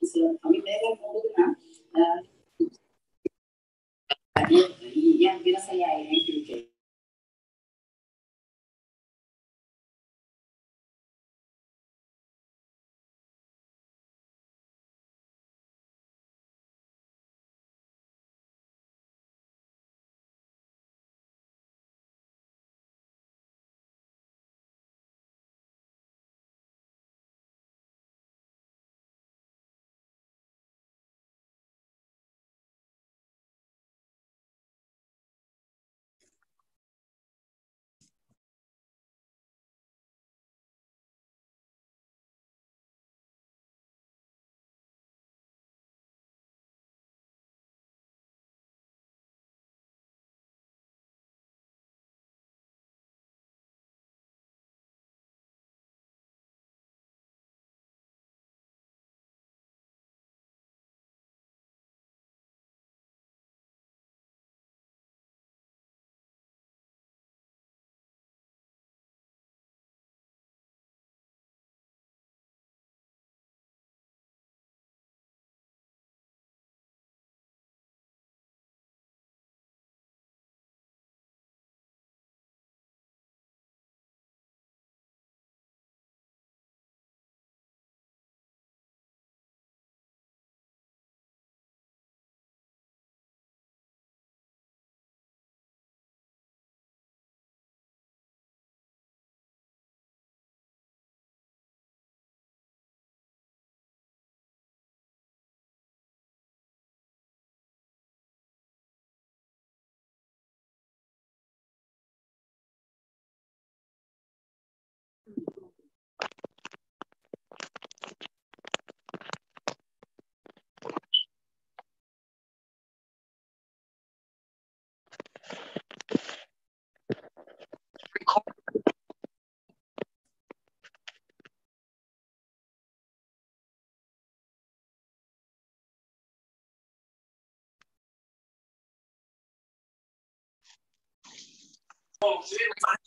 kami belajar yang biasa saya ini juga. Ya, Bom dia,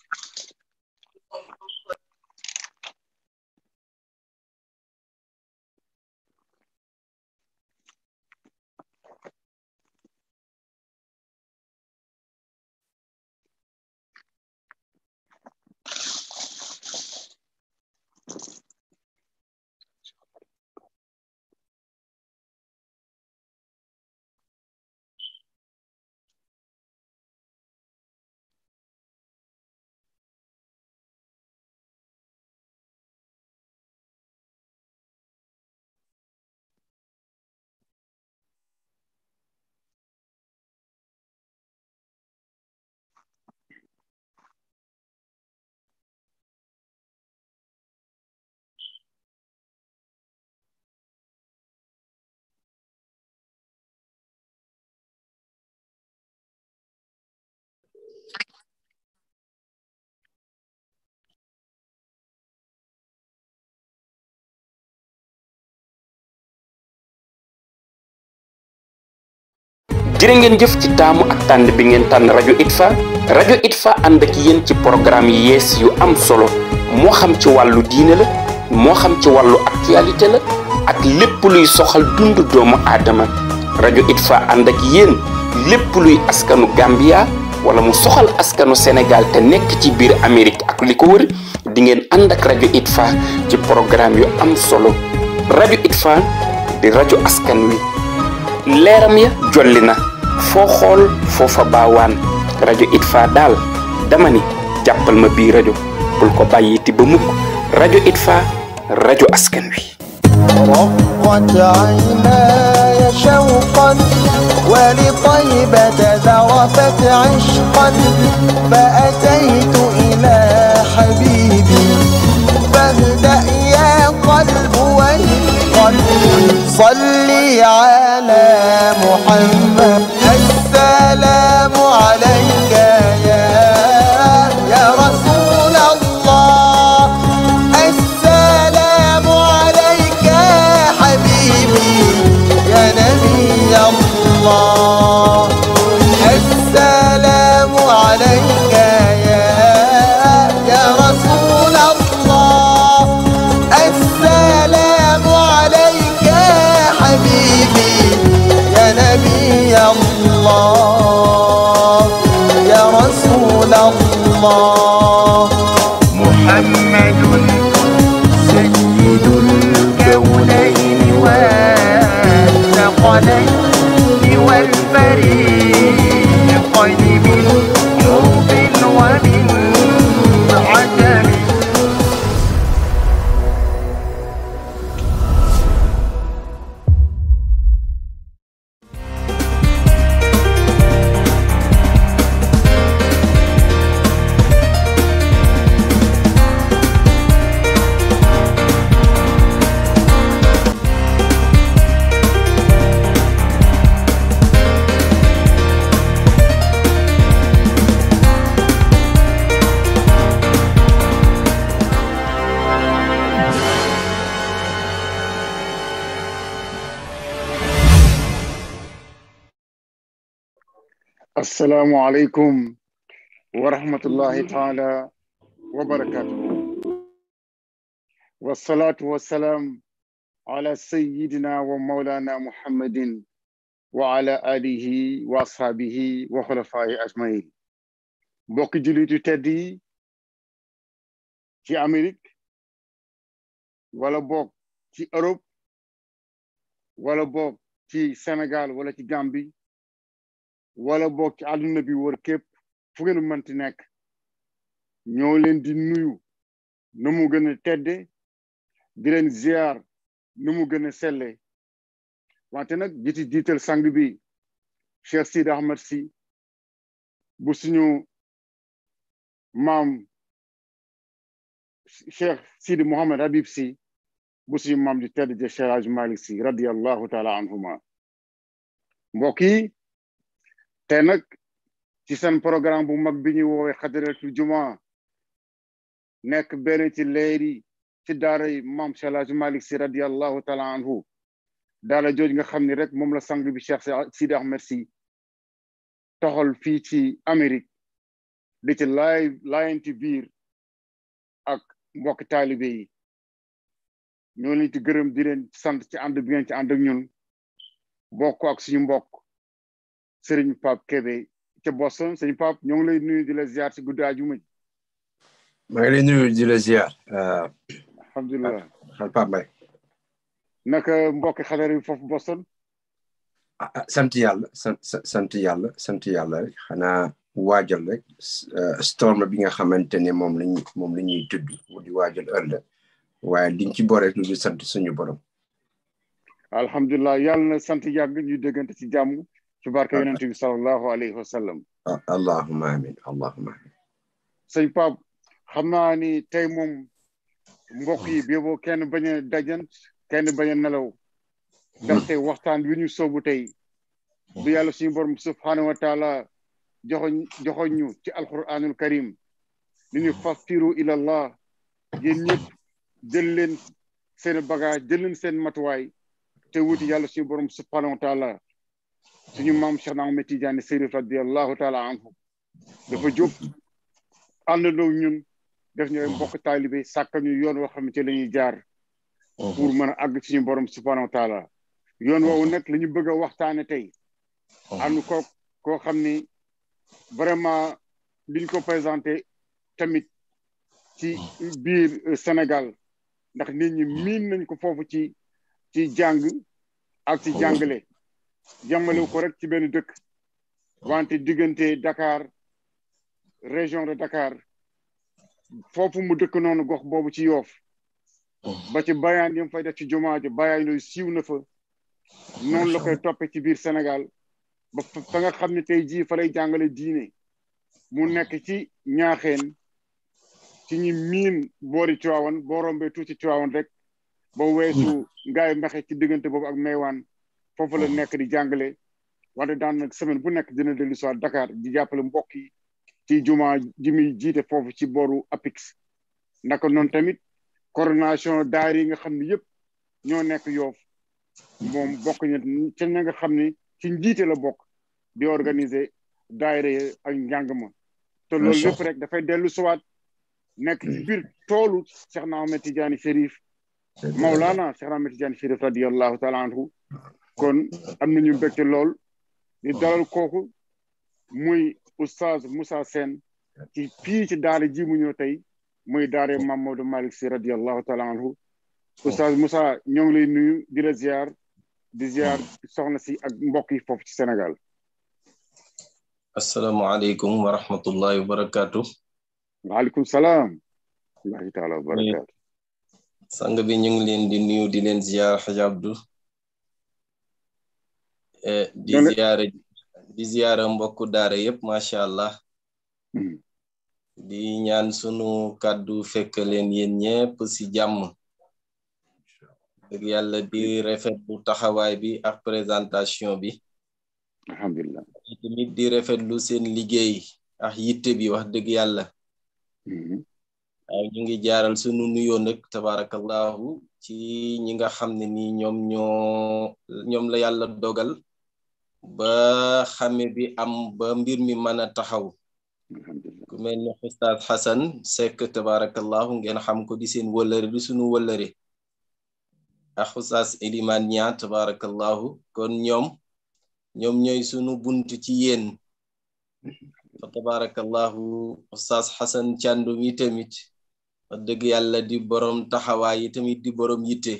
jërë ngeen jëf ci taamu ak tànn bi ngeen tànn rajo ITFA rajo ITFA ànd ak yéen ci programme yi yees yu am solo moo xam ci wàllu diine la moo xam ci wàllu actualité la ak lépp luy soxal dund doomu aadama rajo ITFA ànd ak yéen lépp luy askanu Gambia wala mu soxal askanu Sénégal te nekk ci biir Amérique ak li ko wër di ngeen ànd ak rajo ITFA ci programme yu am solo rajo ITFA di rajo askan wi leeram ya jolli na foo xool foofa baawaan rajo ITFA daal dama ni jàppal ma bii rajo bul ko bàyyiti ba mukk rajo ITFA rajo askan wi رقت عيناي شوقا ولطيبة ذرفت عشقا فأتيت إلى حبيبي فاهدأ يا قلب والقلب صلي على محمد العلي والفريق السلام عليكم ورحمة الله تعالى وبركاته والصلاة والسلام على سيدنا ومولانا محمد وعلى آله وأصحابه وخلفائه أجمعين mbokki jullitu تدي في أمريكا ولا بوك في أوروبا ولا بوك في ci ولا في ci wala bokk ci àdduna bi wër képp fu ngeen mënti nekk ñoo leen di nuyu nu mu gën a tedde di leen ziar mu gën a selle wante nag jiti jiital sang bi Cheikh Sidi Ahmed si bu suñu maam Cheikh Sidi Mohamed Habib si bu suñu maam di tedd ja Cheikh Hadj si radiallahu taala anhuma mbokk yi te nag ci seen programme bu mag bi ñuy woowee xadaratul jumaa nekk benn ci leeri ci daara yi maam Cheikh El Hadj Malick si radiallahu taala anhu jooj nga xam ni rek moom la sang bi Cheikh Sidi Ahmed si toxal fii ci Amérique di ci laay laayanti biir ak mbokk taalibe yi ñoo leen ci gërëm di sant ci ànd bi ci ànd ak ñun bokk ak si mbokk Serigne Pape Kébé ca Boston Serigne Pape ñoo ngi lay nuyu di la ziar si guddi àjjuma maa ngi lay nuyu di la ziar. Euh, alhamdulilah Pape naka mbokk xadar yi foofu Boston. ah, ah sant yàlla sant sant yàlla sant yàlla rek xanaa waajal rek euh, storm bi nga xamante ne moom lañ moom la ñuy tudd di waajal ëllëg waaye liñ ci booree lu sant suñu borom. alhamdulilah yàlla na sant yàgg ñuy déggante ci jàmm. ci barke yonent bi alayhi wa sallam allahuma amin xam naa ni tey moom mbokk yi bi kenn bañ a dajant kenn bañ a nelaw ndaxte waxtaan wi ñu soobu tey bu yàlla suñu borom subhaanahu wa joxoñ joxoñ ñu ci alquranul karim li ñu fastiru ila allah yéen ñëpp jël leen seen bagage jël matuwaay te wuti yàlla suñu borom subhaanahu wa suñu maam Cheikh na Ahmed Tidiane Serif radiallahu taala anhu dafa jóg àndandoo ñun def ñooy mbokk taalibe yoon woo xam ne ci jaar mën a àgg suñu borom subhanahu wa taala yoon woowu nag la bëgg a waxtaane tey ànd ko koo xam ni vraiment liñ ko présenté tamit ci biir euh, Sénégal ndax nit ñi miin nañ ko foofu ci ci jàng ak ci jàngale jàmmalewu ko rek ci benn dëkk wante diggante Dakar région de Dakar foofu mu dëkk noonu gox boobu ci yoof ba ci bayaan yam fay def ci jumaa ji bayaan yooyu siiw na fa noonu la koy toppe ci biir Sénégal ba fa nga xam ne tey jii falay lay jàngale diine mu nekk ci ñaaxeen ci ñi miin boori Tiwaawan boo rombee ci Tiwaawan rek ba weesu hmm. ngaay mexe ci diggante boobu ak meewaan foofu la hmm. nekk di jàngale wante daan semaine bu nekk dina dellu si Dakar di jàppale mbokk yi ci juma ji muy jiite foofu ci booru APIX naka noon tamit coordination daara yi nga xam ne yëpp ñoo nekk yoof moom mbokk ñu ca ña nga xam ne ci njiite la bokk di organiser daayira ak njàng ma te loolu lépp rek dafay dellu siwaat nekk ci biir toolu Cheikh na Ahmed Tidiane Chérif Maulana Cheikh na Ahmed Tidiane Chérif kon am na nañu mbégte lool di oh. dalal kooku muy oustaz Moussa seen ci fii ci daara ji mu ñëw tey muy daare Mamadou Malick Sy radiallahu taala anhu oh. oustaz Moussa ñoo ngi lay nuyu di la ziar di ziar soxna si ak mbokk yi foofu ci Sénégal asalaamualeykum wa rahmatullahi wa barakaatu salaam allahi bi ñu ngi leen di nuyu di leen ziar xaj E, di ziyaare di ziyaara mbokku daara yëpp macha allah hmm. di ñaan sunu kàddu fekk leen yéen ñëpp ci jàmm dëgg yàlla di rafetlu taxawaay bi ak présentation bi alhamdulilah tamit di rafetlu seen liggéey ak yitte bi wax dëgg yàlla hmm. waaw ñu ngi jaaral sunu nuyoo nag tabarakallahu ci ñi nga xam ne nii ñoom ñoom la yàlla dogal ba xame bi am ba mbir mi mën a taxaw ku mel ni Oustaz Xasan Seck tabarakallahu ngeen xam ko di seen wëllëre sunu wëllëre ak Oustaz Eliman tabarakallahu kon ñoom ñoom ñooy sunu bunt ci yéen fa tabarakallahu Oustaz Xasan Càndum yi tamit wax dëgg yàlla di borom taxawaay yi tamit di borom yitte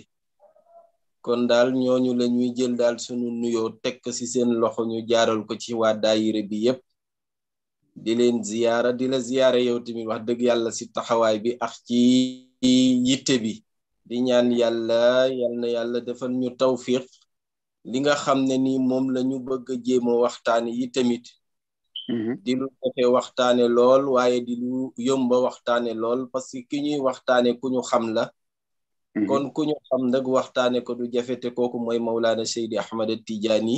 kon daal ñooñu lañuy jël daal suñu nuyoo teg ci seen loxo ñu jaaral ko ci waa daayire bi yépp di leen ziyaara di la ziyaara yow tamit wax dëgg yàlla ci taxawaay bi ak ci yitte bi di ñaan yàlla yal na yàlla defal ñu tawfiq li nga xam ne ni moom lañu ñu bëgg a jéemoo waxtaane yi tamit mm-hmm. di lu jafe waxtaane lool waaye di lu yomba waxtaane lool parce que ki ñuy waxtaane ku ñu xam la Mm-hmm. kon ku ñu xam nag waxtaane ko du jafete kooku mooy maulana seydi ahmad Tijani.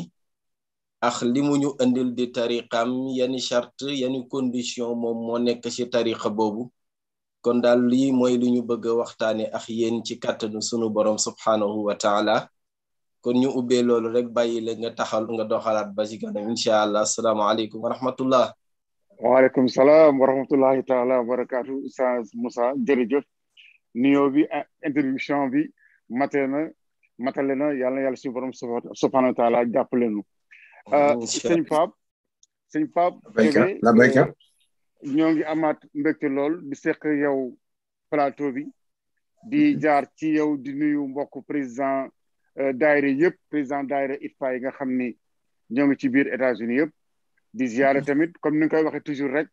ax li mu ñu andil di tariqam yani charte yani condition moom moo nekk ci tariqa boobu kon daal lii mooy lu ñu bëgg a waxtaane ak yéen ci kàttanu sunu borom subhanahu wa taala kon ñu ubbee loolu rek bàyyi la nga taxal nga doxalaat ba ci kanam insha allah asalaamaaleykum wa rahmatullah waaleykum salaam wa rahmatullahi taala wa ustaz moussa jërëjëf nuyoo bi ah, introduction bi matee na matale na yàlla na yàlla suñu borom subhanahu wa taala jàppale nu ah, sëñ Pape sëñ Pape euh, ngi amaat mbégte lool di seq yow plateau bi di mm-hmm. jaar ci yow di nuyu mbokku président euh, daayira yëpp président daayira ITFA yi nga xam ni ñoo ngi ci biir États-Unis yëpp di ziare mm-hmm. tamit comme ni nga koy waxee toujours rek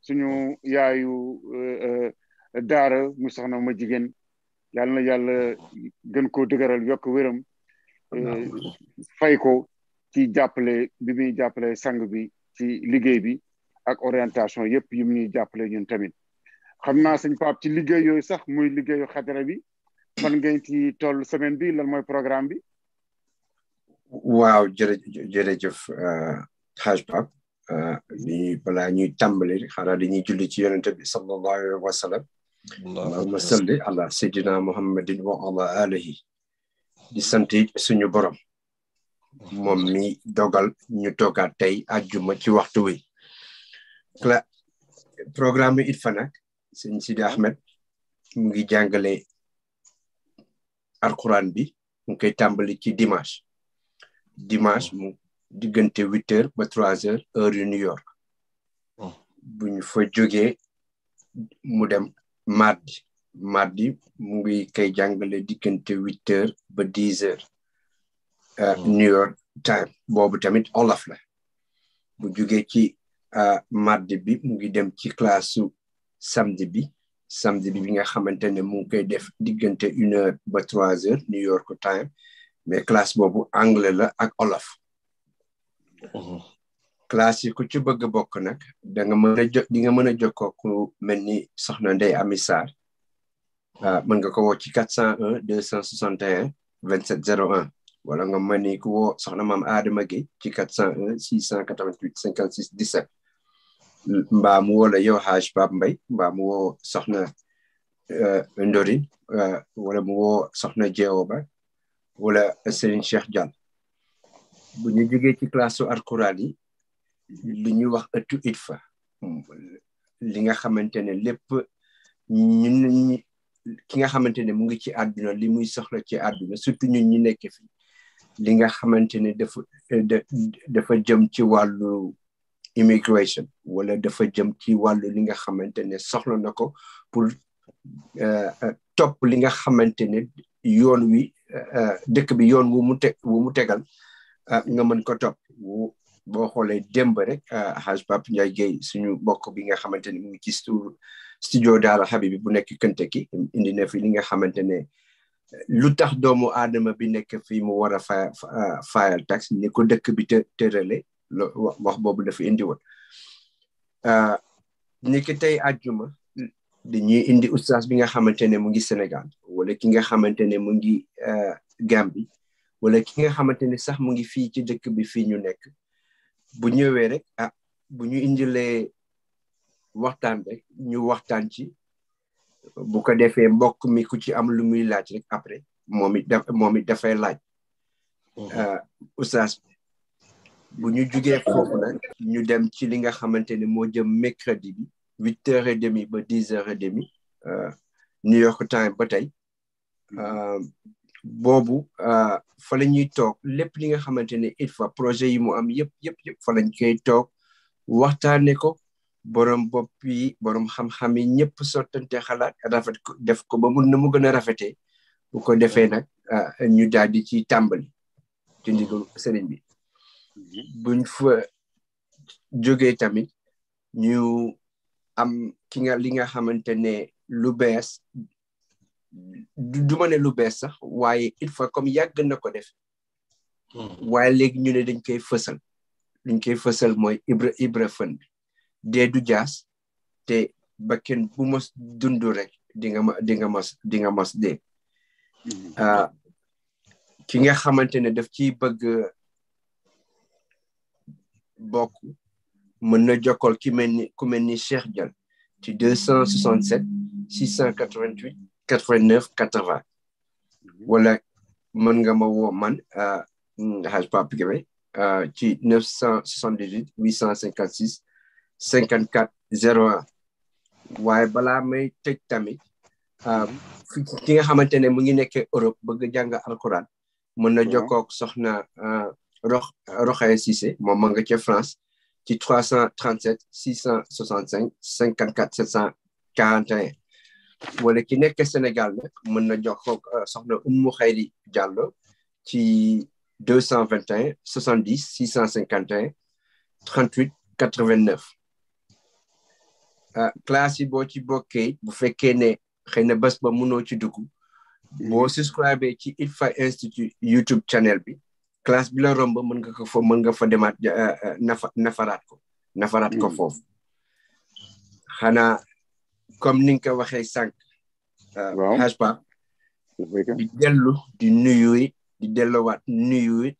suñu yayu euh, daara mu soxna ma jigéen yàlla na yàlla gën koo dëgëral yokk wéram eh, fay ko ci jàppale bi muy jàppale sang bi ci liggéey bi ak orientation yëpp yi mu ñuy jàppale ñun tamit xam naa sëñ Pape ci liggéey yooyu sax muy liggéeyu xadara bi fan ngeen ci toll semaine bi lan mooy programme bi waaw jërëjëf jërëjëf euh, Haj Pape bi euh, balaa ñuy tàmbali xanaa ñu julli ci yonente bi sallallahu alayhi wa allahuma salli ala seydina muhammadin wa ala alihi di sant suñu borom moom mi dogal ñu toogaat tey àjjuma ci waxtu wi la programme it fa sëñ Sidi Ahmed mu ngi jàngale alquran bi mu ngi koy tàmbali ci dimanche dimanche mu diggante huit heures ba trois heures heure yu New York oh. bu ñu fa jógee mu dem mardi mardi mu ngi kay jàngale diggante huit heures ba dix heures euh, oh. New York time boobu tamit olof la bu jugee ci euh, mardi bi mu ngi dem ci classe samedi bi samedi bi bi nga xamante ne mu ngi koy def diggante une heure ba trois heures New York time mais classe boobu anglais la ak olof oh. klas yi ku ci bëgg bokk nag da nga mën a jo di nga mën a jokko ku mel ni soxna ndey amisaar uh, ah, mën nga ko woo ci 401 261 2701 wala nga mën ni ku woo soxna maam aadama gi ci 401 688 56 17 mbaa mu woo la yow haaj baab mbay mbaa mu woo soxna uh, eh, ndorin uh, eh, wala mu woo soxna jeewo ba wala sëriñ cheikh diall bu ñu jógee ci classe su alquran yi li ñuy wax ëttu ITFA hmm. li nga xamante ne lépp ñun ki nga xamante ne mu ngi ci àdduna li muy soxla ci àdduna surtout ñun ñu nekk fi li nga xamante ne dafa dafa jëm ci wàllu immigration wala dafa jëm ci wàllu li nga xamante ne soxla na ko pour euh, euh, topp li nga xamante ne yoon wi euh, dëkk bi yoon wu te wu tegal nga mën ko topp boo xoolee démb rek euh, Haj Pap Ndiaye Gueye suñu mbokk bi nga xamante ne mu ngi ci studio Daara Habibi bu nekk Kentucky indi na fi ni nga xamante ne lu tax doomu aadama bi nekk fii mu war a fa euh, fayal tax ni ko dëkk bi të tërale wax boobu dafa indi woon euh, ni ki tey àjjuma dañuy indi oustaz bi nga xamante ne mu ngi Sénégal wala ki nga xamante ne mu ngi Gambie wala ki nga xamante ne sax mu ngi fii ci dëkk bi fii ñu nekk bu ñëwee rek ah bu ñu indilee waxtaan rek ñu waxtaan ci bu ko defee mbokk mi ku ci am lu muy laaj rek après momi it daf moom it dafay laaj mhm. ah, oustaz bu ñu jugee dem ci li nga xamante ne moo jëm mercredi bi huit heures et demi ba dix heures et demi ah, New York Times ba tey mhm. ah, boobu euh, fa la ñuy toog lépp li nga xamante ne il faut projet yi mu am yëpp yëpp yëpp fa lañ koy toog waxtaane ko borom bopp yi borom xam-xam yi ñëpp sottante xalaat rafet ko def ko ba mun na mu gën a rafetee bu ko defee nag euh, ñu daal di ci tàmbali ci sëriñ bi buñ fa jógee tamit ñu am ki nga li nga xamante ne lu bees du ma ne lu bees sax waaye il faut comme yàgg na ko def waaye léegi ñu ne dañ koy fësal dañ koy fësal mooy ibra ibra fën bi du jaas te ba kenn bu mos dund rek di nga di nga mos di nga mm-hmm. ah, ki nga xamante ne daf ciy bëgg bokk mën na jokkol ki mel ni ku mel ni Cheikh Dial ci deux cent soixante sept six cent quatre vingt huit 89 80 mhm. wala mën nga ma woo man Haj euh, Pape Kébé euh, ci 978 856 54 01 waaye balaa may tëj tamit euh, mhm. ki nga xamante ne mu ngi nekkee Europe bëgg jàng alquran mën na jokkoo ak soxna rox Roxaya Cissé moom ma nga ca France ci 337 665 54 741 wala ki nekk Sénégal mën na jox euh, soxna Oumou Khayri Diallo ci 221 70 651 38 89. classe yi boo ci bokke bu fekkee ne xëy na bés ba mënoo ci dugg boo subscribe ci ITFA institut YouTube channel bi classe bi la romb mën nga ko fa mën nga fa demaat euh, euh, nafaraat ko nafaraat ko hmm. foofu xanaa comme ni nga ko waxee sànq. Euh, waaw xaj ba di dellu di nuyu di delluwaat nuyu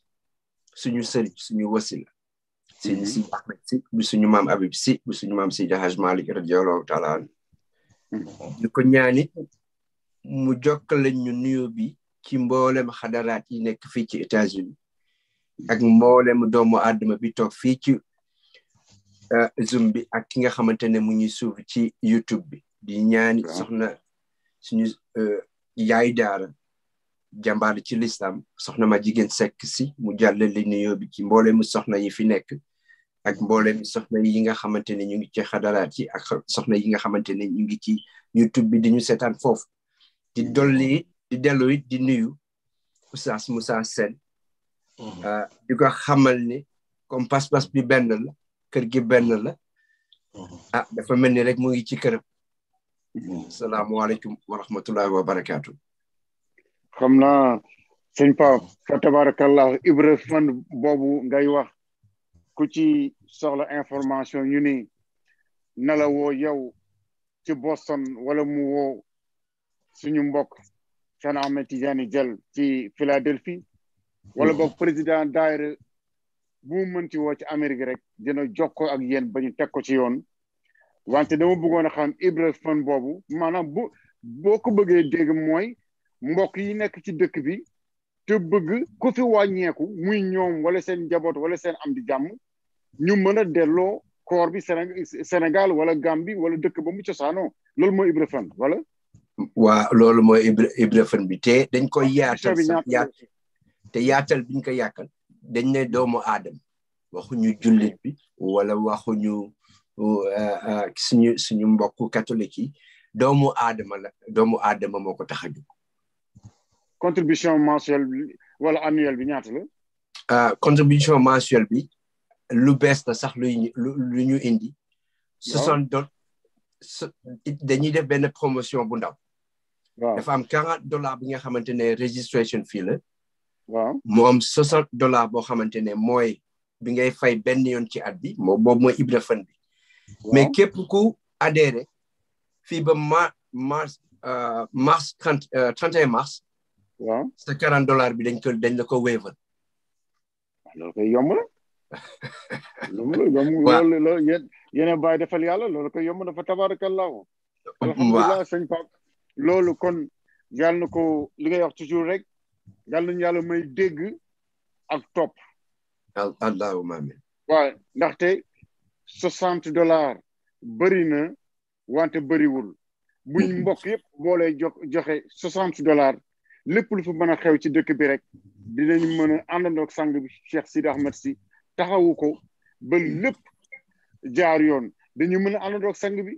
suñu sëriñ suñu wasila. Mhm. seen si Ahmed si bu suñu maam Habib si bu suñu maam Seydi Haj Malik radiyallahu taala an mhm. di ko mu jokkale ñu nuyu bi ci mboolem xadaraat yi nekk fii ci États-Unis ak mboolem doomu aadama bi toog fii ci euh, Zoom bi ak ki nga xamante ne mu ñuy suuf ci YouTube bi di ñaan soxna suñu euh, yaay daara jàmbaar ci listam soxna ma jigéen sekk si mu jàllale nuyoo bi ci mboolemu soxna yi fi nekk ak mboolem soxna yi nga xamante ne ñu ngi ci xadaraat yi ak soxna yi nga xamante ne ñu ngi ci YouTube bi di ñu seetaan foofu di mm-hmm. dolli di dellu di nuyu Oustaz mu Sène mm-hmm. ah, di ko xamal ni comme pas-pas bi benn la kër gi benn la mm-hmm. ah dafa mel ni rek mu ngi ci këram salaamualeykum wa rahmatullahi wa barakaatu. xam naa sëñ Pape fa tabarakallah Ibra fan boobu ngay wax ku ci soxla information ñu ni na la yow ci Boston wala mu woo suñu mbokk Cheikh Ahmed Tidiane Dièl ci Philadelphie wala boog président daayira bu mu mënti woo ci Amérique rek dina jokkoo ak yéen ba teg ko ci yoon wante dama bëggoon a xam Ibra fan boobu maanaam bu boo ko bëggee dégg mooy mbokk yi nekk ci dëkk bi te bëgg ku fi wàññeeku muy ñoom wala seen njaboot wala seen am di jàmm ñu mën a delloo koor bi Sénégal wala bi wala dëkk ba mu cosaanoo loolu mooy Ibra fan wala. waa loolu mooy Ibra bi te dañ koy yaatal sax te yaatal biñ ko yàkkal dañ ne doomu aadama waxuñu jullit bi wala waxuñu. Eh, eh, suñu suñu mbokku catholique yi doomu aadama la doomu aadama moo ko tax a jóg contribution mensuelle wala annuelle bi ñaata la. Ah, contribution mensuelle bi lu bees la sax luy lu ñu indi. soixante dollars dañuy def benn promotion bu ndaw. waaw dafa am quarante dola bi nga xamante ne registration fee la. waaw mu am soixante dollars boo xamante ne mooy bi ngay fay benn yoon ci at bi moo boobu mooy ibra fan bi. mais képp ku adhéré fii ba ma mars euh, mars trente euh, trente mars. waaw sa quarante dollars bi dañ ko dañ la ko wéyal. Ah, loolu koy yomb la. loolu loolu loolu defal yàlla loolu koy yomb dafa tabaarakallaa. waaw alhamdulilah sëñ Pape loolu kon yàlla na ko li ngay wax toujours rek yàlla nañu yàlla may dégg ak topp. allahumma amin. waaw ndaxte. soixante dollars bëri na wante bëriwul buñ mbokk yëpp boo lay jox joxe soixante dollars lépp lu fi mën a xew ci dëkk bi rek dinañ mën a àndandoog sang bi Cheikh Sidi Ahmed si taxawu ko ba lépp jaar yoon dañu mën a àndandoog sang bi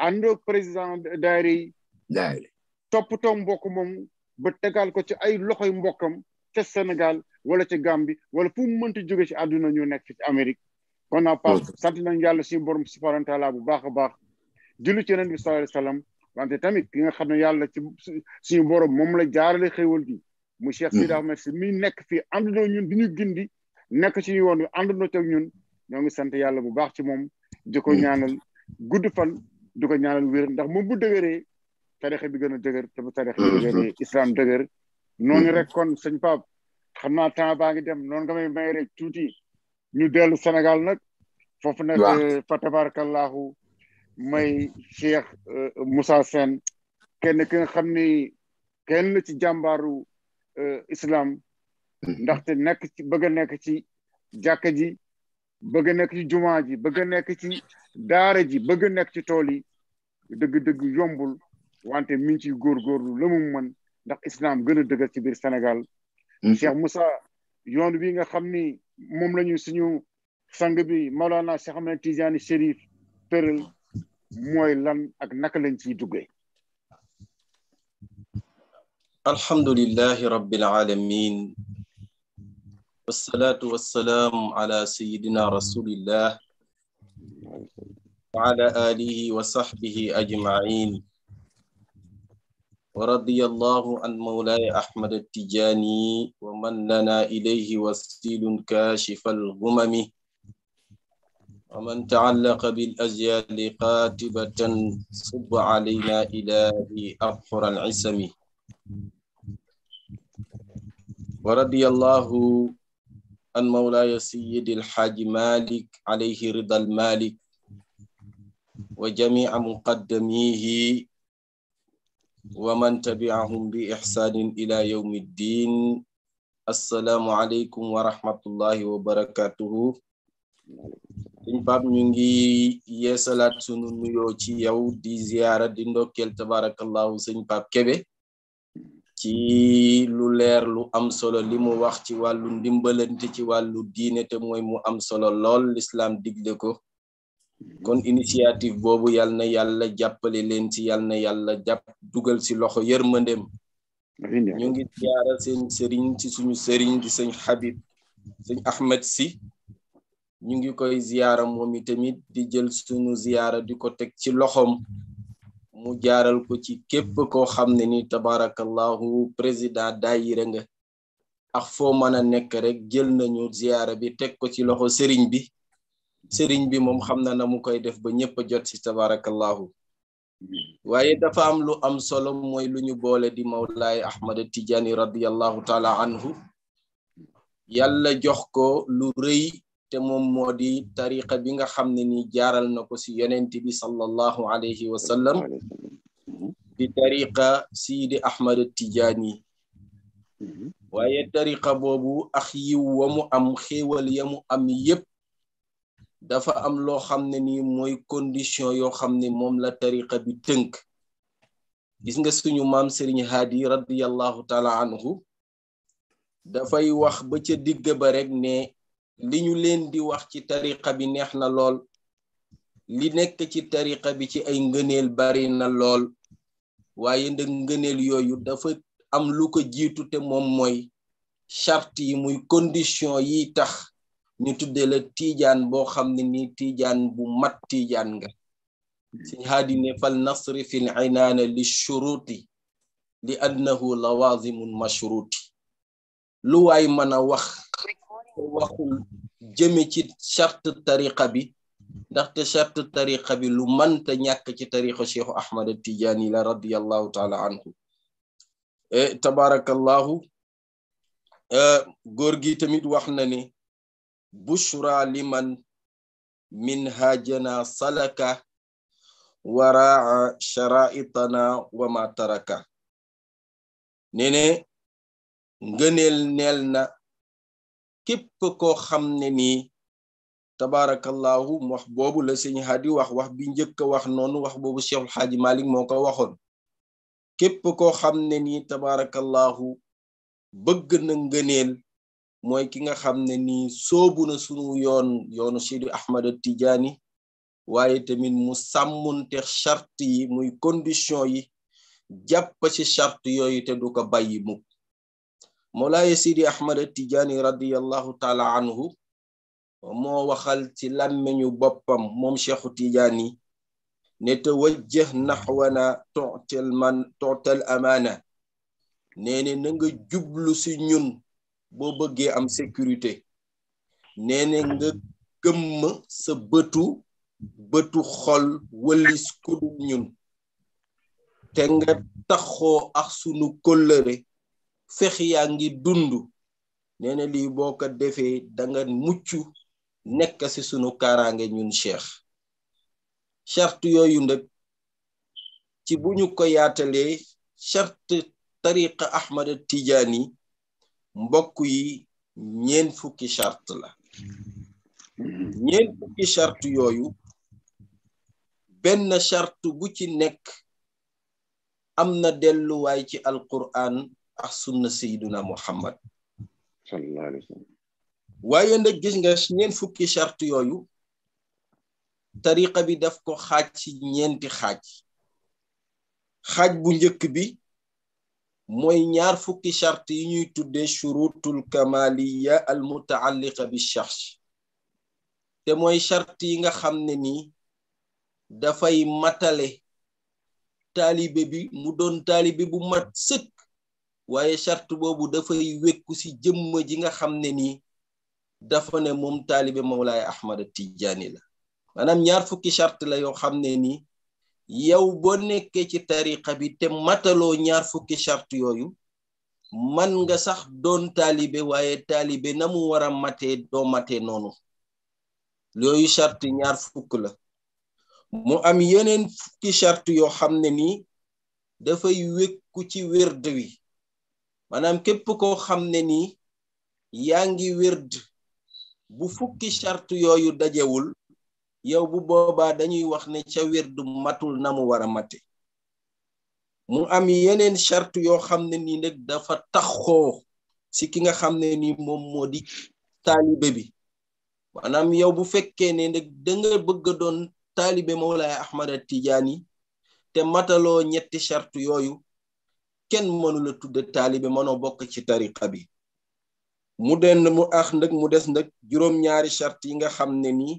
àndandoog président daayira yi toppatoo mbokk moom ba tegaal ko ci ay loxoy mbokkam ca Sénégal wala ca Gambie wala fu mu mënti jóge ci àdduna ñu nekk ci Amérique kon naa paas sant nañu yàlla suñu borom subhanahu bu baax a baax ci yonent bi sallallahu alayhi wa sallam wante tamit ki nga xam ne yàlla ci suñu borom moom la jaarale xéwal gi mu Cheikh Sidi hmm. Ahmed si mi nekk fii àndandoo ñun di ñu gindi nekk ci yoon wi àndandoo teg ñun ñoo ngi sant yàlla bu baax ci moom di ko hmm. ñaanal gudd fan di ko ñaanal wér ndax moom bu dëgëree tarixa bi gën a dëgër te bu tarixa bi hmm. dëgëree islam dëgër noonu rek kon sëñ Pape xam naa temps dem noonu nga may may rek tuuti ñu dellu senegal nag foofu nag euh, fa tabarakallahu may Cheikh euh, Moussa Sène kenn ki nga xam ni kenn ci jàmbaaru euh, islam mm-hmm. ndaxte nekk ci bëgg nekk ci jàkka ji bëgg nekk ci jumaa ji bëgg nekk ci daara ji bëgg nekk ci tool yi dëgg-dëgg yombul wante mi ngi ciy góorgóorlu la mu mën ndax islam gën a ci biir senegal mm-hmm. Cheikh Moussa yoon wi nga xam ni moom la ñu suñu sang bi Maulana Cheikh Ahmed Tidiane Chérif tëral mooy lan ak naka lañ ciy duggee. alhamdulilah rabbil alamin والصلاة والسلام على سيدنا رسول الله وعلى آله وصحبه أجمعين ورضي الله عن مولاي أحمد التجاني ومن لنا إليه وسيل كاشف الغمم ومن تعلق بالأجيال قاتبة صب علينا إلهي أبحر العسم ورضي الله عن مولاي سيد الحاج مالك عليه رضا المالك وجميع مقدميه waman tabi'ahum bi ixsaanin ila yawmi ddin assalaamu aleykum wa rahmatullahi wa barakatuhu pap ñu ngi yeesalaat sunu nuyoo ci yow di ziyaara di ndokkeel tabarakallahu sëñ pap kebe ci lu leer lu am solo limu mu wax ci wàllu ndimbalante ci wàllu diine te mooy mu am solo lool lislaam digle ko kon initiative boobu yal na yàlla jàppale leen ci yal na yàlla jàpp dugal ci loxo yërmandeem ñu ngi ziara seen sëriñ ci suñu sëriñ di sëñ Habib sëñ Ahmed si ñu ngi koy ziara moom itamit di jël sunu ziara di ko teg ci loxoom mu jaaral ko ci képp koo xam ne ni tabarakallahu président daayira nga ax foo mën a nekk rek jël nañu ziara bi teg ko ci loxo sëriñ bi sëriñ bi moom xam na na mu koy def ba ñëpp a jot ci tabarakallahu waaye dafa am lu am solo mooy lu ñu boole di mawlaay ahmada tijaani radiallahu taala anhu yàlla jox ko lu rëy te moom moo di tariqa bi nga xam ne ni jaaral na ko ci yonent bi sallallahu alayhi wa sallam di tariqa siidi ahmada tijaani waaye tariqa boobu ax yiw wa mu am xéewal ya mu am yépp dafa am loo xam ne nii mooy condition yoo xam ne moom la tariqa bi tënk gis nga suñu maam Serigne Hadi radiyallahu taala anhu dafay wax ba ca digg ba rek ne li ñu leen di wax ci tariqa bi neex na lool li nekk ci tariqa bi ci ay ngëneel bari na lool waaye nda ngëneel yooyu dafa am lu ko jiitu te moom mooy charte yi muy condition yi tax ñu tuddé la tidiane bo xamni ni tidiane bu mat tidiane nga siñ hadi ne fal nasri fi l inaana li shuruti li annahu lawazimun mashruti lu way mana wax waxul jëme ci charte tariqa bi ndax te charte tariqa bi lu man ta ñak ci tariqa cheikh ahmad tidiane la radiyallahu taala anhu e tabarakallahu góor gi tamit wax na ni bushra liman minhajana salaka waraa sharaitana wa ma taraka nene ngëneel neel na képp koo xam ne nii tabarakallahu wax boobu la sëñ Hadi wax wax bi njëkk wax noonu wax boobu Cheikhul Xaaji Malik moo ko waxoon képp koo xam ne nii tabarakallahu bëgg na ngëneel mooy ki nga xam ne ni soobu na sunu yoon yoonu Seydi Ahmad Tijaani waaye tamit mu sàmmunte charte yi muy condition yi jàpp ci charte yoyu te du ko bàyyi mukk Mawlaaye Seydi Ahmad Tijaani radiyallahu taala anhu moo waxal ci làmmeñu boppam moom Cheikhu Tijaani ne tawajjah naxwana tu'tal man tu'tal amaana nee ne jublu si ñun boo bëggee am sécurité nee na nga gëmm sa bëtu bëtu xol wëlis ku dul ñun te nga taxoo ak sunu kóllëre fex yaa ngi dund nee na lii boo ko defee danga mucc nekk ci sunu kaaraange ñun cheikh charte yooyu ndëg ci bu ñu ko yaatalee charte tariqa Ahmad Tijaani mbokk yi ñeen fukki charte la ñeen fukki charte yooyu benn charte bu ci nekk am na delluwaay ci alquran ak sunna sayyiduna muhammad sallallahu alayhi waaye gis nga ñeen fukki charte yooyu tariqa bi daf ko xaaj ci ñeenti xaaj xaaj bu njëkk bi mooy ñaar fukki charte yi ñuy tuddee churutul kamaliya al mutaalliqa bi shakhs te mooy charte yi nga xam ne nii dafay matale taalibe bi mu doon taalibe bu mat sëkk waaye charte boobu dafay wekku ci jëmma ji nga xam ne ni dafa ne moom taalibe Mawlaay Ahmad Tijaani la maanaam ñaar fukki charte la yoo xam ne nii yow bo nekkee ci tariqa bi te mataloo ñaar fukki charte yooyu man nga sax doon taalibe waaye taalibe na mu war a matee doo matee noonu yooyu charte ñaar fukk la mu am yeneen fukki charte yoo xam ne ni dafay wékku ci wird wi maanaam képp koo xam ne ni yaa ngi wird bu fukki charte yooyu dajewul yow bu boobaa dañuy wax ne ca wirdu matul na mu war a mate mu am yeneen charte yoo xam ne nii nag dafa taxoo si ki nga xam ne nii moom moo di taalibe bi maanaam yow bu fekkee ne nag da nga bëgg a doon taalibe ma Mawlaay Ahmad Tijaani te mataloo ñetti charte yooyu kenn mënula la tudde taalibe mënoo bokk ci tariqa bi mu denn mu ax nag mu des nag juróom-ñaari charte yi nga xam ne nii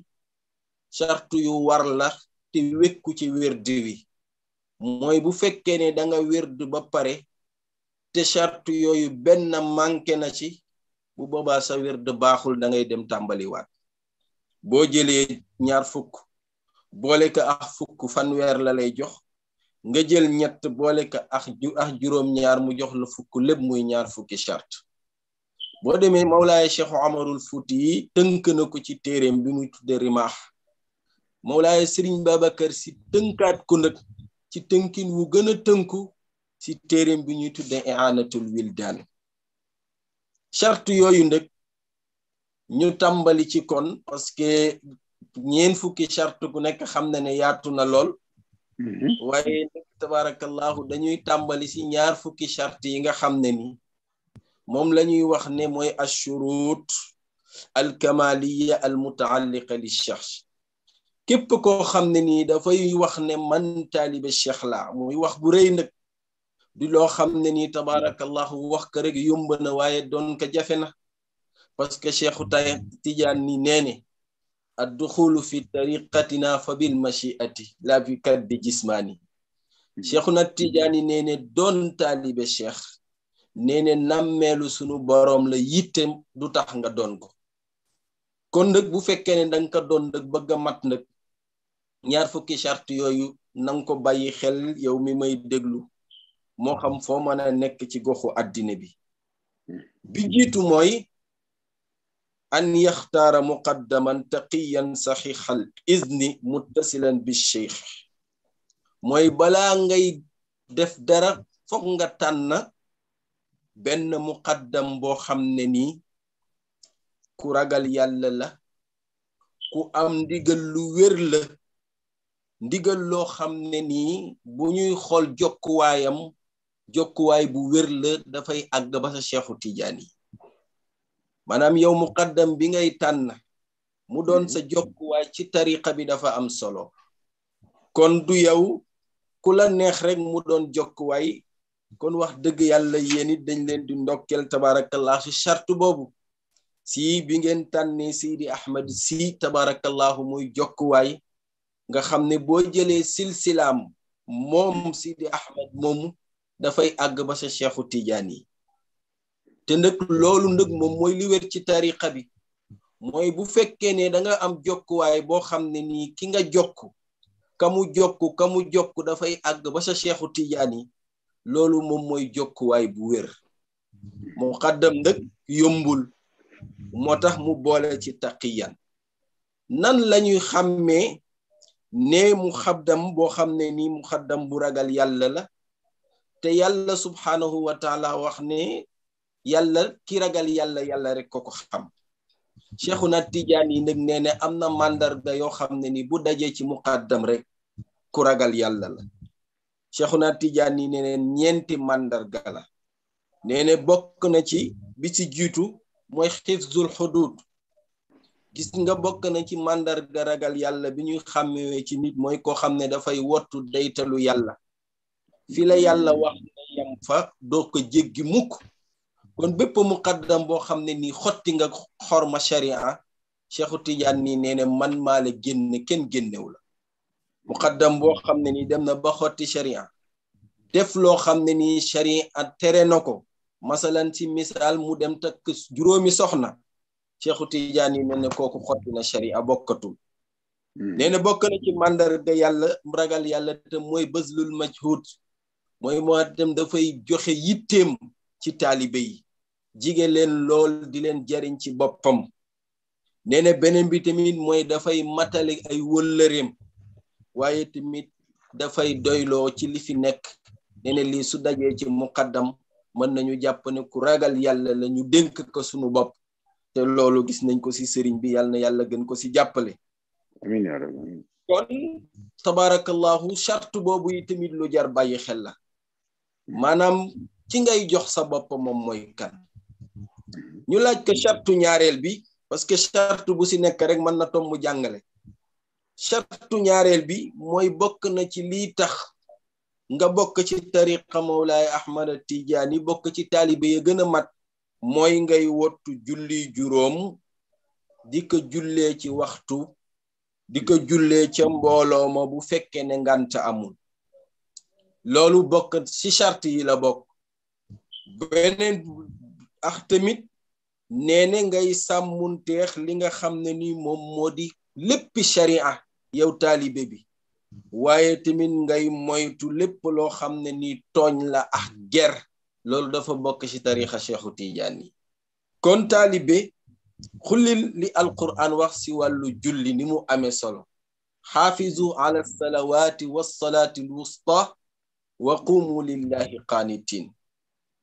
sartu yu war la te wekku ci wird wi mooy bu fekkee ne danga wird ba pare te sartu yooyu benn manqué na ci bu boobaa sa wird baaxul dangay dem tàmbaliwaat boo jëlee ñaar fukk boole ko ak fukk fanweer la lay jox nga jël ñett boole ko ak ju ak mu jox la fukk lépp muy ñaar fukki charte boo demee Mawlaay Cheikh Omarul Fuuti yi tënk na ko ci téereem bi muy tudde rimaax Mawlaay Serigne Babacar si tënkaat ko nag ci tënkin wu gën a tënku ci téereem bi ñuy tudde I'anatul Wildaan charte yooyu nag ñu tàmbali ci kon parce que ñeen fukki charte ku nekk xam na ne yaatu na lool mhm. waaye nag dañuy tàmbali ci ñaar fukki charte yi nga xam ne ni moom la ñuy wax ne mooy ashurut al kamaliya al mutaalliqa li shakhs képp koo xam ne nii dafay wax ne man taalibe cheikh laa muy wax bu rëy nag du loo xam ne nii tabaarakallahu wax ko rek yomb na waaye doon ko jafe na parce que cheikhu tay tijaan ni nee ne adduxulu fi tariqatina fa bil machiati la bi kaddi jismaani cheikhu na tijaan yi nee ne doon taalibe cheikh nee ne nammeelu sunu boroom la yitte du tax nga doon ko kon nag bu fekkee ne danga ko doon nag bëgg a mat nag ñaar fukki charte yooyu na nga ko bàyyi xel yow mi may déglu moo xam mhm. foo mën nekk ci goxu addina bi mhm. bi jiitu mooy an yaxtaara muqaddaman taqiyan saxixal izni muttasilan bi cheikh mooy bala ngay def dara foog nga tànn benn muqaddam boo xam ne nii ku ragal yàlla la ku am ndigal lu wér la ndigal loo xam ne nii bu ñuy xool jokkuwaayam jokkuwaay bu wér la dafay àgg ba sa Seexu Tijaan yi maanaam yow muqaddam bi ngay tànn mu doon sa jokkuwaay ci tariqa bi dafa am solo kon du yow ku la neex rek mu doon jokkuwaay kon wax dëgg yàlla yéen it dañ leen di ndokkel tabaarakallah si charte boobu si bi ngeen tànnee Sidi Ahmed si tabaarakallahu muy jokkuwaay nga xamne bo jele silsilam mom sidi ahmed da fay aga ba sa cheikhou tidiane te nag lolou nag mom moy li wer ci tariqa bi moy bu fekke ne da nga am jokku way bo xamne ni ki nga jokku kamu jokku kamu da dafay ag ba sa cheikhou tidiane lolou mom moy jokku way bu wer mo xadam yombul motax mu bolé ci taqiyan nan lañuy xamé ne mu xaddam boo xam ne nii mu xaddam bu ragal yàlla la te yàlla subhaanahu wa taala wax ne yàlla ki ragal yàlla yàlla rek ko ko xam Cheikhuna Tijaan yi nag nee ne am na màndarga yoo xam ne ni bu dajee ci muqaddam rek ku ragal yàlla la Cheikhuna Tijaan yi nee ne ñeenti màndarga la nee ne bokk na ci bi ci jiitu mooy xifzul xudud gis nga bokk na ci màndarga ragal yàlla bi ñuy xàmmewee ci nit mooy koo xam ne dafay wottu deytalu yàlla fi yàlla wax ne yam fa doo ko jéggi mukk kon bépp muqaddam boo xam ne nii xotti nga xorma sharia Cheikhu Tidiane ni nee ne man maa la génn kenn génnewu la muqaddam boo xam ne ni dem na ba xotti sharia def loo xam ne nii sharia tere na ko masalan ci misaal mu dem takk juróomi soxna Cheikhu Tidiane yi mel ne kooku xotti na sharia a hmm. nee na bokk na ci màndarga yàlla ragal yàlla te mooy bëslul majhud mooy moo tam dafay joxe yitteem ci taalibe yi leen lool di leen jariñ ci boppam nee na beneen bi tamit mooy dafay matale ay wëllëreem waaye tamit dafay doyloo ci li fi nekk nee na lii su dajee ci muqaddam mën nañu jàpp ne ku ragal yàlla la ñu dénk ko sunu bopp te loolu gis nañ ko ci serigne bi yalla na yàlla gën ko ci jappalé amin ya rabbi kon tabarakallah shart bobu itamit lu jar bàyyi xel la manam ci ngay jox sa bop mom moy kan ñu laaj ke shartu ñaarel bi parce que shartu bu ci nek rek man na tomu jangalé shartu ñaarel bi moy bok na ci li tax nga bok ci tariqa mawlaay ahmad tijani bok ci taalibe ya gën mat mooy ngay wottu julli juróom di ko jullee ci waxtu di ko jullee ca mboolooma bu fekkee ne ngant amul loolu bokk ci charte yi la bokk beneen ax tamit nee ngay sàmmunteex li nga xam ne ni moom moo di léppi sharia yow taalibe bi waaye tamit ngay moytu lépp loo xam ne ni tooñ la ax ger lolou dafa bok ci tariikha cheikhou tidiane kon talibé khulil li alquran wax si walu julli ni mu amé solo hafizu ala salawati was salati alwusta wa qumu lillahi qanitin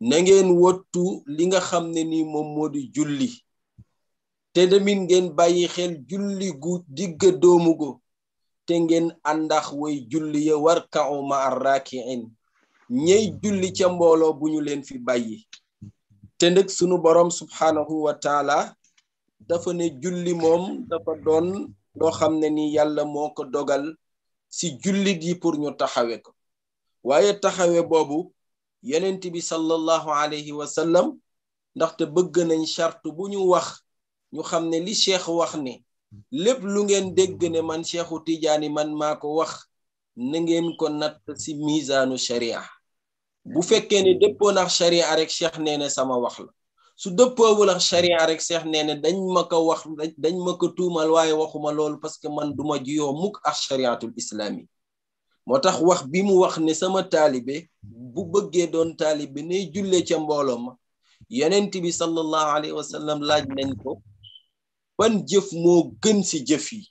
na ngeen wottu li nga xamné ni mom modi julli te tamit ngeen bàyyi xel julli gu digga doomu go te ngeen àndax way julli ya warka'u ma arrakiin ñey julli ca mbooloo bu ñu leen fi bàyyi te nag sunu borom subhanahu wa taala dafa ne julli moom dafa doon loo xam ne ni yàlla moo ko dogal si jullit yi pour ñu taxawe ko waaye taxawe boobu yenent bi sallallahu alayhi wa sallam ndaxte bëgg nañ charte bu ñu wax ñu xam ne li cheikh wax ne lépp lu ngeen dégg ne man cheikhu tijaani man maa ko wax na ngeen ko natt si misaanu sharia bu fekkee ne dëppoo nax sharia rek cheikh nee na sama wax la su dëppoowul ak sharia rek cheikh nee na dañ ma ko wax dañ ma ko tuumal waaye waxuma loolu parce que man duma juyoo mukk ak shariatul islami moo tax wax bi mu wax ne sama taalibe bu bëggee doon taalibe ne julle ca mbooloo ma yonent bi sallallahu alayhi wa sallam laaj nañ ko ban jëf moo gën si jëf yi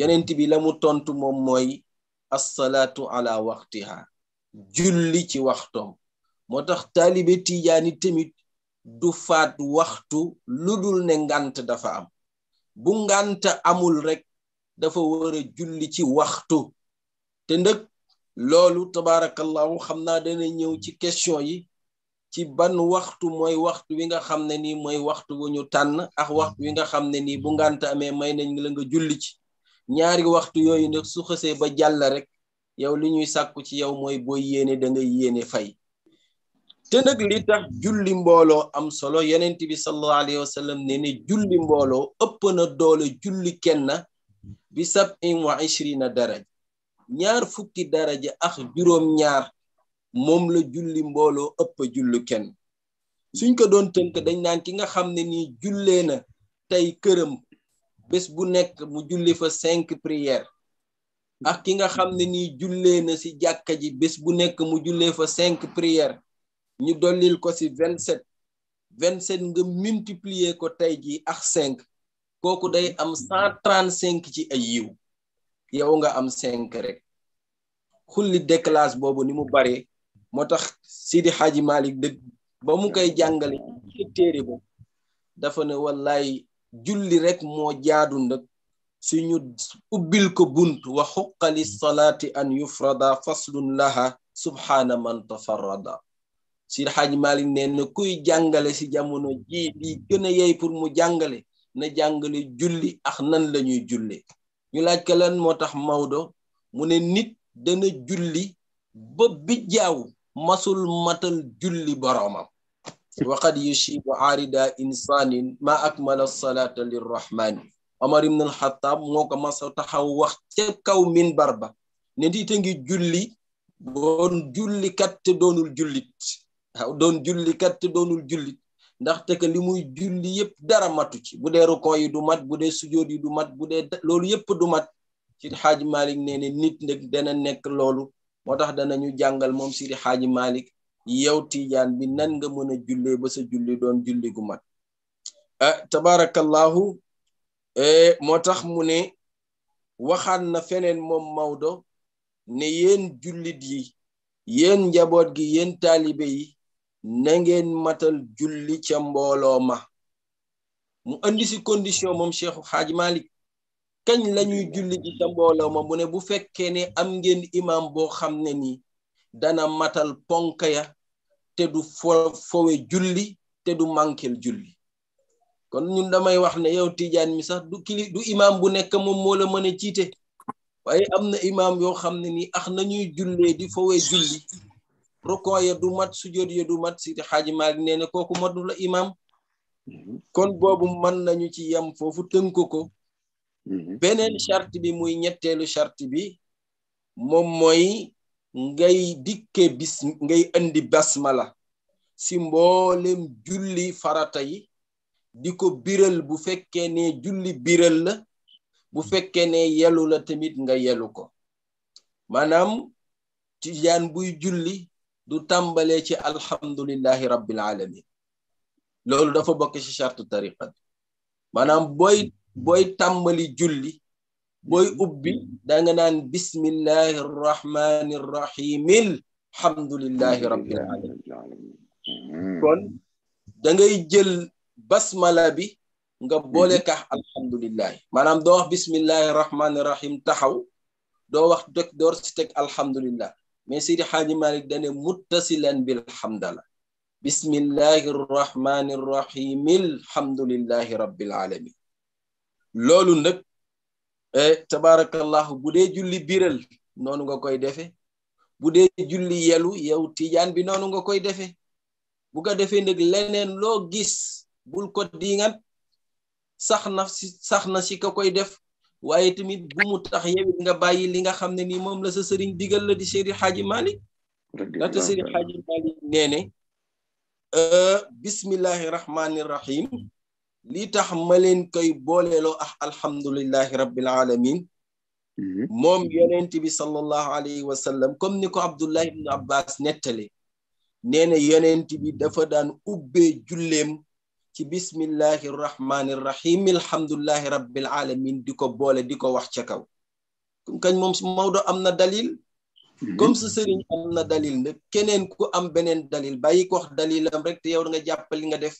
yonent bi la mu tontu moom mooy assalaatu ala waqtiha julli ci waxtoom moo tax taalibe tiijaani tamit du faat waxtu ludul ne ngant dafa am bu ngant amul rek dafa war julli ci waxtu te ndëk loolu tabaarakallahu xam naa dana ñëw ci question yi ci ban waxtu mooy waxtu wi nga xam ne nii mooy waxtu wu ñu tànn ak waxtu wi nga xam ne nii bu nganta amee may nañ la nga julli ci ñaari waxtu yooyu nag su xësee ba jàll rek yow li ñuy sàkku ci yow mooy boo yéene da nga yéene fay te nag li tax julli mbooloo am solo yenent bi sallallahu alayhi wa sallam ne ne julli mbooloo ëpp na doole julli kenn bi in wa ishrina daraja ñaar fukki daraja ak juróom ñaar moom la julli mbooloo ëpp jullu kenn suñ ko doon tënk dañ naan ki nga xam ne nii jullee na tey këram bés bu nekk mu julli fa cinq prières ak ki nga xam ne nii jullee na si jàkka ji bés bu nekk mu jullee fa cinq prières ñu dollil ko ci vingt sept vingt sept nga multiplier ko tey ji ak cinq kooku day am cent trente cinq ci ay yiw yow nga am cinq rek xulli déclasse boobu ni mu bare moo tax Sidi Hadji Malick dëgg ba mu koy jàngale téere ba dafa ne wallaay julli rek moo jaadu nag si ñu ubbil ko bunt wa xuqa li salaati an yufrada faslun laha subhaana man tafarrada Sir Xaaji Malik nee na kuy jàngale si jamono ji li gën a yey pour mu jàngale na jàngale julli ak nan lañuy julle ñu laaj ka lan moo tax Maodo mu ne nit dana julli ba bijjaaw masul matal julli boroomam waqad yusibu aarida insanin ma akmala salaata lirrahmaani Omar ibn al-Khattab moko massa taxaw wax ci kaw minbar ba ne te ngi julli julli kat te donul jullit don julli kat te donul jullit ndax te ke limuy julli yep dara matu ci budé dee du mat budé sujood yi du mat budé dee yep du mat ci Malik nene nit nek dana nek loolu motax dana ñu jangal mom sidi xaaj Malik yow tiyan bi nan nga mën julle ba sa julli don julli gu mat eh, tabarakallahu Eh, moo tax mu ne waxaan na feneen moom Maodo ne yéen jullit yi yéen njaboot gi yéen taalibe yi na ngeen matal julli ca mbooloo ma mu andi si condition moom Cheikh Hadj Malick kañ lañuy julli ji ca mbooloo ma mu ne bu fekkee ne am ngeen imam boo xam ne ni dana matal ponk ya te du fowe julli te du mankel julli kon ñun damay wax ne yow tidiane mi sax du kili du imam bu nek mom mo la meune cité waye amna imam yo imaam yoo ax nañuy jullee di fowé julli roko ya du mat sujud ya du mat sidi xaaji maalik nee koku modu la imam mhm. kon bobu man nañu ci yam fofu tënk ko mhm. benen charte bi muy ñettelu charte bi mom moy ngay dikke bis ngay andi basmala si mboolem julli farata yi di ko biral bu fekkee ne julli birël la bu fekkee ne yelu la tamit nga yelu ko maanaam tijaan buy julli du tàmbalee ci alhamdulillahi rabbil alamin loolu dafa bokk ci chartu tariqa bi maanaam booy booy tàmbali julli boy ubbi danga naan bismillahi rrahmani rrahimil hamdulillahi rabbil alamin kon dangay jël basmala bi nga boole mhm. kaax alhamdulilahi maanaam doo wax bismillahi rahmaani rahim taxaw doo wax dëkk door si teg alhamdulilah mais Seydi Xaaji Malik dane muttasilan bil hamdala bismillahi rahmaani rahim alhamdulilahi rabbil alamin loolu nag eh, tabaarakallahu bu dee julli biral noonu nga koy defe bu dee julli yelu yow tijaan bi noonu nga koy defe bu ko defee nag leneen loo gis bul ko diingat sax na si sax na si koy def waaye tamit bu mu tax yewit nga bàyyi li nga xam ne nii moom la sa sëriñ digal la di Seydi Xaaji Malik ndaxte Seydi Xaaji Malik nee ne euh, bismillahi rahmani rahim li tax ma leen koy booleeloo ah alhamdulillahi rabbil alamin mhm. moom yonent bi sallallahu alayhi wa sallam comme ni ko Abdullah ibn Abbas nettale nee na yonent bi dafa daan ubbee julleem ci bismillahi rahmani rahim alhamdulillahi rabbil alamin di ko boole di ko wax ca kaw kañ moom mawdo am na dalil comme sa sëriñ am na dalil nag keneen ku am beneen dalil bàyyi ko wax dalilam rek te yow nga jàpp li nga def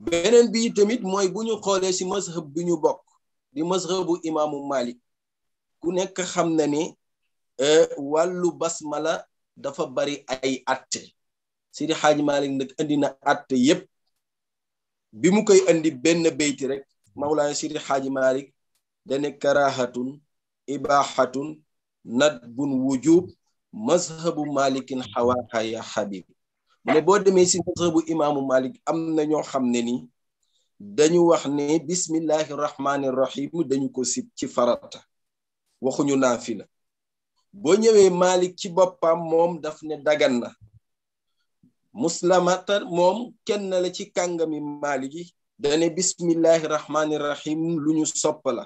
beneen bi tamit mooy bu ñu xoolee si mazhab bi ñu bokk di mazhabu imaamu Malik ku nekk xam na ni wàllu basmala dafa bari ay atte Sidi Xaaji Malik nag andina atte yépp bi mu koy andi benn beyti rek Mawlaana Sidi Xaaji Malik dane karahatun ibahatun nadbun wujub mazhabu malikin xawaaka ya xabib mu ne boo demee si mazhabu imaamu malik am na ñoo xam ne ni dañu wax ne bismillahi rahmani rahim dañu ko sib ci farata waxuñu naafila boo ñëwee malik ci boppam moom daf ne dagan na muslamata moom kenn la ci kàngami maaliki dane bismillahi rahmani rahim lu ñu sopp la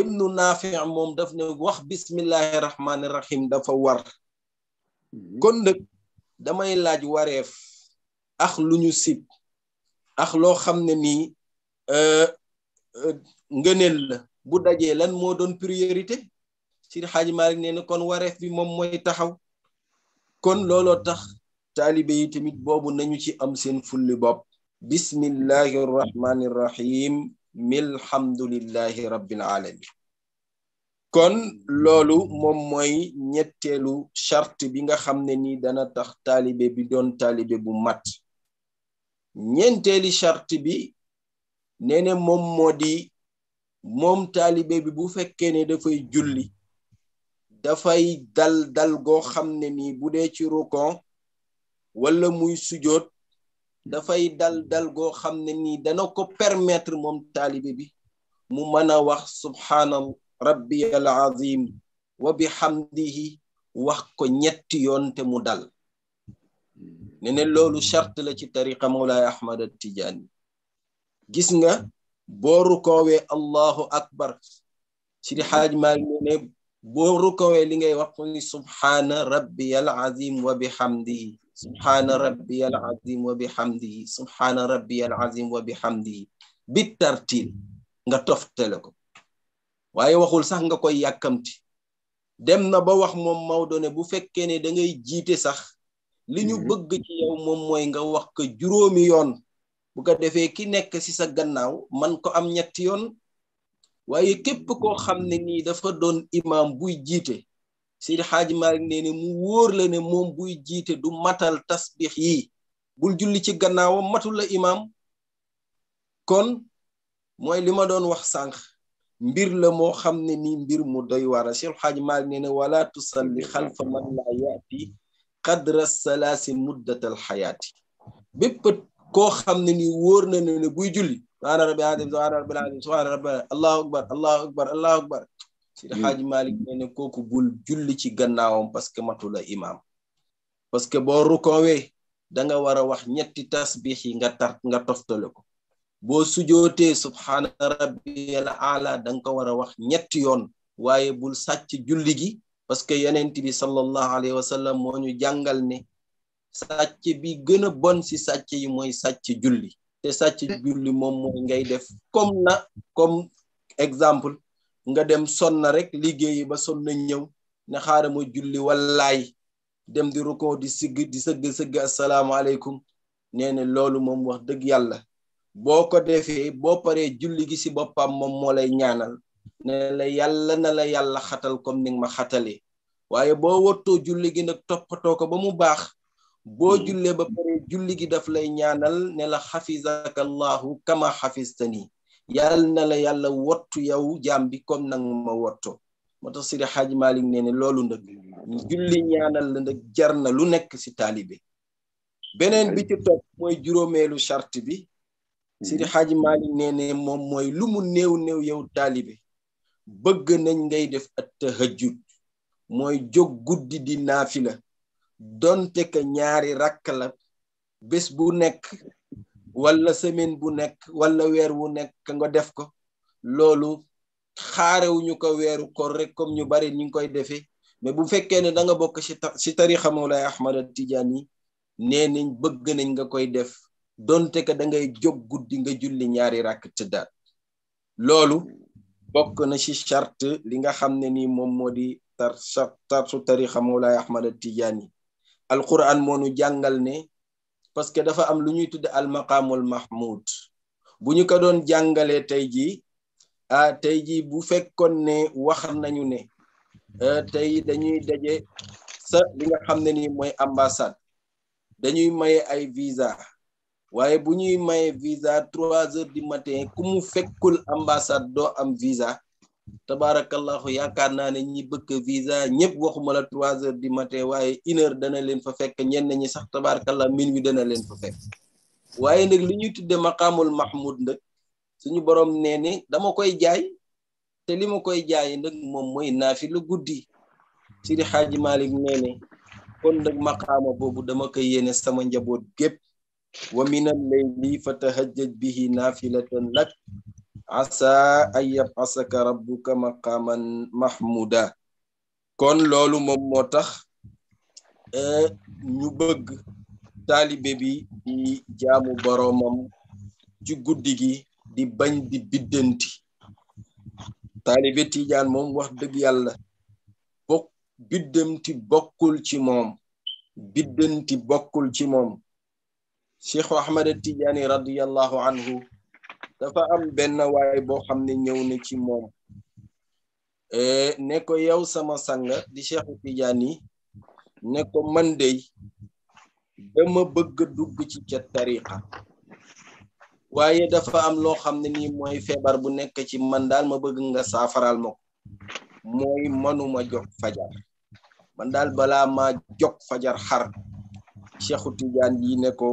ibnu naafi moom daf ne wax bismillahi rahmani rahim dafa war kon nag damay laaj wareef ak lu ñu sib ak loo xam ne nii euh, euh, ngëneel la bu dajee lan moo doon priorité ci xaaji Malik nee na kon wareef bi moom mooy taxaw kon looloo tax taalibe yi tamit boobu nañu ci am seen fulli bopp bismillahi rrahmani rrahim milhamdulillahi rabbil alamin kon loolu mom mooy ñetteelu chart bi nga xam ne ni dana tax taalibe bi doon taalibe bu mat ñeenteeli chart bi nee ne moom moo di bi bu fekkee ne dafay julli dafay dal dal goo xam ne nii bu dee ci rukon ولا موي سجود دا فاي دال دال غو خامن ني دا نكو بيرميتر موم طالب بي مو مانا واخ سبحان ربي العظيم وبحمده واخ كو نيت يون تي مو دال نين لولو شرط لا سي طريق مولاي احمد التجاني غيسغا بورو كووي الله اكبر سيدي حاج مال ني بورو كووي لي غي واخ سبحان ربي العظيم وبحمده subhaana rabbiyal azim wa bihamdihi subhaana rabbiyal azim wa bihamdihi bi tartiil nga toftale ko waaye waxul sax nga koy yàkkamti dem na ba wax moom Maodo ne bu fekkee ne dangay jiite sax li ñu mm-hmm. bëgg ci yow moom mooy nga wax ko juróomi yoon bu ko defee ki nekk ci sa gannaaw man ko am ñetti yoon waaye képp ko xam ne nii dafa doon imaam buy jiite سير حاج مالك نيني مو وور لا ني موم بوي جيتي دو ماتال تسبيح يي بول جولي سي غناو ماتول لا امام كون موي لما دون واخ سانخ مبير لا مو خامني ني مبير مو دوي وارا سير حاج مالك نيني ولا تصلي خلف من لا ياتي قدر الثلاث مده الحياه بيب كو خامني ني وور نا بوي جولي سبحان ربي ادم سبحان ربي العظيم سبحان ربي الله اكبر الله اكبر الله اكبر ci hmm. haji malik ne ne koku bul julli ci gannaawam parce que matula imam parce que boo rukoowee da nga wara wax ñetti tasbih yi nga tar nga toftale ko bo sujote subhana rabbiyal ala da nga wara wax ñetti yon waye bul sacc julli gi parce que yenenti bi sallallahu alayhi wasallam mo ñu jangal ne sacc bi gëna bon si sacc yi moy sacc julli te sacc julli mom moy ngay def comme na comme exemple nga dem sonna rek liggéeyi ba sonna ñëw ne xaaral ma julli wallaay dem di ruko di sigg di sëgg sëgg asalaamaaleykum nee na loolu moom wax dëgg yàlla boo ko defee boo paree julli gi ci boppam moom moo lay ñaanal yàlla na la yàlla xatal comme ni ma xatalee waaye boo wattoo juli gi nag toppatoo ko ba mu baax boo jullee ba pare julli gi daf lay ñaanal ne la xafizaka allahu kama xafistani yal na la yàlla wottu yow jaam bi comme nang ma wotto moo tax Sidi Xaaj Malik nee ne loolu ndëg julli ñaanal la ndëg jar na lu nekk si taalibe beneen bi ci topp mooy juróomeelu charte bi Sidi Xaaj Malik nee ne moom mooy lu mu néew néew yow taalibe bëgg nañ ngay def at mooy jóg guddi di naafila donte ka ñaari rakk bés bu nekk wala semaine bu nekk wala weer wu nekk nga def ko loolu xaarewuñu ko weeru koor rek comme ñu bari ñu ngi koy defee mais bu fekkee ne da nga bokk ci ci tarixa Mawlaay Ahmad Tijaani nee nañ bëgg nañ nga koy def donte que dangay ngay jóg guddi nga julli ñaari rakk tëddaat loolu bokk na ci charte li nga xam ne nii moom moo di tar tarsu tarixa Mawlaay Ahmad Tijaani alquran moo nu jàngal ne parce que dafa am lu ñuy tudde al maqaamul mahmud bu ñu ko doon jàngalee tey jii ah tey jii bu fekkoon ne wax nañu ne tey dañuy daje sa li nga xam ne nii mooy ambassade dañuy maye ay visa waaye bu ñuy maye visa trois heures du matin ku mu fekkul ambassade doo am visa tabaarakallaahu yaakaar naa ne ñi bëkk visa ñëpp waxuma la trois heures du matin waaye une heure dana leen fa fekk ñenn ñi sax tabaarakallah minuit dana leen fa fekk waaye nag li ñuy tudde maqaamul mahmud nag suñu borom nee ni dama koy jaay te lima koy jaayi nag moom mooy naafi lu guddi Sidi Xaaji Malik nee kon nag maqaama boobu dama koy yéene sama njaboot gépp wa minal layli fatahajjaj bihi naafilatan lak asa an yabasaka rabbuka maqaman mahmuda kon loolu moom moo tax eh, ñu bëgg taalibe bi di jaamu boroomam ci guddi gi di bañ di biddanti taalibe Tijaan moom wax dëgg yàlla bokk biddanti bokkul ci moom biddanti bokkul ci moom Cheikhu Ahmada Tijaani radiyallahu anhu dafa am benn waay boo xam ne ñëw na ci moom eh, ne ko yow sama sanga di Cheikh Tidiane yi ko man dey dama bëgg a dugg ci ca tariqa waaye dafa am loo xam ne nii mooy feebar bu nekk ci man daal ma bëgg nga saafaral ma ko mooy manuma jox fajar man daal balaa ma jog fajar xar Cheikh Tidiane yi ne ko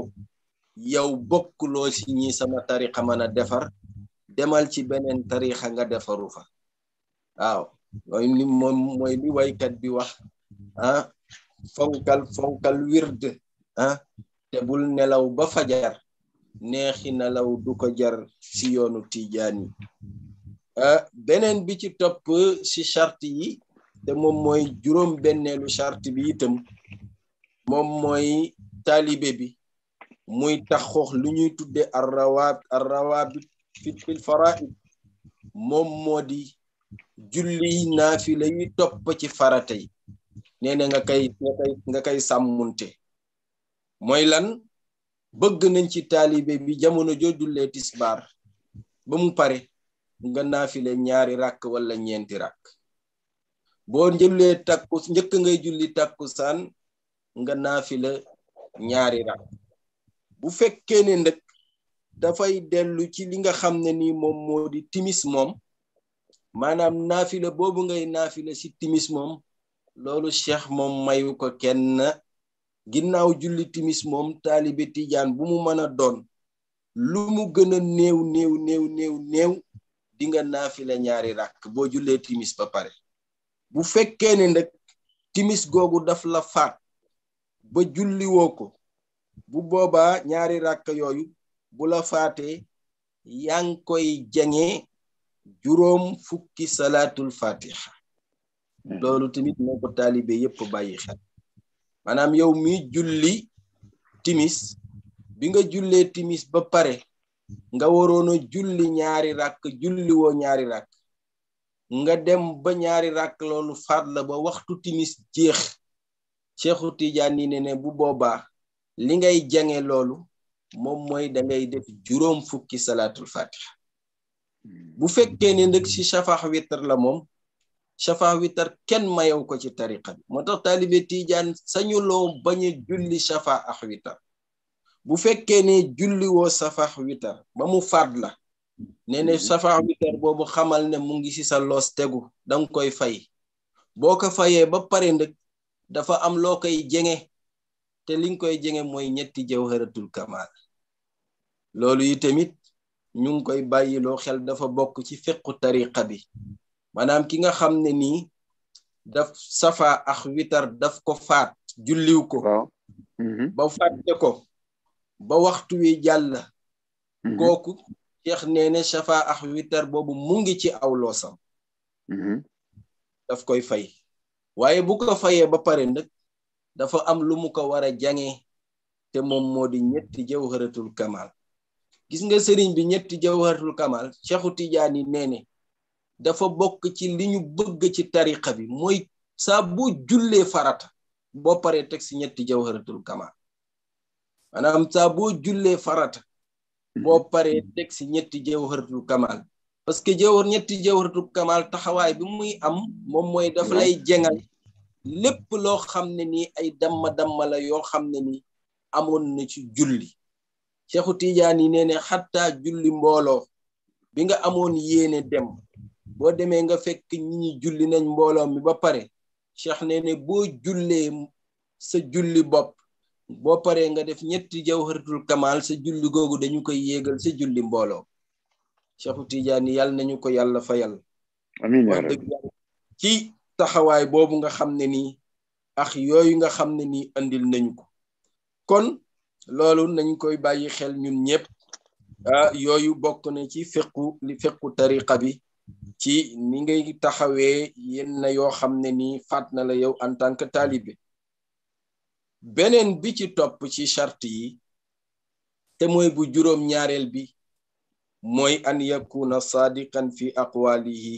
yow bokkuloo ci ñi sama tarixa mën defar demal ci beneen tarixa nga defaru fa waaw mooy ni moom mooy waykat bi wax ah fonkal fonkal wird ah te bul nelaw ba fajar neexi nelaw du ko jar si yoonu tijaan yi ah, beneen bi ci topp si charte yi te moom mooy juróom benneelu charte bi itam moom mooy talibe bi muy taxoox lu ñuy tudde arrawab arrawabit fil faraid moom moo di julli naafila yi topp ci farata yi nee na nga kay nga kay nga kay mooy lan bëgg nañ ci taalibe bi jamono joo jullee ba mu pare nga naafile ñaari ràkk wala ñeenti ràkk boo njëllee takku njëkk ngay julli takkusaan nga naafile ñaari ràkk bu fekkee ne nag dafay dellu ci li nga xam ne ni moom moo di timis moom maanaam naafila boobu ngay naafila si timis moom loolu cheikh moom mayu ko kenn ginnaaw julli timis moom taalibe tijaan bu mu mën a doon lu mu gën a néew néew néew néew néew di nga ñaari ràkk boo jullee timis ba pare bu fekkee ne nag timis googu daf la faat ba julliwoo ko bu nyari ñaari rakk yoyu bu la faté yang koy jengé juróom fukki salatul fatiha hmm. loolu timit moko talibé yépp bayyi xel manam yow mi julli timis bi nga timis ba paré nga warono julli ñaari rakk julli wo ñaari rakk nga dem ba ñaari rak loolu faat la ba waxtu timis jeex cheikhou tidiane ne ne bu boba li ngay jange lolu mom moy da ngay def juróom fukki salatul fatiha bu fekke ne ndëg ci shafah witr la mom shafah witr ken mayaw ko ci tariqa bi tax sañu loo bañ julli shafah witr bu fekke ne julli wo shafah witr ba mu fad la nee ne safax wittar xamal ne mu ngi ci sa los tegu dang koy fay boko ko ba pare dafa am lokay jange te li nga koy jege mooy ñetti jawharatul kamal loolu yi tamit ñu ngi koy bàyyiloo xel dafa bokk ci fiqu tariqa bi maanaam ki nga xam ne nii daf safa ak witar daf ko faat julliw ko mhm. ba fàtte ko ba waxtu wi jàll mhm. kooku cheikh nee ne safa ak witar boobu mu ngi ci aw loosam mhm. daf koy fay waaye bu ko fayee ba pare nag dafa am lu mu ko war jange te moom moo di ñetti jawharatul kamal gis nga sëriñ bi ñetti jawharatul kamal Cheikhu Tijaani nee ne dafa bokk ci li bëgg ci tariqa bi mooy saa bu jullee farata boo paree teg si ñetti jawharatul kamal maanaam saa boo jullee farata boo paree teg si ñetti jawharatul kamal parce que jawhar ñetti kamal taxawaay bi muy am moom mooy dafa lay jengal lépp loo xam ne nii ay damma damma la yoo xam ne amoon na ci julli Seexu Tijaan yi nee xataa julli mbooloo bi nga amoon yéene dem boo demee nga fekk ñi julli nañ mbooloo mi ba pare Cheikh nee ne boo jullee sa julli bopp boo paree nga def ñetti jawharatul kamal sa julli googu dañu koy yéegal sa julli mbooloo Seexu Tijaan yi yàlla nañu ko yàlla fayal amiin wax taxawaay boobu nga xam ne nii ak yooyu nga xam ne nii andil nañu ko kon loolu nañ koy bàyyi xel ñun ñëpp ah, yooyu bokk na ci fiqu li bi ci ni ngay taxawee yenn na yoo xam ne nii faat na la yow en tant que talibé beneen bi ci topp ci charte yi te mooy bu juróom ñaareel bi mooy an yakuna sadiqan fi aqwalihi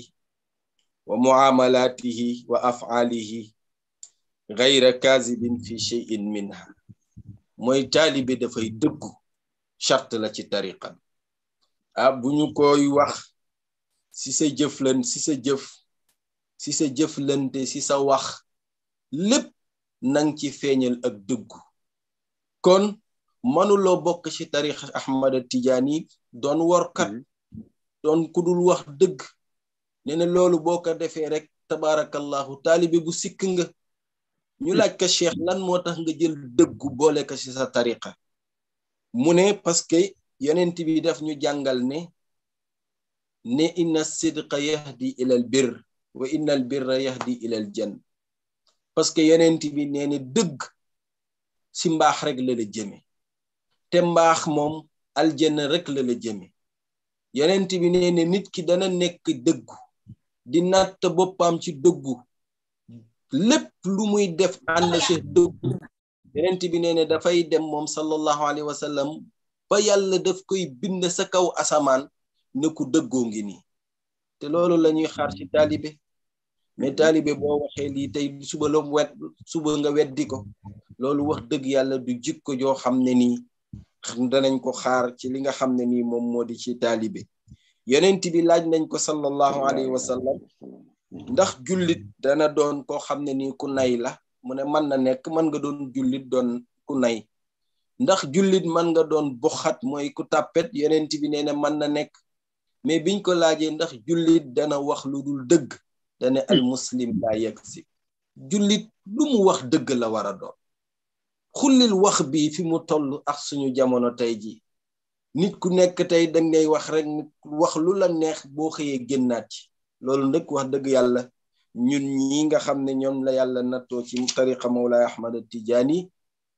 wa muamalatihi wa af'alihi ghayra kazibin fi shay'in minha mooy taalibe dafay dëggu chart la ci tariqa ah bu ñu koy wax ci sa jëflan si sa jëf si sa jëflante si sa wax lépp nang ci feeñal ak dëggu kon mënuloo bokk ci tariqa Ahmada Tijaani doon workat mm-hmm. don kudul wax dëgg nee na loolu boo ko defee rek tabaarakallahu taalibe bu sikk nga ñu hmm. laaj ko cheikh lan moo tax nga jël dëggu boole ko ci sa tariqa mu ne parce que yonent bi daf ñu jàngal ne ne inna sidqa di ilal bir wa inna al birra yahdi ilal jann parce que yonent bi nee na dëgg si mbaax rek la la jëme te mbaax moom aljanna rek la la jëme yonent bi nee nit ki dana nekk dëggu di natt boppam ci dëggu lépp lu muy def ànd ci dëggu yenent bi nee ne dafay dem moom sallallahu alayhi wa sallam ba yàlla daf koy bind sa kaw asamaan ne ku dëggoo ngi ni te loolu la ñuy xaar ci taalibe mais taalibe boo waxee lii tey suba la wet suba nga weddi ko loolu wax dëgg yàlla du jikko joo xam ne nii danañ ko xaar ci li nga xam ne nii moom moo di ci taalibe yonent bi laaj nañ ko sallallahu alayhi wa sallam ndax jullit dana doon koo xam ne nii ku nay la mu ne mën na nekk mën nga doon julit doon ku nay ndax jullit mën nga doon boxat mooy ku tàppet yonent bi nee na mën na nekk mais biñ ko laajee ndax julit dana wax lu dul dëgg dane al muslim laa yegg si jullit lu mu wax dëgg la war a doon xullil wax bi fi mu toll ak suñu jamono tey ji nit ku nekk tey dang ngay wax rek wax lu la neex boo xëyee génnaat ci loolu nag wax dëgg yàlla ñun ñi nga xam ne ñoom la yàlla nattoo ci tariqa Mawlaay Ahmad Tijaani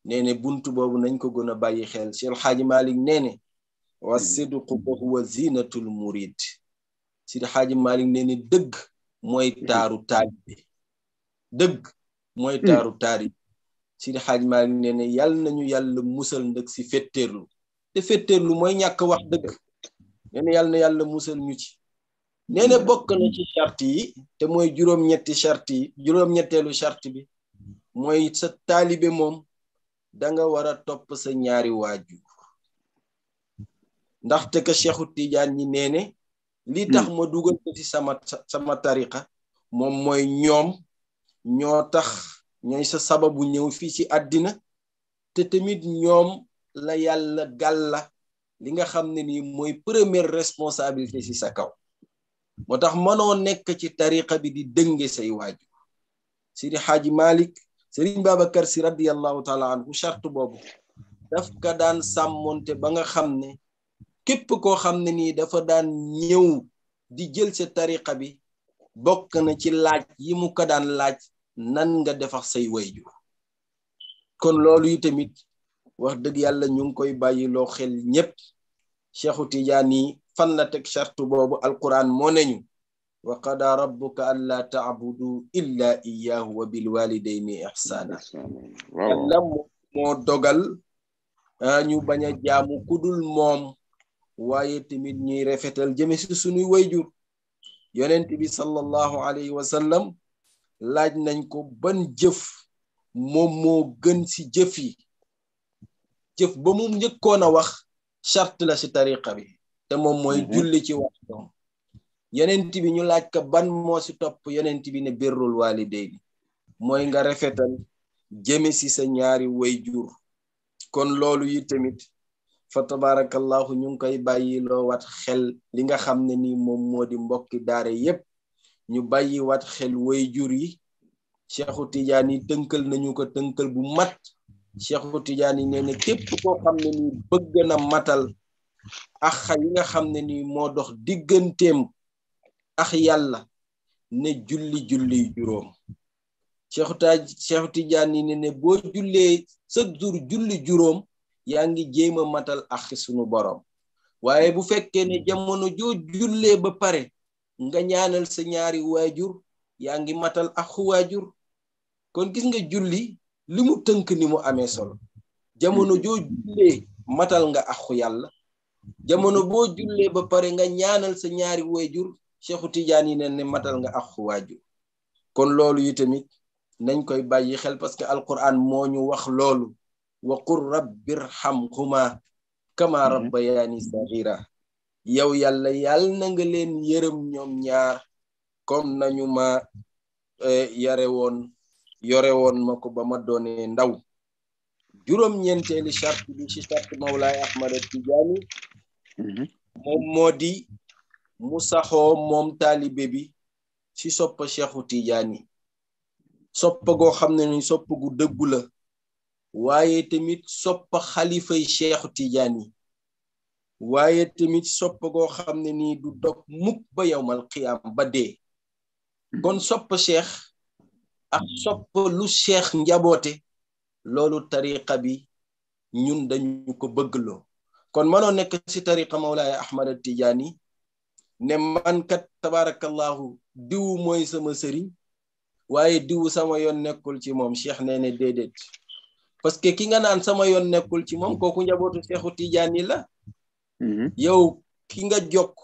nee ne bunt boobu nañ ko gën a bàyyi xel si El Hadj Malick nee ne wa sidqu huwa zinatul murid si El Hadj Malick nee dëgg mooy taaru taalibe dëgg mooy taaru taalibe si El Hadj Malick nee ne yàlla nañu yàlla musal ndëg si fetteerlu te lu moy ñak wax mm. deug ñene yalla yàlla na yàlla musal ñu ci neene mm. bokk na ci charti te moy juróom-ñetti charti yi ñettelu charti bi moy sa talibé mom da nga wara top sa ñaari ndax te ke cheikhou Tidiane ñi neene li mm. tax ma duggal ko ci sama sama tariqa mom moy ñom ño tax ñooy sa sababu ñew fi ci adina te tamit ñom la yàlla gàlla li nga xam ne nii mooy première responsabilité ci sa kaw moo tax mënoo nekk ci tariqa bi di dënge say waaju sidi xaaji malik sëriñ babacar si radiallahu taala anhu charte boobu daf ka daan sàmmonte ba nga xam ne képp koo xam ne nii dafa daan ñëw di jël sa tariqa bi bokk na ci laaj yi mu ko daan laaj nan nga defax say waaju kon loolu yi tamit wax deug yalla ñu ngi koy lo xel ñepp cheikhou fan la tek charte bobu alquran mo neñu wa qada rabbuka alla ta'budu illa iyyahu wa bil walidayni ihsana yàlla mo dogal ñu baña jaamu kudul mom waye timit ñuy refetal jëme ci suñu wayjur yonent bi sallallahu alayhi wa sallam laaj nañ ko ban jëf mom mo gën ci jëf yi jëf ba mu njëkkoon a wax charte la si tariqa bi te moom mooy mhm. julli ci waxtoom yonent bi ñu laaj ko ban moo si topp yonent bi ne birrul waalidayni mooy nga rafetal jëme ci sa ñaari way jur kon loolu yi tamit fa tabarakallahu ñu ngi koy bàyyi wat xel li nga xam ne ni moom moo di mbokki daare yépp ñu bàyyi wat xel jur yi Seexu Tijaan yi tënkal nañu ko tënkal bu mat Cheikhu Tidiane nee na képp koo xam ne matal ax xam ne nii moo dox digganteem ak ne julli julli juróom Cheikhu Taj Cheikhu Tidiane nee na juróom yaa ngi jéem a matal ax sunu boroom waaye bu fekkee ne jamono joo jullee ba pare nga ñaanal sa ñaari waajur yaa ngi matal axu waajur kon gis nga julli. li mu tënk ni mu amee solo jamono joo matal nga axu yàlla jamono boo jullee ba pare nga ñaanal sa ñaari waajur Seexu Tijaan yi ne matal nga axu waajur kon loolu yi tamit nañ koy bàyyi xel parce que alquran moo ñu wax loolu wa qur rabbi irhamhuma kama mhm. rabbayaani sagira yow yàlla yàll na nga leen yërëm ñoom ñaar comme nañu ma eh, yare woon yore woon ma ko ba ma doonee ndaw juróom-ñeenteeli charte bi ci charte Mawlaay Ahmada Tijaani mhm. moom moo di mu saxoo moom taalibe bi ci soppa Cheikhu Tijaani soppa goo xam ne ni sopp gu dëggu la waaye tamit soppa xalifay Cheikhu Tijaani waaye tamit soppa goo xam ne nii du dog mukk ba yowmal xiyaam ba dee kon soppa cheikh ak sopp lu cheikh njaboote loolu tariqa bi ñun dañu ko bëggloo kon mënoo nekk ci tariqa Mawlaay Ahmad Tijaani ne man kat tabarakallahu diwu mooy sama sëriñ waaye diwu sama yoon nekkul ci moom cheikh nee ne déedéet parce que ki nga naan sama yoon nekkul ci moom kooku njabootu cheikhu Tijaani la mm-hmm. yow ki nga jokk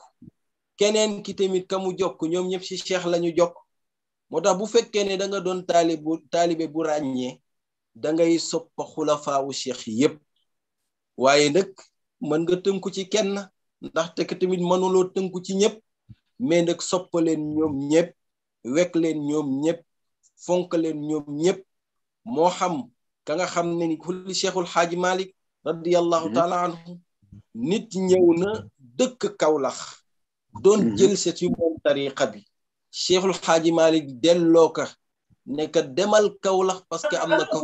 keneen ki tamit ka jokk ñoom ñëpp ci cheikh lañu jokk moo tax bu fekkee ne danga nga doon taalibu taalibe bu ràññee da ngay soppa xulafaawu cheikh yépp waaye nag mën nga tënku ci kenn ndaxte que tamit mënuloo tënku ci ñëpp mais nag soppa leen ñoom ñëpp wekk leen ñoom ñëpp fonk leen ñoom ñëpp moo xam ka nga xam ne ni xaaji malik radiallahu mhm. taala anhu nit ñëw na dëkk kawlax doon mhm. jël set yu moom tariqa bi cheikhul xaaji malik delloo ka ne ka demal kawlax parce que am na ka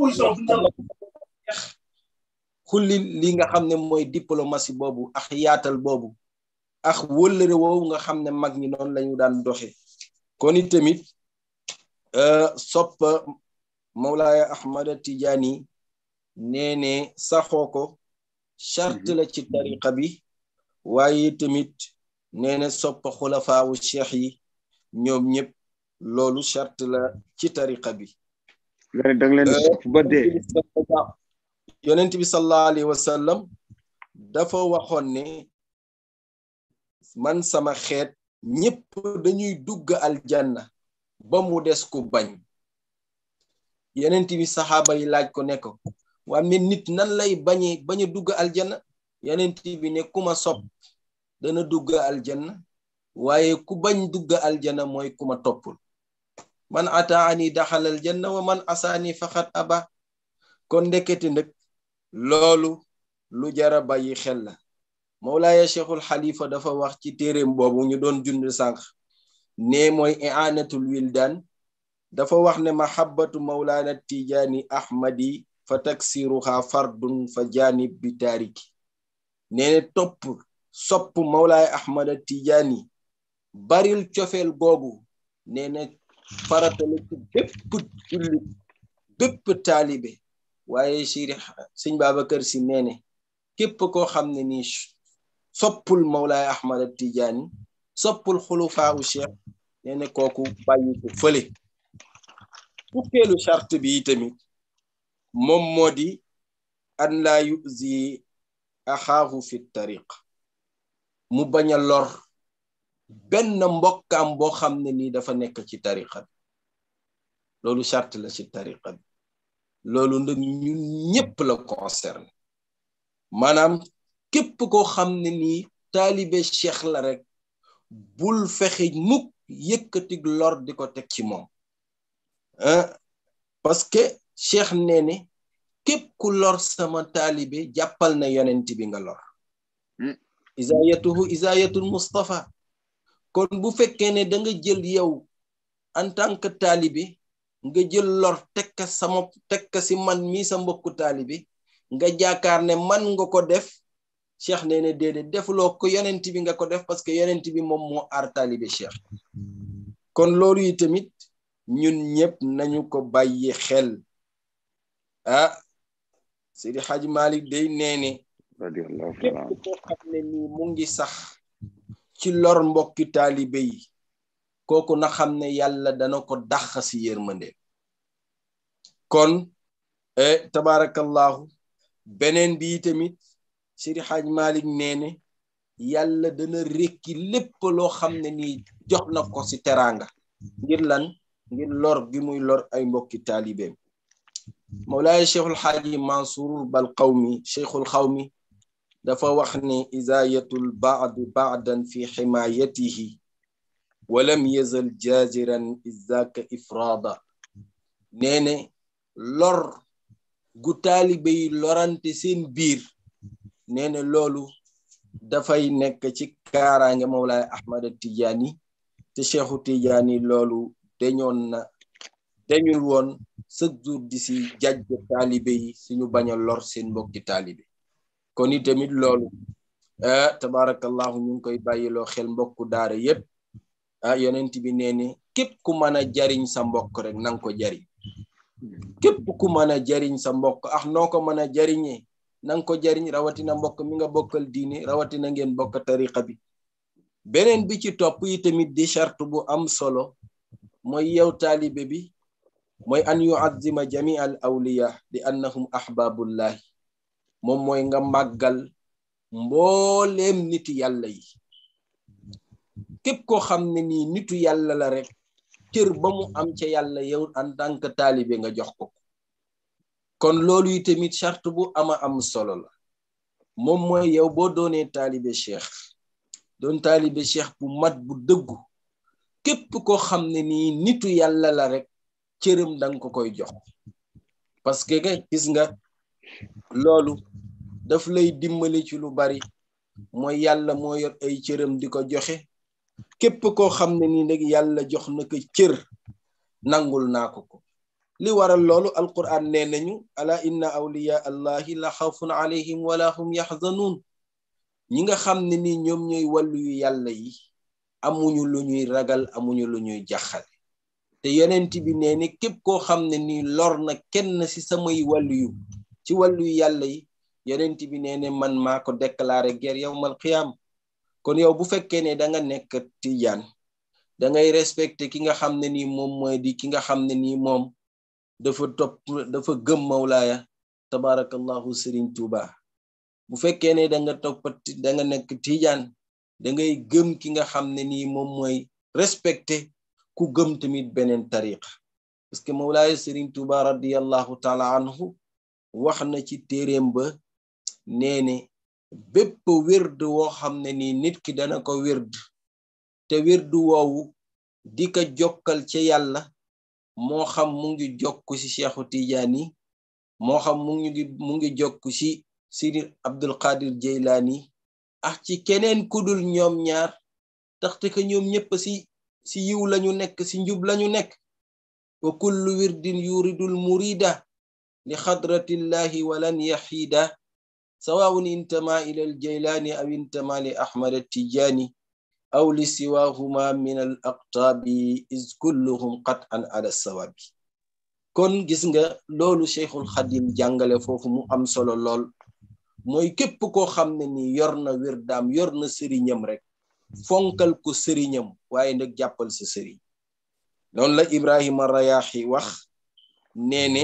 xulli li nga xam ne mooy diplomatie boobu ak yaatal boobu ak wëllëre woowu nga xam ne mag ñi noonu lañu daan doxe kon it tamit soppa mawlaaya ahmada tijaani nee ne saxoo ko charte la ci tariqa bi waaye tamit nee ne soppa xulafaawu cheikh yi ñoom ñépp loolu charte la ci tariqa bi nga euh, bi sallallahu alayhi wa sallam dafa waxoon ne man sama xeet ñëpp dañuy dugg aljanna ba mu des ku bañ yenent bi saxaaba yi laaj ko ne ko waa nit nan lay bañe bañ a dugg aljanna yeneenti bi ne ku ma sopp dana dugg aljanna waaye ku bañ dugg aljana mooy ku ma toppul man ataani daxal aljanna wa man asaani faxat aba kon ndekete nag loolu lu jara bàyyi xel la mawlaaya cheikhul xalifa dafa wax ci téeréem boobu ñu doon jund sànq ne mooy iaanatul wildaan dafa wax ne mahabbatu mawlaana tijaani ahmadi fa taksiruha fardun fa jaanib bi taariki nee ne topp sopp mawlaaya ahmada tijaani baril cofeel gogu nene farata faratala ci bépp jullit bépp talibé waye siri sëñ babakar si nee kep ko xamne ni soppul Mawlaay Ahmad Tijaani soppul xulufaawu cheikh nene koku kooku bàyyi ko fële kelu charte bi tamit mom modi an la yuzi akhahu fi tariq mu baña lor benn mbokkaam boo xam ne nii dafa nekk ci tariqa bi loolu charte la ci tariqa bi loolu nag ñun ñépp la concerne maanaam képp koo xam ne nii taalibe cheikh la rek bul fexe mukk yëkkatig lor di ko teg ci moom parce que cheikh nee ne képp ku lor sama taalibe jàppal na yonent bi nga lor hmm. isaayatuhu isaayatul mustafa kon bu fekkee ne da nga jël yow en tant que taalibi nga jël lor ka sama ka si man mii sa mbokku taalibi nga jaakaar ne man nga ko def cheikh ne na déedéet defuloo ko yonent bi nga ko def parce que yonent bi moom moo ar taalibi cheikh kon loolu yi tamit ñun ñëpp nañu ko bàyyi xel ah Seydi Xaaji Malik day nee ne képp koo xam ne nii mu ngi sax ci lor mbokki talibé yi koku na xamné yàlla dana ko dakh ci yërmande kon tabarakallah benen bi tamit Seydi haj Malik nene yàlla dana rékki lépp lo xamné ni jox na ko ci teranga ngir lan ngir lor gi muy lor ay mbokki talibé مولاي Cheikhul الحاج منصور بالقومي شيخ الخومي dafa wax ni izaayatul baadu baadan fi ximaayatihi walam yazal jaaziran izaaka ifraada nee lor gu taalibe yi lorante seen biir nee ne loolu dafay nekk ci kaaraange Mawlaay Ahmad Tijaani te Cheikhu Tijaani loolu dañoon na dañul woon chaque si jajj taalibe yi suñu bañ a lor seen mbokki taalibe kon itamit loolu e, tabarakallahu ñu ngi koy bàyyiloo xel mbokku daara yépp e, yonent bi neeni kep ku mana jariñ sa mbokk rek nang ko jari kep ku mana jariñ sa mbokk ah noko mana jariñe nang ko jariñ na mbokk mi nga bokkal diine na ngeen bokk tariqa bi benen bi ci top yi tamit di charte bu am solo moy yow talibe bi moy an yu'azzima jami'al awliya li annahum ahbabullah mom moy nga màggal mbollem nitu yalla yi kep ko xam ni nitu yalla la rek cër ba mu am ci yalla yow en tant que talibé nga jox ko kon lolu yi charte bu ama am solo la mom moy yow bo doné talibé cheikh don talibé cheikh bu mat bu dëggu kep ko xam ni nitu yalla la rek cëram dang ko koy jox parce que gis nga loolu daf lay dimbali ci lu bari mooy yàlla moo yor ay cëram di ko joxe képp koo xam ne ni nag yàlla jox na ko cër nangul naa ko ko li waral loolu alquran nee nañu ala inna awliya allahi la xawfun alayhim wala hum yaxzanuun ñi nga xam ne ni ñoom ñooy wàllu yu yàlla yi amuñu lu ñuy ragal amuñu lu ñuy jaxale te yonent bi nee képp koo xam ne ni lor na kenn ci samay wàllu yu ci walu yalla yi yonent bi neene man mako déclarer déclaré guerre yawmal qiyaam kon yow bu fekke ne da nga nekk tijaan da ngay respecter ki nga xamne ni mom moy di ki nga xamne ni mom dafa top dafa gëm mawlaya tabarakallahu sirin tuba. bu fekke ne da nga top da nga nekk tijaan da ngay gëm ki nga xamne ni mom moy respecter ku gëm tamit benen tariqa parce que mawlaya sëriñ tuuba radiyallahu taala anhu waxna ci téeréem ba nee bépp wird woo xam ne ni nit ki dana ko wird te wird woowu di ko jokkal ca yàlla moo xam mu ngi ci Seexu Tijaan yi moo xam mu ngi mu ci Sidi Abdul Qadir Jeylaani ah ci keneen kudul ñoom ñaar taxte ka ñoom ñépp ci yiw lañu nekk ci njub lañu nekk wa kullu wirdin yuridul murida لخضرة الله ولن يحيده سواء انتمى إلى الجيلان أو انتمى لأحمد التجاني أو لسواهما من الأقطاب إذ كلهم قطعا على الصواب kon gis nga loolu cheikhul xadim jàngale foofu mu am solo lool mooy képp koo xam ne ni yor na wér daam yor na sëriñam rek fonkal ko sëriñam waaye nag jàppal sa sëriñ loolu la ibrahima rayaxi wax nee ne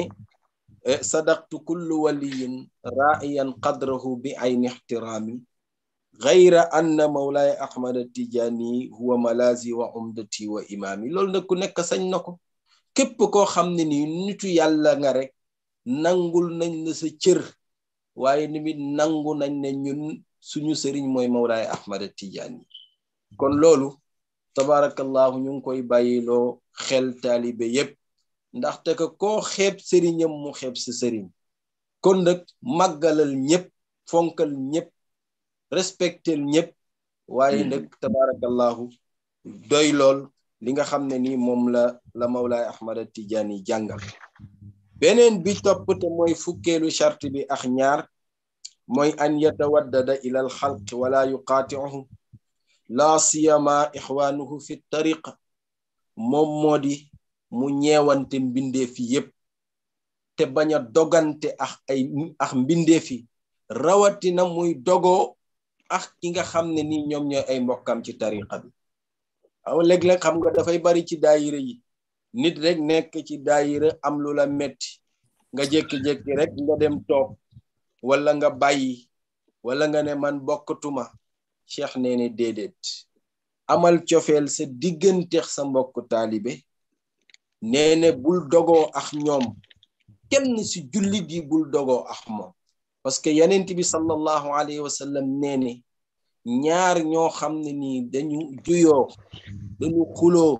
sadaqtu kullu waliyin raiyan qadrahu bi ayni ixtiraami gayra anna mawlaay ahmad tijaani huwa malazi wa umdati wa imaami loolu nag ku nekk sañ na ko képp koo xam ne nii nitu yàlla nga rek nangul nañ la sa cër waaye nimit nangu nañ ne ñun suñu sëriñ mooy mawlaay ahmad tijaani kon loolu tabarakallahu ñu ngi koy bàyyiloo xel taalibe yépp ndaxte ko koo xeeb sëriñam mu xeeb sa sëriñ kon nag màggalal ñëpp fonkal ñëpp respectel ñëpp waaye hmm. nag tabarakallahu doy lol li nga xam ne ni moom la la mawlaay ahmad tijaani jàngal beneen bi topp te mooy fukkeelu charte bi ak ñaar mooy an yatawaddada ila al xalq la siyama ixwaanuhu fi tariqa moom moo di mu ñeewante mbindeef yi yépp te bañ a dogante ak ay ak rawatina muy dogoo ak ki nga xam ne ni ñoom ñooy ay mbokkam ci tariqa bi aw léeg-léeg xam nga dafay bari ci daayira yi nit rek nekk ci daayira am lu la metti nga jékki-jékki rek nga dem toog wala nga bàyyi wala nga ne man bokkatuma cheikh nee ne déedéet amal cofeel sa digganteex sa mbokk taalibe nene bul dogoo ak ñoom kenn si jullit yi bul dogoo ak moom parce que yenent bi sallallahu alayhi wa sallam nee ñaar ñoo xam ne nii dañu juyoo dañu xuloo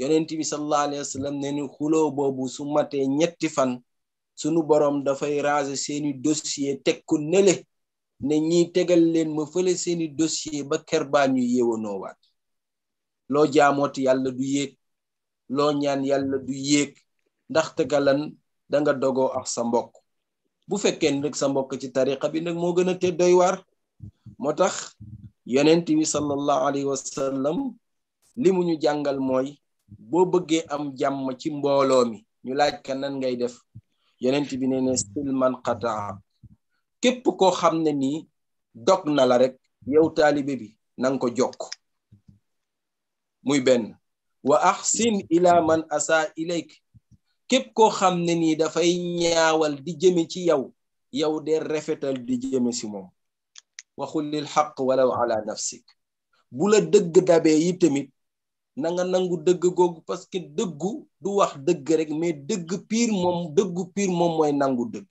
yonent bi sallallahu alayhi wa sallam nee xuloo boobu su matee ñetti fan sunu borom dafay raser seeni dossier teg ko nele ne ñiy tegal leen ma fële seeni dossier ba ker ñu yeewanoowaat loo jaamooti yàlla du yéeg loo ñaan yàlla du yéeg ndaxte galan danga nga dogoo ak sa mbokk bu fekkee ni nag sa mbokk ci tariqa bi nag moo gën a te doy war moo tax yonent bi sallallahu alayhi wa sallam li mu ñu jàngal mooy boo bëggee am jàmm ci mbooloo mi ñu laaj ka nan ngay def yonent bi nee ne silman képp koo xam ne nii dog na la rek yow taalibe bi nanga ko jokk muy benn wa ahsin ila man asa ilayk képp koo xam ne nii dafay ñaawal di jëme ci yow yow de rafetal di jëme si moom waxul lil xaq walaw ala nafsik bu la dëgg dabee yi tamit nanga nangu dëgg googu parce que dëggu du wax dëgg rek mais dëgg piir moom dëggu piir moom mooy nangu dëgg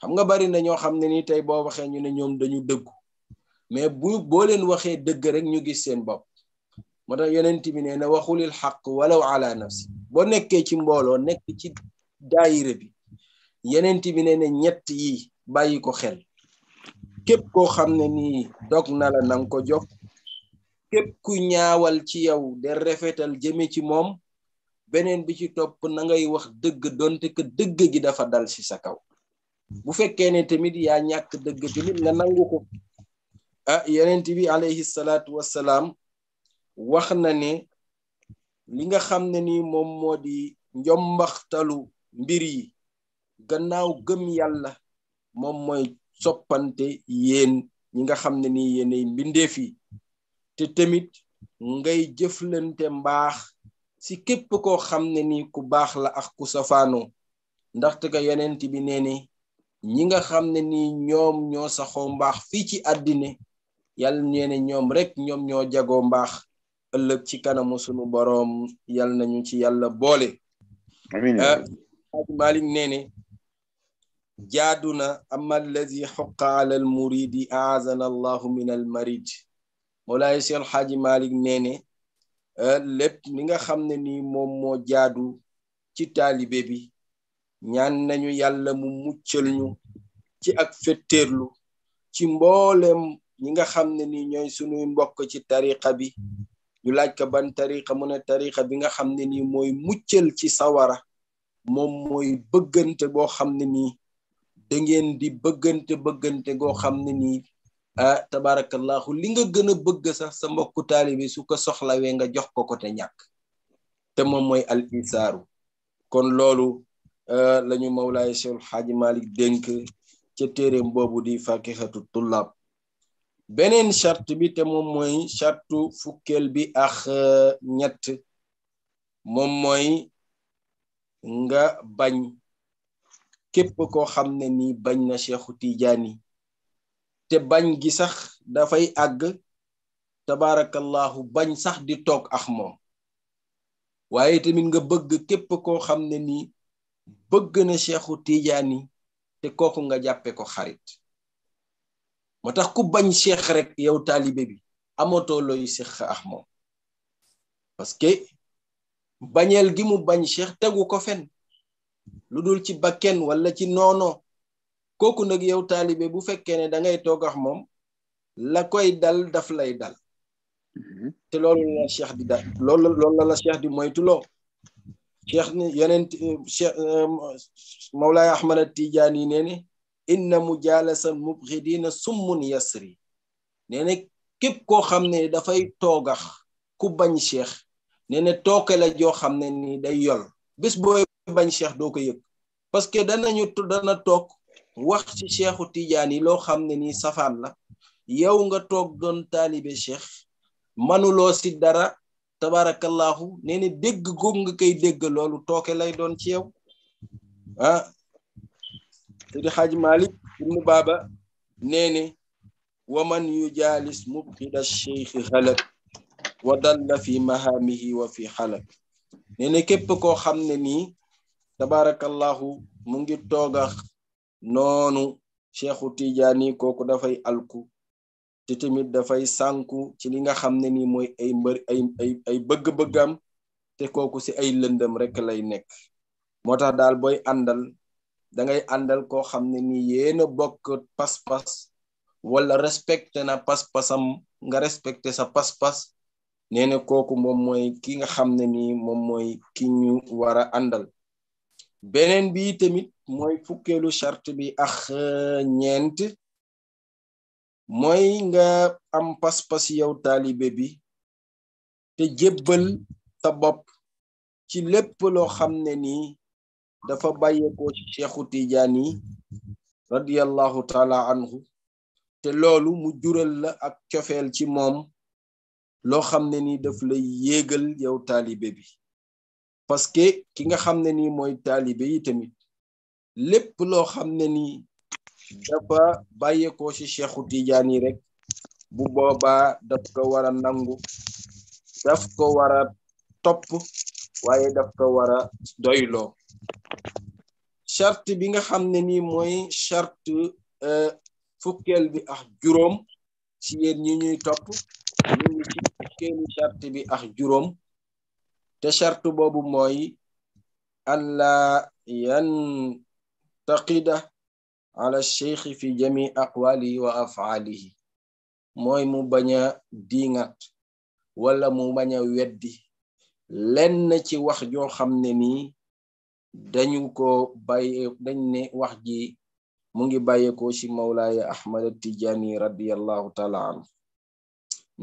xam nga bari na ñoo xam ne nii tey boo waxee ñu ne ñoom dañu dëggu mais bu boo leen waxee dëgg rek ñu gis seen bopp moo tax yonent bi nee na waxulil xaq walaw ala nafsi boo nekkee ci mbooloo nekk ci daayira bi yonent bi nee ñett yi bàyyi ko xel képp koo xam ne nii dog na la ko jog képp ku ñaawal ci yow de rafetal jëme ci moom beneen bi ci topp na ngay wax dëgg donte que dëgg gi dafa dal ci sa kaw bu fekkee ne tamit yaa ñàkk dëgg tamit nga nangu ko ah yonent bi alayhi salaatu wassalaam wax na ne li nga xam ne ni moom moo di njombaxtalu mbir yi gannaaw gëm yàlla moom mooy soppante yéen ñi nga xam ne ni yéenay mbindeef yi te tamit ngay jëflante mbaax si képp koo xam ne ni ku baax la ak ku safaanoo ndaxte ka yonent bi nee ne ñi nga xam ne ni ñoom ñoo saxoo mbaax fii ci àddine yàlla nee ne ñoom rek ñoom ñoo jagoo mbaax ëllëg ci kanamu sunu borom yal nañu ci yàlla boole malik nee ne jaaduna ama allazi xoqa ala almuridi aazana allahu min almarid moolaay seen xaaji malik nee ne lépp li nga xam ne ni moom moo jaadu ci taalibe bi ñaan nañu yàlla mu muccal ñu ci ak fetteerlu ci mbooleem ñi nga xam ne ni ñooy sunuy mbokk ci tariqa bi ñu laaj ka ban tariqa mu ne tariqa bi nga xam ne nii mooy muccel ci sawara moom mooy bëggante boo xam ne nii da ngeen di bëggante bëggante goo xam ne nii ah tabarakallahu li nga gën a bëgg sax sa mbokku taalibi su ko soxlawee nga jox ko ko te ñàkk te moom mooy al kon loolu ah, lañu mawlaay Seexul xaj Malik dénk ca téeréem boobu di fakihatu tullaab beneen charte bi te moom mooy chartu fukkeel bi ak euh, ñett moom mooy nga bañ képp koo xam ne ni bañ na Seexu Tijaani te bañ gi sax dafay àgg tabaarakallahu bañ sax di toog ak moom waaye tamit nga bëgg képp koo xam ne ni bëgg na Seexu Tijaani te kooku nga jàppe ko xarit moo tax ku bañ cheikh rek yow taalibe bi amatoo looy seq ak moom parce que bañeel gi mu bañ cheikh tegu ko fen lu dul ci bakken wala ci noono kooku nag yow taalibe bu fekkee ne da ngay toog ak moom la koy dal daf lay dal te loolu la cheikh di dal loolu loolu la la cheikh di moytuloo cheikh ni yeneen cheikh euh, Mawlaay nee ne inna mujalasa mubghidina summun yasri nee na képp koo xam ne dafay toogax ku bañ cheikh nee na tooke la joo xam ne ni day yol bés booy bañ cheikh doo ko yëg parce que danañu dana toog wax ci cheikhu Tidiane yi loo xam ne ni safaan la yow nga toog doon taalibe cheikh manuloo si dara tabarakallahu nee na dégg góog nga koy dégg loolu tooke lay doon ci yow ah Seydi Xaaji Malik ibnu Baaba nee ne waman yujaalis mubxida cheikh xalak wa dalla fi mahaamihi wa fi xalak nee képp koo xam ne nii tabaarakallahu mu ngi toogax noonu cheikhu tijaani kooku dafay alku te tamit dafay sànku ci li nga xam ne nii mooy ay mbër ay ay ay bëgg te kooku si ay lëndëm rek lay nekk moo tax daal booy àndal da ngay andal ko xamne ni bok pass pas wala respecte na pas-pasam nga respecte sa pas-pas nee koku mom moy ki nga xamne ni mom moy ki ñu wara andal benen bi tamit moy fukkeelu charte bi ak ñent moy nga am pas pass yow talibé bi te jébal sa bop ci lepp lo xamne ni dafa bàyyeekoo ci cheikhu tiijaan yi radiallahu taala anhu te loolu mu jural la ak cofeel ci moom loo xam ne ni daf lay yéegal yow taalibe bi parce que ki nga xam ne ni mooy taalibe yi tamit lépp loo xam ne ni dafa bàyyeekoo ci cheikhu tiijaan yi rek bu boobaa daf ko war a nangu daf ko war a topp daf ko war a charte bi nga xam ne nii mooy charte fukkeel bi ak juróom ci yéen ñi ñuy topp ñu ci charte bi ak juróom te charte boobu mooy an la yantaqida ala cheikh fi jami aqwalihi wa afalihi moy mu bañ a diingat wala mu bañ weddi lenn ci wax dañu ko bàyyee dañ ne wax ji mu ngi bàyyeekoo ci mawlaaya ahmad tijaani radiallahu taala anhu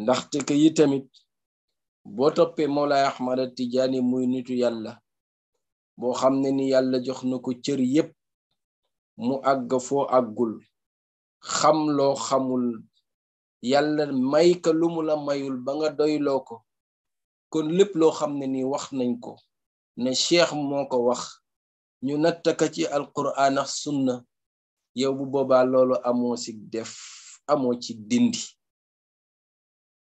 ndaxte ke yi tamit boo toppee mawlaaya ahmad tijaani muy nitu yàlla boo xam ne ni yàlla jox na ko cër yépp mu àgg foo àggul xam loo xamul yàlla may ka lu mu la mayul ba nga doyloo ko kon lépp loo xam ne ni wax nañ ko ne cheikh moko ko wax ñu nattaka ci alquran ak sunna yow bu boba lolu amo ci def amo ci dindi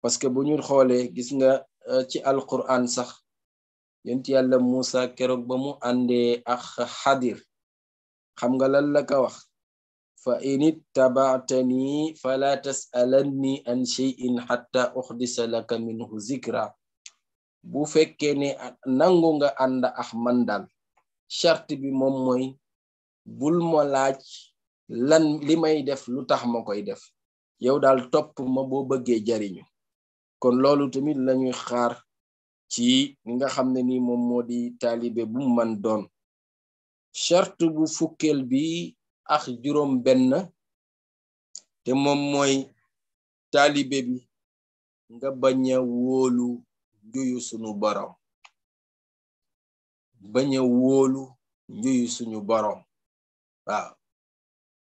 parce que bu ñu xolé gis nga euh, ci alquran sax yent yalla Musa kérok ba mu andé ak hadir xam nga lan la ka wax fa in fala tasalanni an shay'in hatta uxdisa laka minhu zikra bu fekkee ne nangu nga ànd ak man daal charte bi moom mooy bul ma laaj lan li may def lu tax ma koy def yow daal topp ma boo bëggee jariñu kon loolu tamit lañuy xaar ci li nga xam ne ni moom di taalibe bu man doon charte bu fukkeel bi ak juróom benn te moom mooy taalibe bi nga bañ a wóolu njuyu sunu borom bañ a wóolu njuyu suñu borom waaw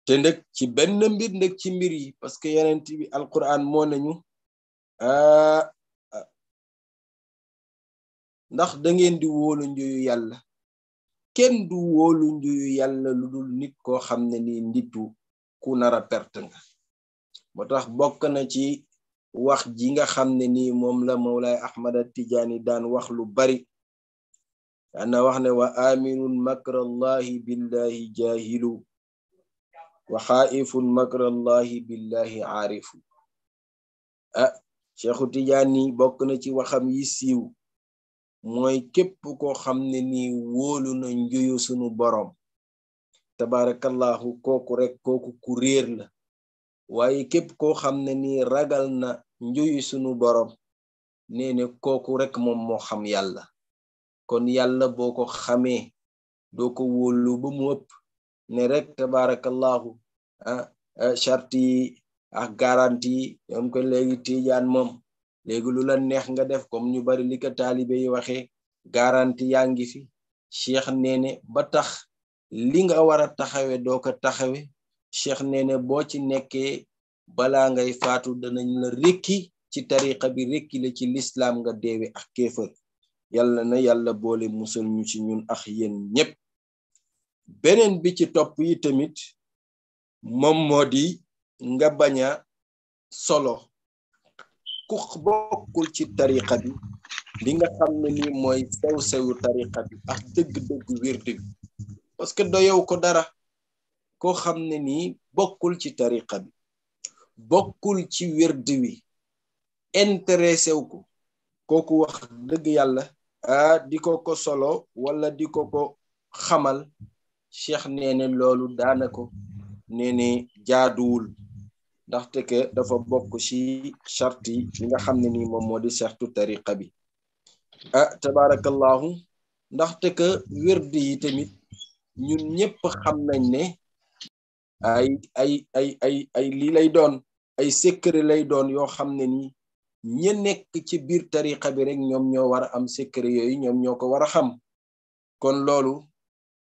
te ndëg ci benn mbir ndëg ci mbir yi parce que yenent bi alquran moo nañu ah, ah, ndax da di wóolu njuyu yàlla kenn du wóolu njuyu yàlla lu dul nit koo xam ne ni nditu ku nara a perte nga moo tax bokk na ci wax ji nga xam ne nii moom la Mawlaay Ahmad Tijaani daan wax lu bari ana wax ne wa aminun makrallahi billahi jahilu wa xaaifun makrallahi billahi aarifu ah Cheikhu Tijaani bokk na ci waxam yi siiw mooy képp koo xam ne nii wóolu na njuyu sunu boroom tabarakallahu kooku rek kooku ku réer la waaye képp koo xam ne ni ragal na njuyu sunu boroom nee kooku rek moom moo xam yàlla kon yàlla boo ko xamee doo ko wóolu ba mu ëpp ne rek tabarakallahu ah, ah charte yi garanti yi ñoom ko léegi tiijaan moom léegi lu la neex nga def comme ñu bari li ko taalibe yi waxee garanti yaa ngi fi cheikh nee ne ba tax li nga war a taxawe doo ko taxawe cheikh Nene bo ci nekké bala ngay faatu danañ la rekki ci tariqa bi rekki la ci l'islam nga dewe ak kéefër yalla na yalla boole musul ñu ci ñun ak yeen ñep benen bi ci top yi tamit mom modi nga baña solo ku bokul ci tariqa bi li nga xam ni moy sew-sewu tariqa bi ak deug deug parce que yow ko dara koo xam ne nii bokkul ci tariqa bi bokkul ci wird wi intéressé ko kooku wax dëgg yàlla ah di ko ko solo wala di ko ko xamal cheikh nee ne loolu daana ko nee jaaduwul ndaxte que dafa bokk ci charte yi nga xam ne nii moom moo di sertu tariqa bi ah tabarakallahu ndaxte que wird yi tamit ñun ñëpp xam nañ ne ay ay ay ay lay doon ay secret lay doon yoo xam ne ni ña nekk ci biir tariqa bi rekk ñoom ñoo war a am secret yooyu ñoom ñoo ko war a xam kon loolu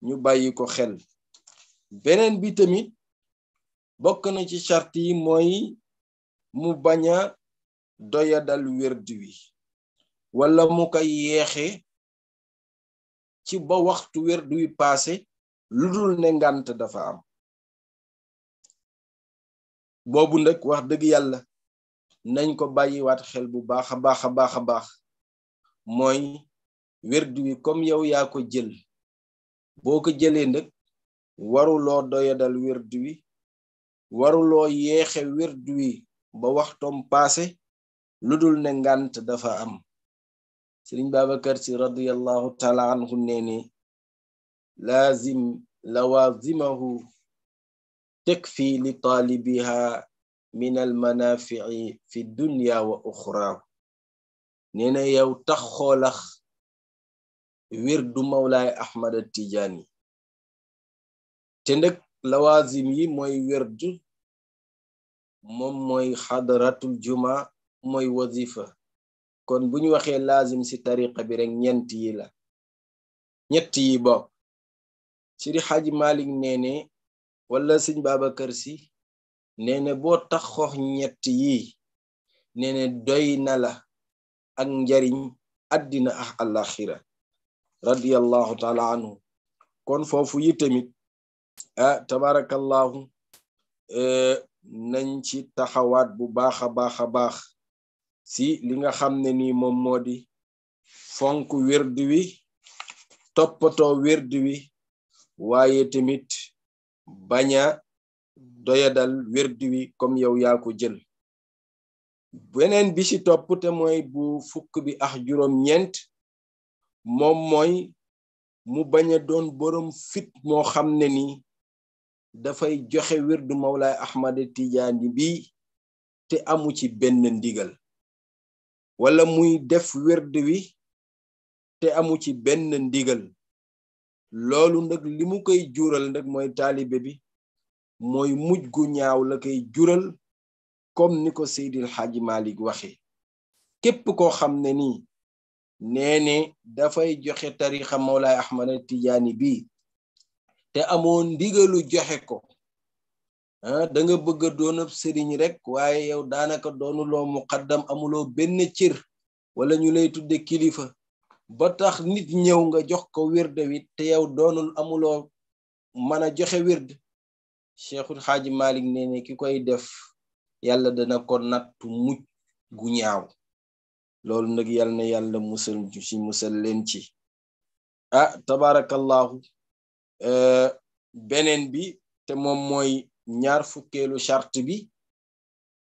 ñu bàyyi ko xel beneen bi tamit bokk na ci charte yi mooy mu bañ a doyadal wird wi wala mu koy yeexe ci ba waxtu wird wi paase lu dul ne ngant dafa am boobu nag wax dëgg yàlla nañ ko bàyyiwaat xel bu baax a baax a baax a baax mooy werd wi comme yow yaa ko jël boo ko jëlee nag waruloo doyadal werd wi waruloo yeexe werd wi ba waxtoom paase lu dul ne ngànt dafa am sëriñ Babacar si radiyallahu taala anhu nee ne laazim lawazimahu takfi li taalibiha min almanafii fi dunya wa uxra nee na yow tax xoolax wir du mawlaay ahmad tijaani te ndëk lawazim yi mooy wérdu moom mooy xadaratul juma mooy wazifa kon bu ñu waxee laazim ci tariqa bi rek ñent yi la ñett yi bokk Sidi Xaaji Malik nee wala sëñ Babacar si nee na boo taxoox ñett yi nee doy na la ak njariñ addina ak àlaxira radiallahu taala anhu kon foofu yi tamit ah tabarakallahu e, nañ ci taxawaat bu baax a baax si li nga xam ne ni moom di fonk wird wi toppatoo wird wi bañ doyadal werdu wi comme yow yaa ko jël beneen bi ci topp te mooy bu fukk bi ak juróom-ñeent moom mooy mu bañ a doon boroom fit moo xam ne ni dafay joxe werdu Mawlaay Ahmad Tijaani bi te amu ci benn ndigal wala muy def werd wi te amu ci benn ndigal loolu nag li mu koy jural nag mooy taalibe bi mooy mujj gu ñaaw la koy jural comme ni ko Seydil Xaaji Malik waxee képp koo xam ne nii nee ne dafay joxe tarixa Mawlaay Ahmad Tijaani bi te amoon ndigalu joxe ko ah danga nga bëgg a doon ab sëriñ rek waaye yow daanaka doonuloo muqaddam amuloo benn cër wala ñu lay tudde kilifa ba tax nit ñëw nga jox ko wird wi te yow doonul amuloo mën a joxe wird cheikhul xaaji malik nee ne ki koy def yàlla dana ko nattu mucc gu ñaaw loolu nag yàlla na yàlla musal ci musal leen ci ah tabarakallahu eh, beneen bi te moom mooy ñaar fukkeelu bi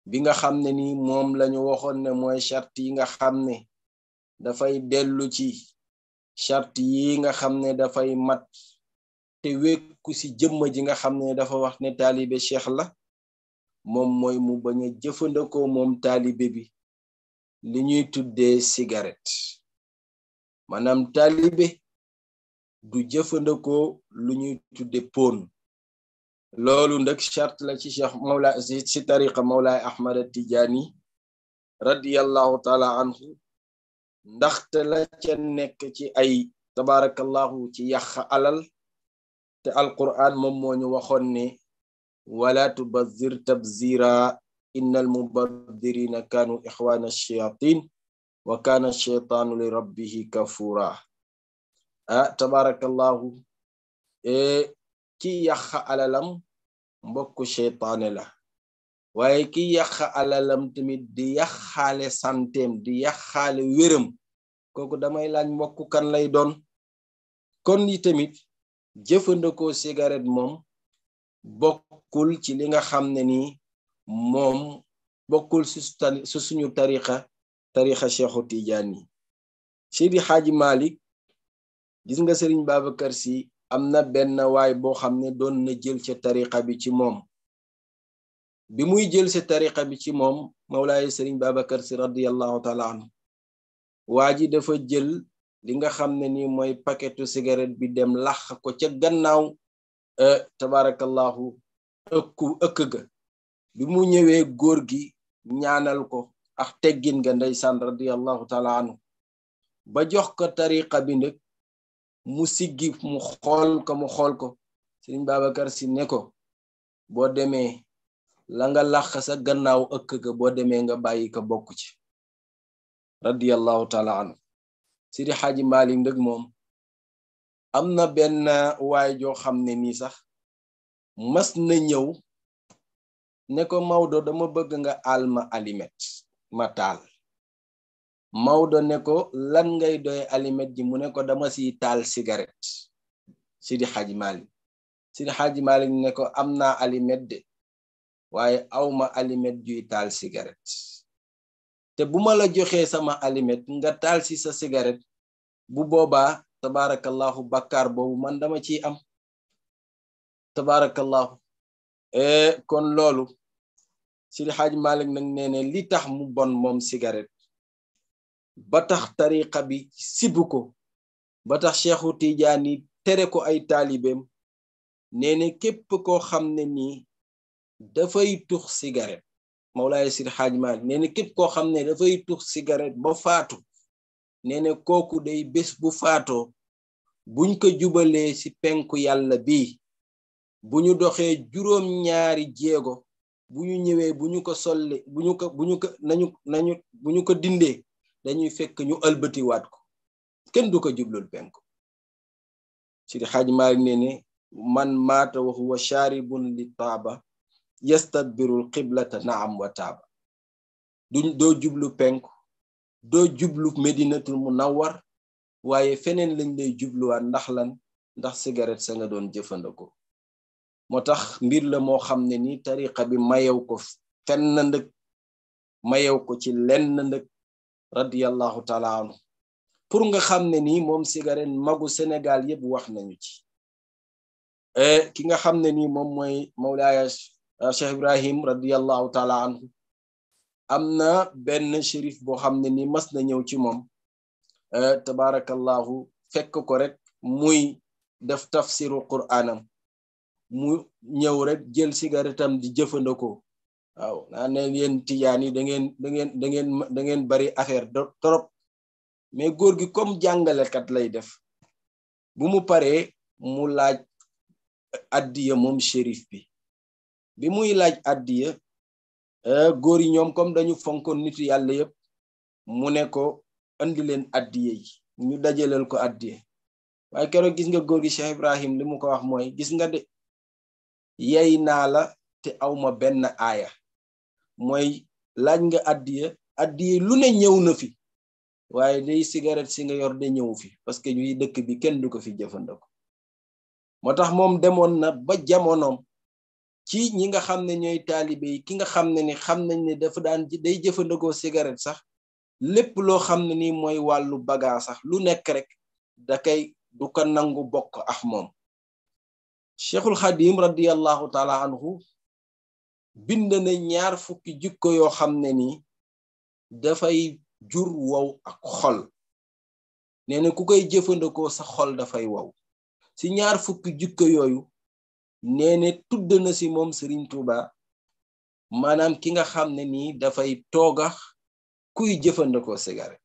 bi nga xam ne ni moom lañu waxoon ne mooy charte yi nga xam ne dafay dellu ci charte yi nga xam ne dafay mat te wekku ci jëmma ji nga xam ne dafa wax ne taalibe cheikh la moom mooy mu bañ a jëfandikoo moom taalibe bi li ñuy tuddee cigarette maanaam taalibe du jëfandikoo lu ñuy tudde pon loolu nag charte la ci cheikh mawla ci tariqa mawlaay ahmad at tijaani taala anhu ndaxte la ca nekk ci ay tabarakallahu ci yàq alal te alquran moom moo ñu waxoon ne wala tubazir tabzira ان المبذرين كانوا اخوان الشياطين وكان الشيطان لربه كفورا rabbihi تبارك الله tabarakallahu كي يخ على لم mbokku شيطان له waaye ki yàq alalam tamit di yàqaale santem di yàqaale wéram kooku damay laaj mbokk kan lay doon kon yi tamit jëfandikoo cigarette moom bokkul ci li nga xam ne ni moom bokkul su suñu tarixa tarixa Cheikhu Tijaan yi Seydi Xaaji Malik gis nga Sëriñ Babacar Si am na benn waay boo xam ne doon na jël ca tarixa bi ci moom bi muy jël si tariqa bi ci moom mawlaay sëriñ Babacar si radiyallahu taala anhu waa ji dafa jël li nga xam ne ni mooy paquetu cigarette bi dem lax ko ca gannaaw e, tabarakallahu ëkku ëkk ga bi mu ñëwee góor gi ñaanal ko ak teggin nga ndeysaan radiyallahu taala anhu ba jox ko tariqa bi nag mu siggi mu xool ko mu xool ko sëriñ Babacar si ne ko boo demee la nga lakh sa gannaaw ëkk ga boo demee nga bàyyi ka bokk ci radiyallahu taala anhu sidi xaaji malik ndëg moom am na benn waay joo xam sax mas na ñëw ne ko mawdo dama bëgg nga alma alimet ma taal mawdo ne ko lan ngay doy alimet ji mu ne ko dama si taal cigarette sidi xaaji malik sidi xaaji malik ne ko am alimet de waaye awma alimet juy taal cigarette te bu ma la joxee sama alimet nga taal ci sa sigaret bu boobaa tabaarakallahu bakkaar boobu man dama ci am tabaarakallahu eh, kon loolu Sidi Xaaj Malik nene li tax mu bon moom cigarette batax tariqa bi sibu ko ba tax Cheikhu Tijaani tere ko ay taalibeem nee ne képp koo xam ne nii dafay tux cigarette Mawlaay Sidi Xaaj Maalik nee na képp koo xam ne dafay tux cigarette ba faatu nee na kooku day bés bu faatoo buñ ko jubalee ci penku yàlla bi bu ñu doxee juróom ñaari jéego bu ñu ñëwee bu ñu ko solle bu ñu ko bu ñu ko nañu nañu bu ñu ko dindee dañuy fekk ñu ëlbatiwaat ko kenn du ko jublul penku Sidi Xaaj Maalik nee ne man maata waxuwa sharibun li taaba yastadbirul qiblata naam wa taaba duñ doo jublu penku doo jublu medinatul munawwar waaye feneen lañ lay jubluwaat ndax lan ndax cigarette sa nga doon jëfandikoo moo tax mbir la moo xam ne ni tariqa bi mayew ko fenn ndëk mayew ko ci lenn ndëk radiyallahu taala anhu pour nga xam ne nii moom cigarette magu Sénégal yëpp wax nañu ci eh, ki nga xam ne nii moom mooy Ah, Cheikh Ibrahim radiyallahu taala anhu am na benn shérif boo xam ne ni mas na ñëw ci moom ah, tabarakallahu fekk ko rek muy def tafsiru qur'aanam mu ñëw rek jël sigaretam di jëfandikoo waaw naa ne yéen tijaan yi bari affaire trop mais góor gi comme jàngalekat lay def bu mu paree mu laaj addiya moom shérif bi bi muy laaj addiya eh, góor yi ñoom comme dañu fonkoon nitu yàlla yëpp mu ne ko andi leen addiya yi ñu dajaleel ko addiya waaye keroog gis nga góor gi Cheikh Ibrahim li mu ko wax mooy gis nga de yey naa la te awma benn aaya mooy laaj nga addiya addiya lu ne ñëw na fi waaye day cigarette si nga yor de ñëwu fi parce que ñuy dëkk bi kenn du ko fi jëfandikoo moo tax moom demoon na ba jamonoom ci ñi nga xam ne ñooy taalibe yi ki nga xam ne ni xam nañ ne dafa daan day jëfandikoo cigarette sax lépp loo xam ne ni mooy wàllu bagaa sax lu nekk rek da kay du nangu bokk ak moom cheikhul xadim radiallahu taala anhu bind na ñaar fukki jikko yoo xam ne ni dafay jur wow ak xol nee na ku koy jëfandikoo sa xol dafay wow si ñaar fukki jikko yooyu nee ne tudd na si moom Serigne Touba maanaam ki nga xam ne nii dafay toogax kuy jëfandikoo cigarette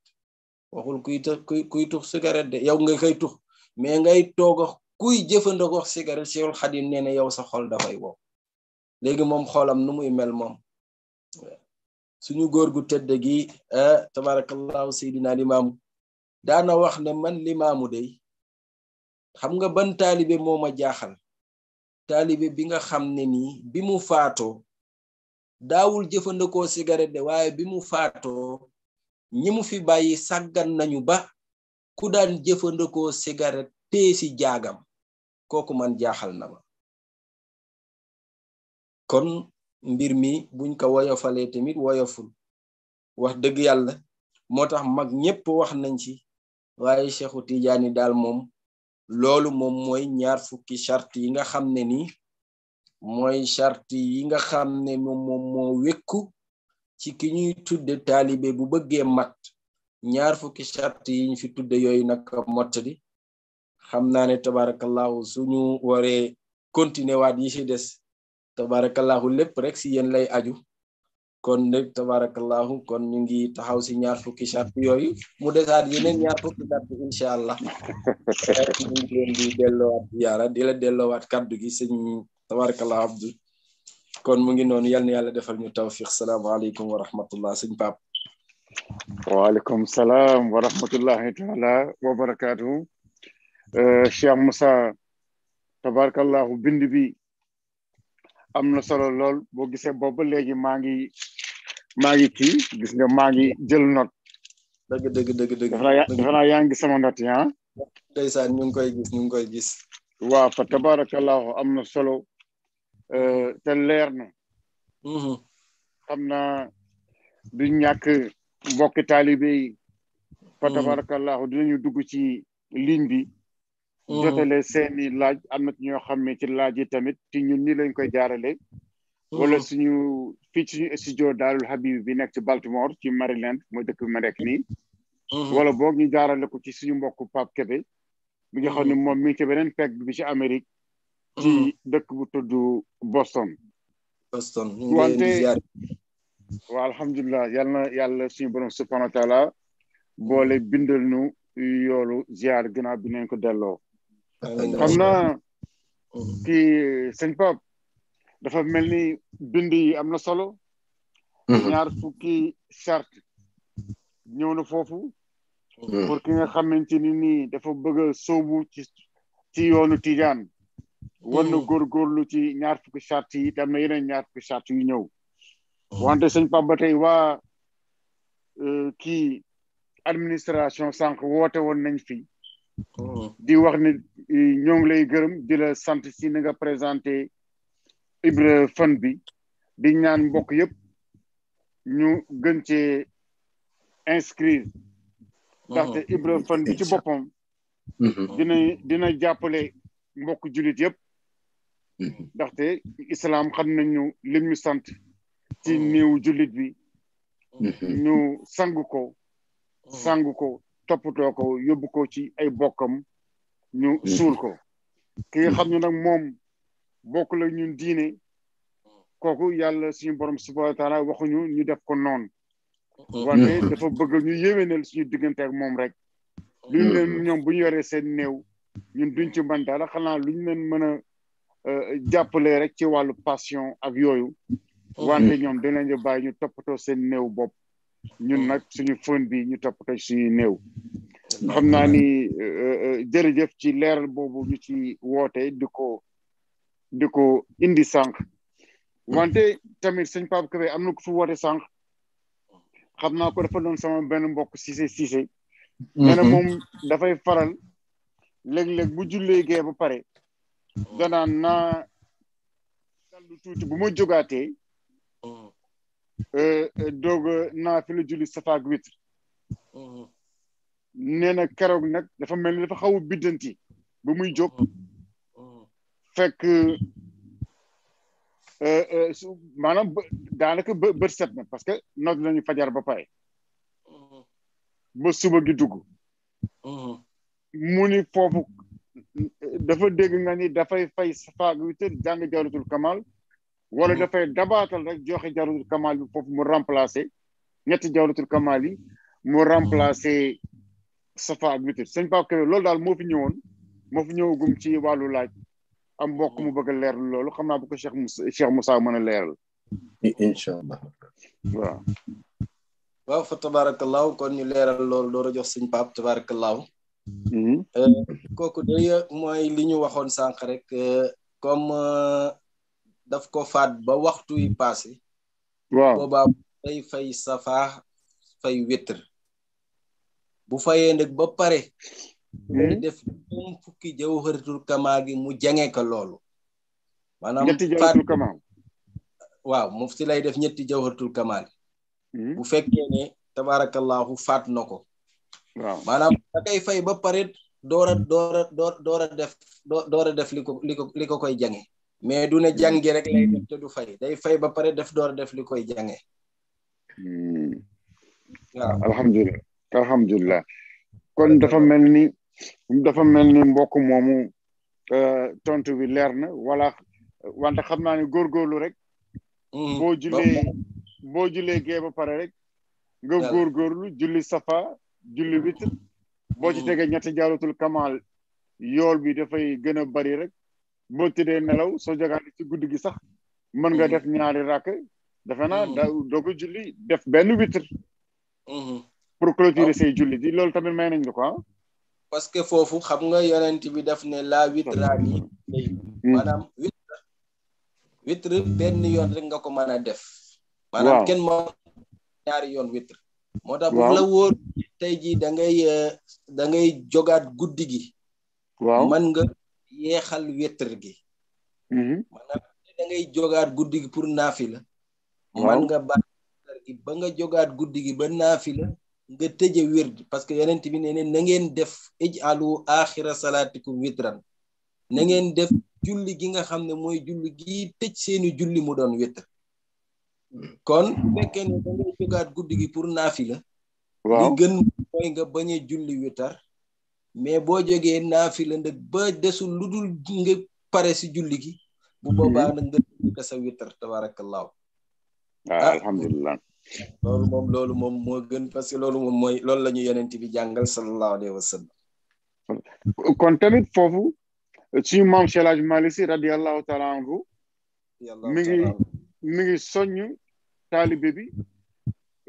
waxul kuy kuy kuy tux cigarette de yow nga koy tux mais ngay toogax kuy jëfandikoo cigarette Cheikhul Xadim nee na yow sa xol dafay wow léegi moom xolam nu muy mel moom suñu góor gu tëdd gi eh, tabarakallahu seydina limaamu daana wax ne man limaamu day xam nga ban taalibe moo ma jaaxal talibe bi nga xam ne nii bi mu faatoo daawul jëfandikoo cigarette de bi mu faatoo ñi fi bàyyi sàggan nañu ba ku daan jëfandikoo cigarette tee si jaagam kooku man jaaxal na ma kon mbir mi buñ ko woyofalee tamit woyoful wax dëgg yàlla moo tax mag ñépp wax nañ ci waaye Seexu Tijaani daal moom loolu moom mooy ñaar fukki charte yi nga xam ne ni mooy charte yi nga xam ne moom moom moo wékku ci ki ñuy tudde taalibe bu bëggee mat ñaar fukki charte yiñ fi tudde yooyu naka mottali xam naa ne tabarakallahu suñu waree continuer waat yi ci des tabarakallahu lépp rek si yéen lay aju kon nag tabarakallah kon ñu ngi taxaw ci ñaar fukki chat yoy mu desaat yeneen ñaar fukki chat inshallah ñu ngi leen di wat yaara di la wat kaddu gi señ tabarakallah abdu kon mu ngi non yalla na yalla defal ñu tawfiq alaykum wa rahmatullah señ pap wa alaykum salaam wa rahmatullah taala wa barakatuh euh cheikh moussa tabarakallah bind bi am na solo lool boo gisee boobu léegi maa ngi maa ki gis nga maa ngi jël note. dëgg dëgg dëgg dëgg. dafa naa yaa ngi sama note yi ah. ndeysaan ngi koy gis ñu ngi koy gis. waaw fa tabaarakallaahu am na solo te leer na. Mm-hmm. xam na du ñàkk mbokki taalibe yi. fa mm-hmm. tabaarakallaahu dinañu dugg ci ligne bi. jotale seeni laaj am na ñoo xam ne ci laaj yi tamit ci ñun ni lañ koy jaarale wala suñu fii ci suñu studio daalul habib bi nekk ci baltimore ci maryland mooy dëkk bi ma nekk nii wala boog ñu jaarale ko ci suñu mbokk pap Kébé bi nga xam ne moom mi ci beneen pegg bi ci amérique ci dëkk bu tudd boston boston wante waa alhamdulilah yàlla na yàlla suñu borom subhanahu wa taala boole bindal nu yoolu ziar gannaaw bi nañ ko delloo xam naa oh. kii sëñ Pape dafa mel ni bind yi am na solo mhm. ñaar fukki charte ñëw na foofu mhm. pour ki nga xamante ni nii dafa bëgg sobu sóobu ci ci yoonu Tijaan mhm. war na góorgóorlu ci ñaar fukki charte yi te am na yeneen ñaar fukki charte yu ñëw wante sëñ Pape ba tey waa euh, kii administration sànq woote woon nañ fii di wax ne eh, ñoo ngi lay gërëm di la sant si ni nga présenté Ibra fan bi di ñaan mbokk yëpp ñu gën ci inscrire mhm. ndaxte Ibra fan bi ci boppam mhm. dina dina jàppale mbokk julit yëpp mhm. ndaxte islam xam nañu lim ñu sant ci néew julit bi ñu sang ko ko toppatoo ko yóbbu ko ci ay bokkam ñu mm. suul ko ki mm. xam ñu nag moom bokk la ñu diine kooku yàlla suñu borom subhanahu wa taala waxuñu ñu def ko noonu mm. wante dafa bëgg ñu yéwénal suñu diggante ak moom rek luñ leen ñoom bu ñu yoree seen néew ñun duñ ci mën dara xanaa luñ leen mën a euh, jàppale rek ci wàllu passion ak yooyu wante ñoom dañ leen di bàyyi ñu toppatoo seen néew bopp ñun nag suñu fon bi ñu toppatoo suñuy néew xam naa ni euh, euh, jërëjëf ci leeral boobu ñu ci woote di ko di ko indi sànq wante tamit sëñ Pape Kébé am na ko fu woote sànq xam naa ko dafa doon sama benn mbokk sise sise nee na moom dafay faral léeg-léeg bu jullee gee ba pare danaan naa dallu tuuti bu ma jógaatee E, e, doog naa fi la julli safaak witr mhm. nee na keroog nag dafa mel dafa xaw a biddanti ba muy jóg mhm. Mhm. fekk e, maanaam daanaka bë bët set na parce que noot nañu fajar ba pare ba suba gi dugg mu foofu dafa dégg nga ni dafay fay safaak witr jàng jawratul kamal wala mhm. dafay dabaatal rek joxe jawratul kamal bi mu remplacer ñetti jawratul kamal yi mu remplacer safa ak witir sëñ Pape Kébé loolu daal moo fi ñëwoon moo fi ci wàllu laaj am mbok mu bëgg leer leerlu loolu xam naa bu ko Cheikh Moussa Cheikh mën a leeral. incha allah. waaw. waaw fa tabaarakallaahu kon ñu leeral loolu door a jox sëñ Pape tabaarakallaahu. Mhm. Eh, kooku day mooy li ñu waxoon sànq rek eh, comme. daf ko faat ba waxtu yi hmm. passé waaw boobaa fay safa fay wétr bu fayee nag ba pare day hmm. def juróom fukki jawharatul gi mu jange ko loolu maanaam ñetti jawharatul kamaa waaw mu si lay def ñetti jawharatul kamaa gi hmm. bu fekkee ne tabaarakallaahu faat na ko waaw maanaam da fay ba pare door a door a def door a def koy jange mais du ne jàngi rek lay hmm. def te day fay ba pare def door def li koy jànge hmm. waaw alhamdulilah alhamdulilah kon dafa mel ni dafa mel ni mbokk moomu euh, tontu bi leer na wala wante xam naa ne góorgóorlu rek hmm. boo julee boo julee gee ba pare rek nga góorgóorlu julli safa julli witr boo ci tegee ñetti jaarutul kamal yool bi dafay gën a bari rek bo tëddee nelaw so jagaani ci guddigi sax mën nga hmm. def ñaari rak defe naa hmm. doo ko julli def benn hmm pour clôturer ces ah. julli di lol tamit may nañ ko ah. parce que fofu xam nga yonent bi daf ne la witraani hmm. maanaam witre witre benn yon rek nga ko mën a def manam kenn mo ñaari yon witre moo tax bu la wóor tay ji da ngay eh, da ngay jogaat guddigi waaw man nga yeexal wetter gi mm-hmm. maanaam da ngay jogaat guddi gi pour naafi la man nga ba gi ba nga jogaat guddi gi ba naafi la nga tëje wér parce que bi na ngeen def ijalu akhir salatikum witran na ngeen def julli gi nga xamne moy julli gi tëj seenu julli mu don wetter kon bu da ngay jogaat guddi gi pour naafi la gën nga julli witar mais boo jógee naafila nag ba desul lu dul nga pare si julli gi bu mhm. boobaa nag nga ko sa wittar tabaarakallaahu ah. alhamdulilah loolu moom loolu moom moo gën parce que loolu moom mooy loolu la ñu yonent bi jàngal sallallahu alayhi kon tamit foofu suñu maam Cheikh El Hadj Malick Sy radiallahu taala anhu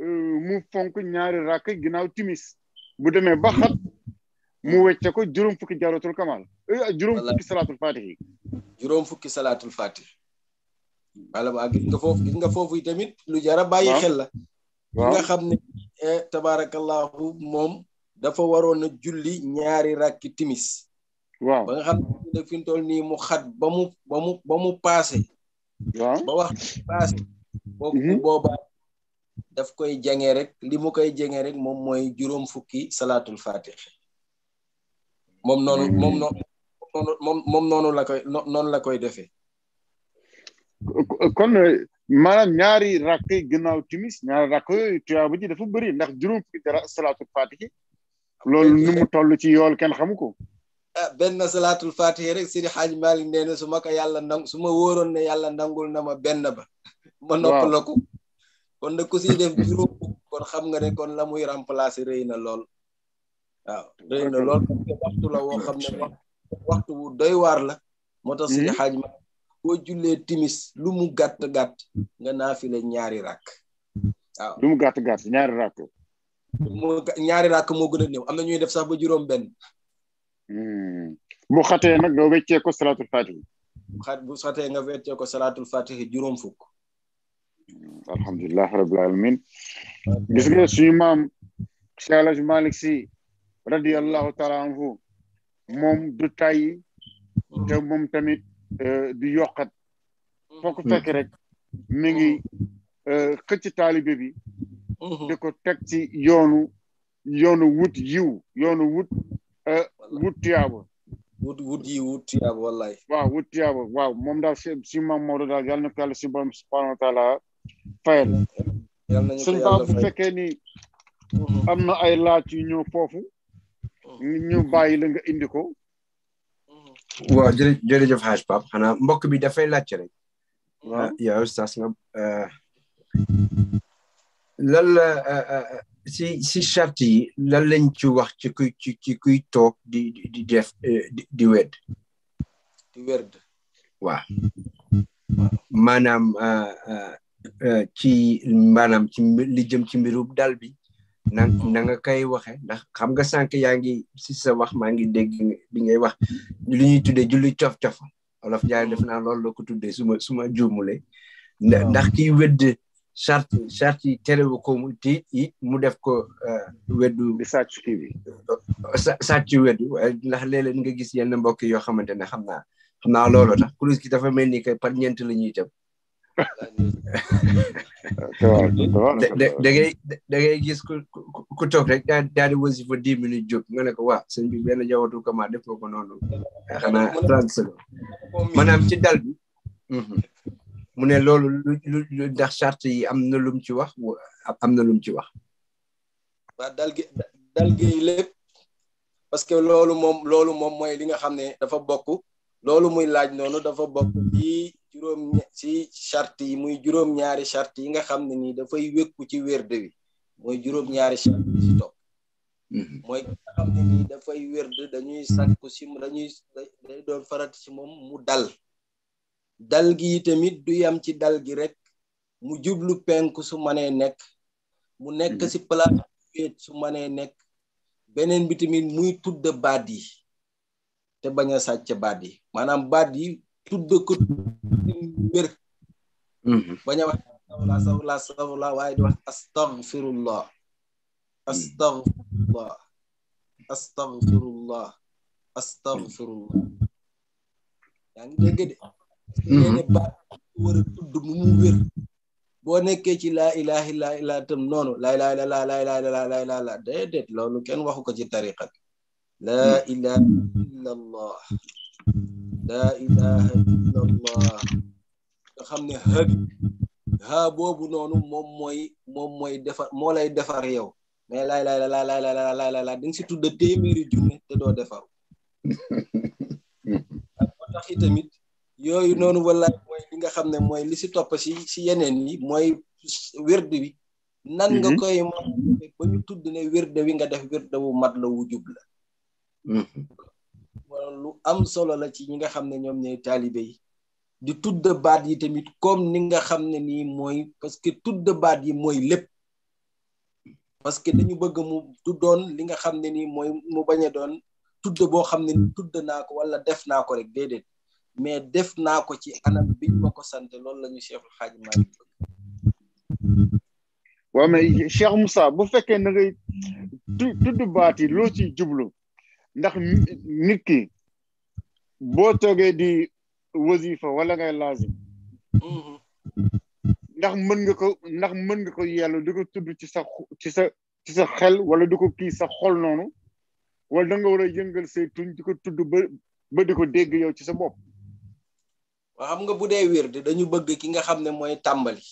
euh, mu fonk ñaari rakk ginnaaw timis bu demee ba xat mu wecce ko juróom fukki jaaratul kamal eh, juróom fukki salaatul fatih juróom fukki salaatul fatih wala ba nga foofu nga foofu tamit lu jara bàyyi xel la nga xam ne eh, tabaarakallahu moom dafa waroon a julli ñaari rakki timis ba nga xam ne fi mu toll nii mu xat ba mu paase. waaw wax paase. kooku mhm. boobaa daf koy jàngee rek li mu koy jàngee rek moom mooy juróom fukki fatih Mm. moom noonu moom noonu moom moom noonu koy noonu la koy defee kon euh, ñaari rakk yi ginnaaw timis ñaari rakk yooyu tuyaa ba ji dafa bëri ndax juróom fukki dara salaatul faatihi loolu nu mu toll ci yool kenn xamu ko ah salaatu salaatul faatihi rek Sidi Xaaj Maalik nee na su ma ko yàlla nangu su ma wóoroon yàlla nangul na ma benn ba ma noppaloo ko kon nag ku def juróom kon xam nga ne kon la muy remplacer rëy na lool waaw rëy na lool waxtu la woo xam ne waxtu wu doy waar la moo tax sëñ xaaj ma boo jullee timis lu mu gàtt gàtt nga naafile ñaari rakk waaw lu mu gàtt gàtt ñaari rakk mu ñaari rakk moo gën a néew am na ñuy def sax ba juróom benn hmm. bu xatee nag nga weccee ko salaatul fatihi xat bu nga weccee ko salaatul fatihi juróom fukk hmm, alhamdulilah rabbil alamin gis nga suñu maam Cheikh Alhaji radiallahu taala anhu moom du tàyyi te moom tamit euh, du yokkat foo ko fekk rek mi ngi euh, xëcc taalibe bi di ko teg ci yoonu yoonu wut yiw yoonu wut euh, wut tuyaaba wut wut yi wut tuyaaba wallaay waaw daal si daal yàlla na ko yàlla si borom subhanahu wa ni mm-hmm. am ay laaj yu ñëw ñu bàyyi la nga indi ko. waaw jërë jërëjëf xaaj xanaa mbokk bi dafay laajte rek. waaw ah, yow sas nga. Eh, eh, eh, si si charte yi lan lañ ci wax ci kuy ci kuy toog di di def di wedd. di werd. waaw. maanaam ci maanaam ci li jëm ci mbirum dal bi. na mm. na nga koy waxe ndax xam nga sànq yaa ngi si sa wax maa ngi dégg bi ngay wax li ñuy tuddee julli cof-cof olof jaay def naa loolu la ko tuddee suma suma juumule ndax kiy wedd charte charte tere terewu ko mu ti it mu def ko euh, weddu sàcc kii bi sàcc weddu ndax léeg-léeg nga gis yenn mbokk yoo xamante ne xam naa xam naa loolu tax kurus gi dafa mel ni que par ñeent la ñuy tëb da ngay da ngay gis ku ku toog rek daal di wasi fa dix minutes jóg nga ne ko waa sëñ bi benn jawatu kama def ko noonu eh, xanaa trente secondes maanaam ci dal bi mhm. mu ne loolu lu lu charte yi am na lum ci wax am na lum ci wax waa dal gi dal gi lépp parce que loolu moom loolu moom li nga xam ne dafa bokk loolu muy laaj noonu dafa bokk juróom si charte yi muy juróom-ñaari charte yi nga xam ne nii dafay wékku ci werde wi mooy juróom-ñaari charte ci topp mm-hmm. mooy nga xam ne nii dafay werde dañuy sàkku si dañuy day doon farat ci moom mu dal dal gi tamit du yam ci dal gi rek mu jublu penku su manee nekk mu nekk si mm-hmm. place wéet su manee nekk beneen bi tamit muy tudd baat yi te bañ a sàcc baat yi maanaam baat yi tudd ko wér mhm. bañ a wax sawla sawla sawla waaye di wax astaghfirullah astaghfirullah astaghfirullah astaghfirullah yaa ngi dégg de mhm. leene baat war a tudd mu mu wér boo nekkee ci laa ilaha illa illa tam noonu laa ilaha illa laa ilaha illa laa ilaha illa déedéet loolu kenn waxu ko ci tariqa bi laa ilaha illa allah laa ilaha illa allah nga xam ne boobu noonu moom mooy moom mooy defar moo lay defar yow mais laay laay laay laay laay laay laay di nga si tudd te doo defaru ak moo tax yooyu noonu wala mooy li nga xam ne mooy li si topp si si yeneen yi mooy wird wi nan nga mhm. koy mën ba ñu tudd ne wird wi nga def wird wu mat la wu jub la mhm. lu am solo la ci ñi nga xam ne ñoom ñooy taalibe yi di tudd baat yi tamit comme ni nga xam ne nii mooy parce que tudd baat yi mooy lépp parce que dañu bëgg mu du doon li nga xam ne nii mooy mu bañ a doon tudd boo xam ne nii mm. tudd naa ko wala def naa ko rek déedéet mais def naa ko ci anam biñ ma ko sant loolu la ñu Cheikhul Xaaji Maalik bëgg waaw mais Cheikh Moussa bu fekkee na ngay tudd baat yi loo ciy jublu ndax nit ki boo toogee di wasifa wala ngay laazim mm-hmm. ndax mën nga ko ndax mën nga ko yàlla di ko tudd ci sa ci sa ci sa xel wala di ko kii sa xol noonu wala da nga war a yëngal say di ko tudd ba ba di ko dégg yow ci sa bopp waxam nga bu dee wird dañu bëgg ki nga xam ne mooy tàmbali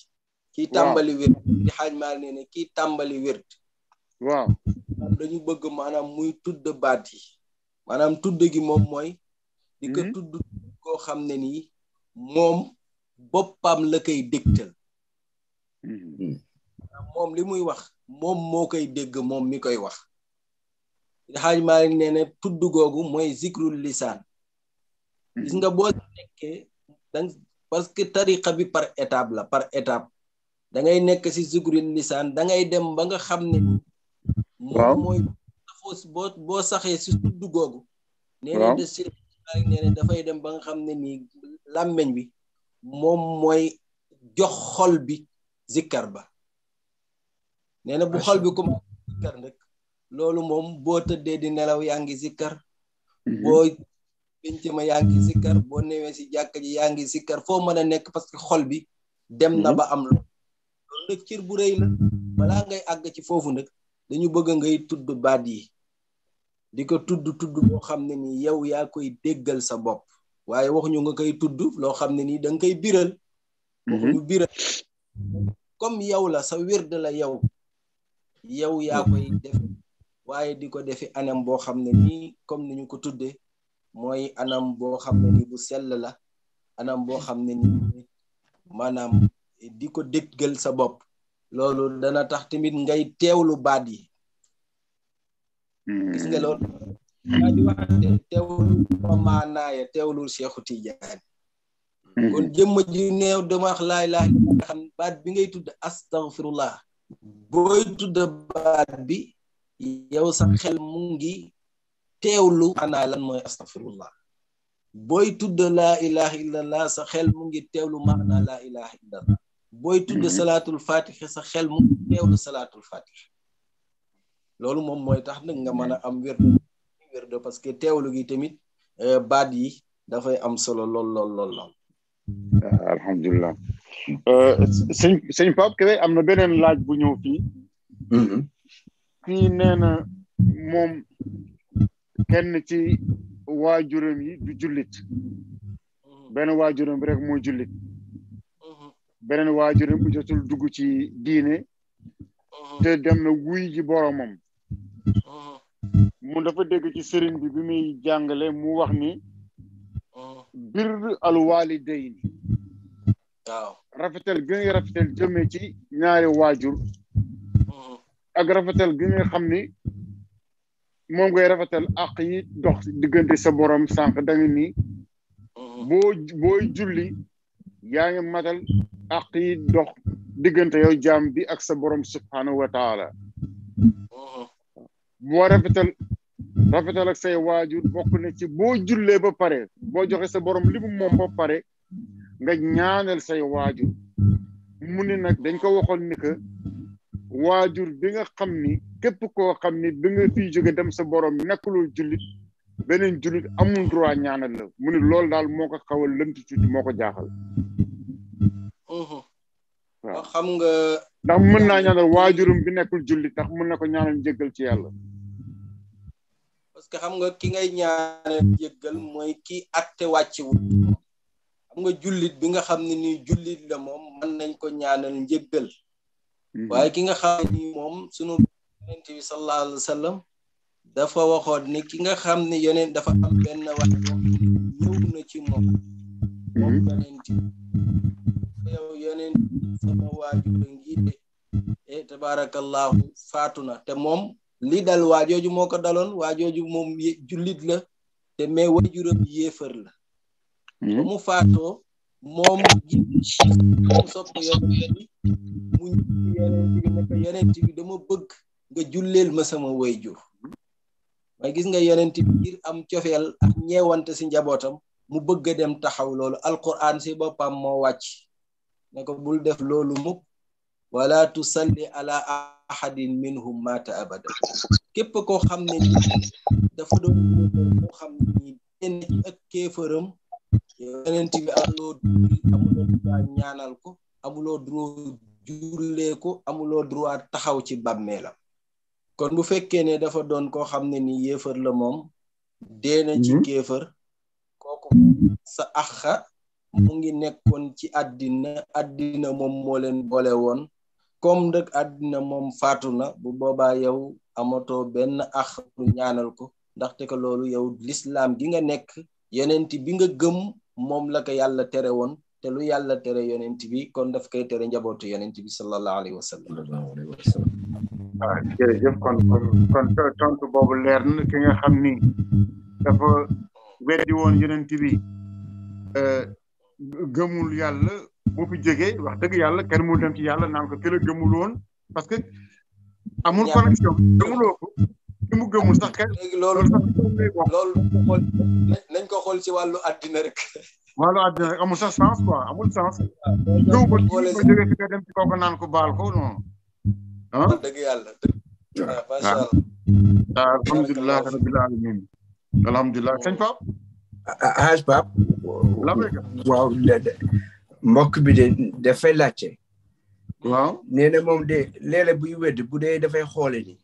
ki tàmbali wird di xaaj maa nee kii tàmbali wird waaw dañu bëgg maanaam muy tudd baat maanaam tudd gi moom mooy di ko mhm. tudd koo xam ne nii moom boppam la koy dégtal mhm. moom li muy wax mom moo koy dégg moom mi koy wax xaaj Maalik nee na tudd googu mooy zikrul lisaan gis nga boo nekkee dang parce que tariqa bi par étape la par étape dangay ngay nekk si zikrul lisaan da dem ba nga xam ne ni moom mooy boo boo saxee si hmm. tudd googu. nee dafay dem ba nga xam ne nii làmmeñ bi moom mooy jox xol bi zikkar ba nee na bu xol bi comme zikkar nag loolu moom boo tëddee di nelaw yaa ngi zikkar hmm. boo penc ma yaa ngi zikkar hmm. boo newee si jàkka ji yaa ngi zikkar foo mën a nekk parce que xol bi dem na ba am loolu loolu nag bu rëy la balaa ngay àgg ci foofu nag dañu bëgg ngay tudd baat yi di ko tudd tudd boo xam ne ni yow yaa koy déggal sa bopp waaye waxuñu nga koy tudd loo xam ne nii da nga koy biral mhm. waxuñu biral comme yow la sa wird la yow yow yaa mhm. def waaye di ko defi anam boo xam ne nii comme ni ñu ko tudde mooy anam boo xam ne ni bu sell la anam boo xam ne ni maanaam di ko déggal sa bopp loolu dana tax tamit ngay teewlu baat yi gis nga hmm. loolu daa di wax de teewlu maanaaya teewlul Seexu Tijaan hmm. kon jëmma ji neew dama wax laay laay bi ngay tudd astaghfirullah booy tudd baat bi yow sa xel mu ngi teewlu maanaa lan mooy astaghfirullah booy tudd laa ilaha illallah sa xel mu ngi teewlu maanaa laa ilaha illallah booy tudd hmm. salaatul fatix sa xel mu ngi teewlu salaatul fatix loolu moom mooy tax nag nga mën a am wérdu wérdu parce que teewlu gi tamit euh, baat yi dafay am solo lool lool lool lool ah, alhamdulilah euh, sëñ sëñ Pape Kébé am na beneen laaj bu ñëw fii mm-hmm. fii nee na moom kenn ci waajuram yi du jullit mm-hmm. benn waajuram rek mooy jullit mm-hmm. beneen waajuram bu jotul dugg ci diine te dem na wuy ji boromam mu dafa dégg ci sëriñ bi bi muy jàngale mu wax ni birru al waalidayni rafetel rafetal gi ngay rafetal ci ñaari waajur ak rafetal gi nga xam ni moom koy rafetal àq yi dox diggante sa borom sànq da nga ni boo booy julli yaa ngi matal àq yi dox diggante yow jaam bi ak sa borom subhanahu wa taala moo rafetal rafetal ak say waajur bokk na ci boo jullee ba pare boo joxe sa borom li mu moom ba pare nga ñaanal say waajur mu ne nag dañ ko waxoon ni que waajur bi nga xam ni képp koo xam ni bi nga fiy jóge dem sa borom nekkuloo jullit beneen jullit amul droit ñaanal la mu ne loolu daal moo ko xawal lënt ci moo ko jaaxal xam nga ndax mën naa ñaanal waajurum bi nekkul julli tax mën na ko ñaanal jéggal ci yàlla parce que xam nga ki ngay ñaanal jéggal mooy ki atte wàccewul xam nga jullit bi nga xam ne nii jullit la moom mën nañ ko ñaanal njéggal mm-hmm. waaye ki nga xam ne nii moom sunu yonente bi sallallahu alayhi wa sallam dafa waxoon ne ki nga xam ne yonent dafa am benn wax ñëw na ci moom moom yonenti mhm. yow yonenti sama waajur ngiide e tabarakallahu faatu na te moom li dal waajooju moo ko daloon waajooju moom jullit la te mais waajuram yéefar la mhm. ba mu faatoo moom dama bëgg nga julleel ma sama waajur may gis nga yonent bi ngir am cofeel ak ñeewante si njabootam mu bëgg a dem taxaw loolu alquran si boppam moo wàcc ne bul def loolu mukk wala tusalli ala ahadin minhum mata abada képp koo xam ne ni dafa doon koo xam ne ni benn droit ñaanal ko amuloo droit amuloo droit taxaw ci bàmmeelam kon bu fekkee ne dafa doon koo xam ne ni yéefër la moom dee na ci hmm? kéefër ko sa axa mu ngi nekkoon ci àddina àddina moom moo leen boole woon comme nag àddina moom faatu na bu boobaa yow amatoo benn ax pour ñaanal ko ndaxte que loolu yow lislaam gi nga nekk yonent bi nga gëm moom la ko yàlla tere woon te lu yàlla tere yonent bi kon daf koy tere njabootu yonent bi sallallahu alayhi wa sallam waaw weddi woon yonent bi euh, gëmul yàlla boo fi jógee wax dëgg yàlla kenn mu dem ci yàlla naan ko këla gëmul woon parce que amul connexion gëmuloo ko ki mu gëmul sax kenn loolu loolu ko xool ci wàllu àddina rek wàllu àddina rek amul sax sens quoi amul sens gëw ba ko jógee fi nga dem ci kooku ko baal ko non ah dëgg yàlla ah. Ah, ah. alamin alhamdulilah sëñ Pape. Ah, ah, Haj Pape. waaw mbokk bi de dafay laajte. waaw nee na moom de léeg-léeg buy wedd bu dee dafay xoole ni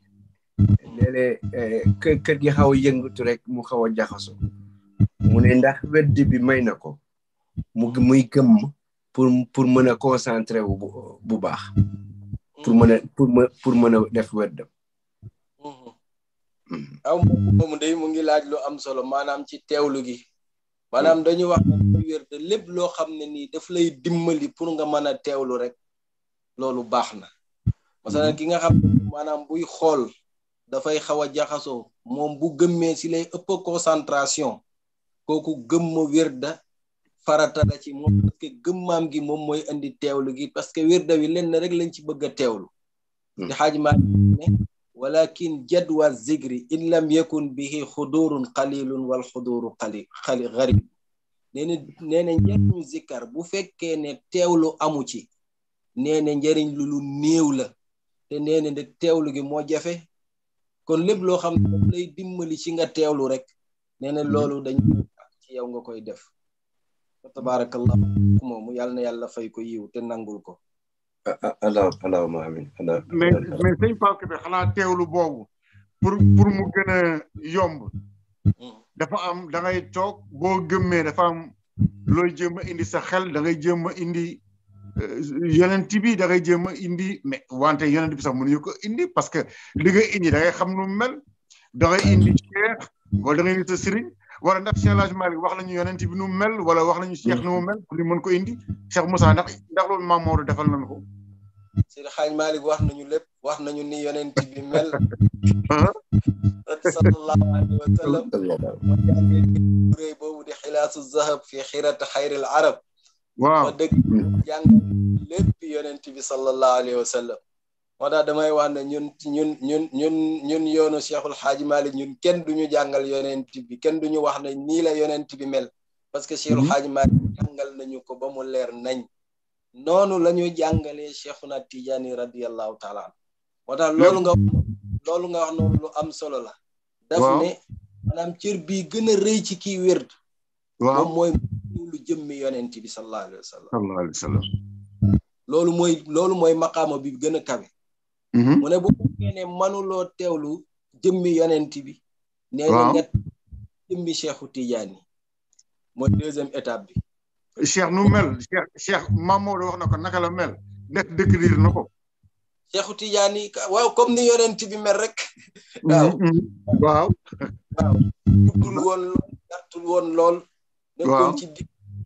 léeg-léeg eh, kër kër gi xaw a yëngatu rek mu xaw a jaxaso mu ne ndax wedd bi may na ko mu muy gëm pour pour mën a concentré wu bu baax pour mën a pour mën a def weddam aw moom day mu ngi laaj lu am solo maanaam ci teewlu gi maanaam dañu wax ne wér lépp loo xam ne nii daf lay dimbali pour nga mën a teewlu rek loolu baax na masalan ki nga xam ne maanaam buy xool dafay xaw a jaxasoo moom bu gëmmee si lay ëpp concentration kooku gëmma wér da farata la ci moom parce que gi moom mooy indi teewlu gi parce que wér da wi lenn rek lañ ci bëgg a teewlu hmm. di xaaj maa ne walakin jadwa zikri in lam yakun bihi xudurun qalilun wal xuduru qali xali garib nee na nee na bu fekkee ne teewlu amu ci nee na njëriñ lu lu néew la te nee de teewlu gi moo jafe kon lépp loo xam ne dimbali ci nga teewlu rek nee na loolu dañu ci yow nga koy def fa tabaarakallahu moomu yàlla na yàlla fay ko yiw te nangul ko allah allahumma amiin mais mais sëñ xanaa teewlu boobu pour pour mu gën yomb dafa am da ngay toog boo gëmmee dafa am looy jéem a indi sax xel da ngay jéem a indi euh, yonent bi da ngay jéem a indi mais wante yonent bi sax mënuñu ko indi parce que li ngay indi da ngay xam nu mel da ngay indi Cheikh wala da ngay indi sa sëriñ wala ndax Cheikh El Hadj wax nañu yonent bi nu mel wala wax nañu Cheikh nu mu mel pour ñu mën ko indi Cheikh Moussa ndax ndax loolu Maam Maodo defal nañu ko si Xaaj Malik wax nañu lépp wax nañu ni yonent bi mel sallallahu alayhi wa sallam ma jàngee kuréy boobu di xilaasu zahab fi xirat xayril arab waaw ma dëgg jàng lépp yonent bi sallallahu alayhi wa sallam moo tax damay wax ne ñun ñun ñun ñun ñun yoonu Cheikhul Xaaji Malik ñun kenn duñu jàngal yonent bi kenn duñu wax ne nii la yonent bi mel parce que Cheikhul mm-hmm. Xaaji Malik jàngal nañu ko ba mu leer nañ noonu la ñuy jàngalee Cheikhuna Tijaani radiyallahu taala an moo tax loolu nga loolu nga wax noonu lu am solo la daf ne maanaam cër bii gën a rëy ci kii wérd moom mooy lu jëmmi bi sallallahu alayhi wa sallam sallallahu alayhi wa sallam loolu mooy loolu mooy maqaama bi gën a kawe manuloo mhm. teewlu jëmmi yonent bi nee na nga jëmmi Cheikhu Tijaani étape bi cheikh nu mel cheikh cheikh Mamadou wax na ko naka la mel def décrire na ko. cheikhu Tidiane waaw comme ni yonent bi rek. Mm-hmm, mm-hmm. waaw waaw. waaw guddul woon lool gàttul woon lool. nekkoon ci di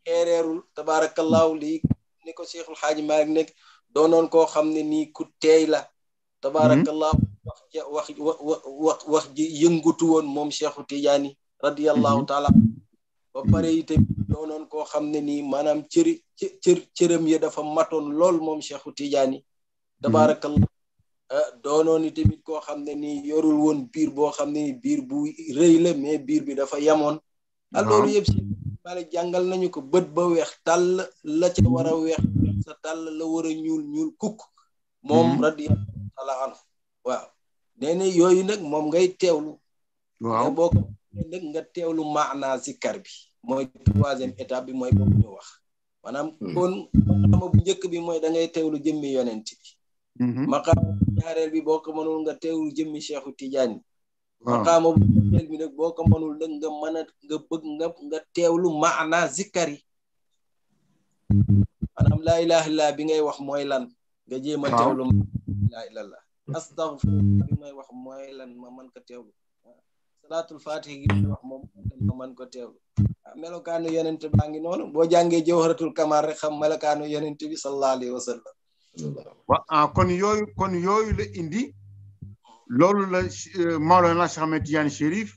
xeereerul tabaarakallaahu lii ni ko cheikhul xaaji Maalik nekk doonoon koo xam ne nii ku teey la. Mm-hmm. tabaarakallaahu wax wax wax wax ji yëngutu woon moom cheikhu Tidiane radiyallaahu taala ba pare itam. doonoon koo xam ne nii maanaam cëri cër cëram ya dafa matoon lool moom Cheikhu Tidiane mm-hmm. tabarakallah ah, doonoon ni koo xam ne nii yorul woon biir boo xam ne biir bu rëy la mais biir bi dafa yamoon a ah, loolu si bale jàngal nañu ko bët ba weex tàll la ca war weex sa tàll la war a ñuul ñuul kukk moom mm-hmm. radiyallahu taala anhu waaw nee yooyu nag moom ngay teewlu waaw boo nga teewlu maanaa si kar bi mooy troisième étape bi mooy boobu ñu wax maanaam hmm. kon maqaama bu njëkk bi mooy da ngay teewlu jëmmi yonent bi hmm. maqaama bi boo ko mënul nga teewlu jëmmi Cheikhu Tidiane ah. maqaama bu ñetteel bi nag boo ko mënul nag nga mën a nga bëgg nga nga teewlu maana zikkar yi maanaam laa ilaha illaa bi ngay wax mooy lan nga jéem a ah. teewlu laa ilallah astaghfirullah bi mën ko teewlu salaatul melokaanu yonent baa ngi noonu boo jàngee jawharatul kamal rek xam melokaanu yonent bi sallallahu alayhi wa sallam waaw ah, kon yooyu kon yooyu la indi loolu la euh, Maolana Cheikh Ahmed Tidiane Chérif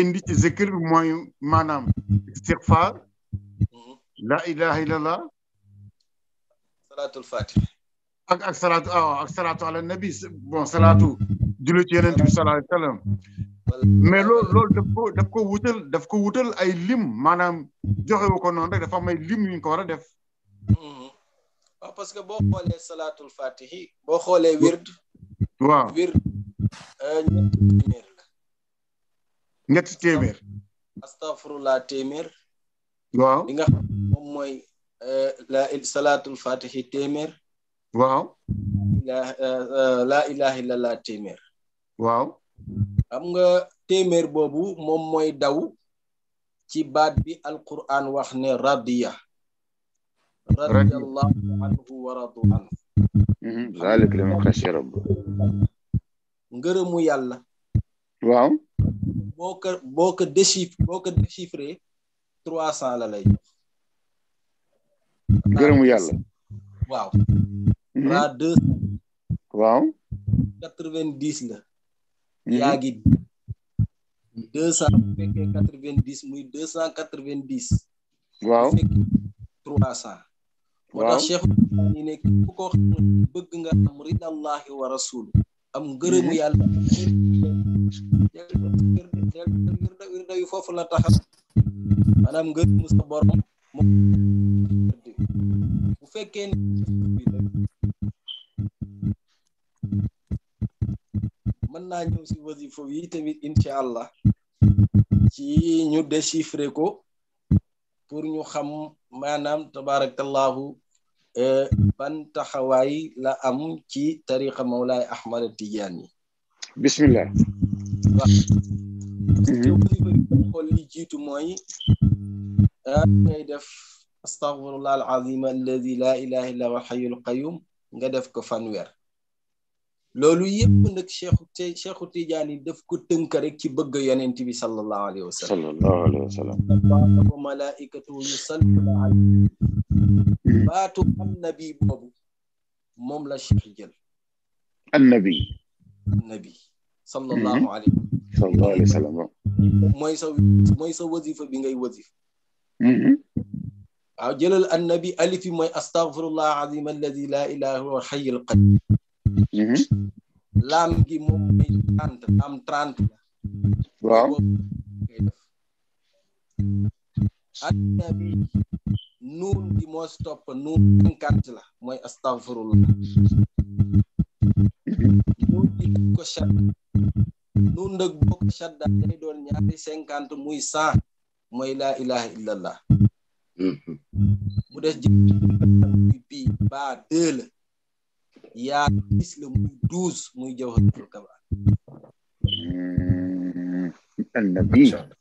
indi ci zikir bi maanaam istighfar mm-hmm. la ilaha salaatu aw ah, ak salaatu ala nabi bon salaatu mais loolu loolu daf ko daf ko wutal daf ko wutal ay lim maanaam joxe wu ko noonu rek dafa am lim yu ñu ko war a def. Mm-hmm. Ah, parce que bo xoolee salaatul fatihi boo xoolee wird. waaw wird euh, ñetti téeméer la. ñetti téeméer. astafurlah téeméer. waaw nga xam moom mooy euh, la salaatul fatihi téeméer. waaw. Euh, la ilaha illallah téeméer. waaw. am nga téeméer boobu moom mooy daw ci baat bi alquran wax ne radiya radiallahu anhu wa radu anhu mhm, zalika liman xashiya rabbu ngërëmu yàlla waaw boo ko boo ko déchiffre trois cent la lay jox ngërëmu yàlla waaw mhm. deux cent waaw quatre-vingt-dix la yaa ngi deux cent bu fekkee quatre rasul mën naa ñëw si wasifa yi tamit incha allah ci ñu déchiffrer ko pour ñu xam maanaam tabarakallahu ban taxawaay la am ci tariqa mawlaay ahmad tijaan yi bismillah wax ci wasifa yi xool li jiitu mooy ngay def astaghfirullah al azim alladi la ilaha illa huwa al hayyul qayyum nga def ko fanweer loolu yëpp nag cheikhu cheikhu tijaani daf ko tënk rek ci bëgg yonent bi sallallahu alayhi wa sallam sallallahu alayhi wa sallam allaha wa malaikatuhu yusalluna ala baatu annabi boobu moom la cheikh jël annabi annabi sallallahu alayhi sallallahu alayhi wa sallam mooy sa mooy sa wasifa bi ngay wasif waaw jëlal annabi alifi mooy astaghfirullah azim alladi la ilaha huwa alxayi alqadim lam gi moom mi trente laam trente la. nun bi gi mo stop nun cinquante la moy astaghfirullah nun gi ko shadda nun nag bok ko da day don ñaari 50 muy 100 moy la ilaha illallah mu bi ba yaa gis la muy douze muy jawharatul kamal annabi al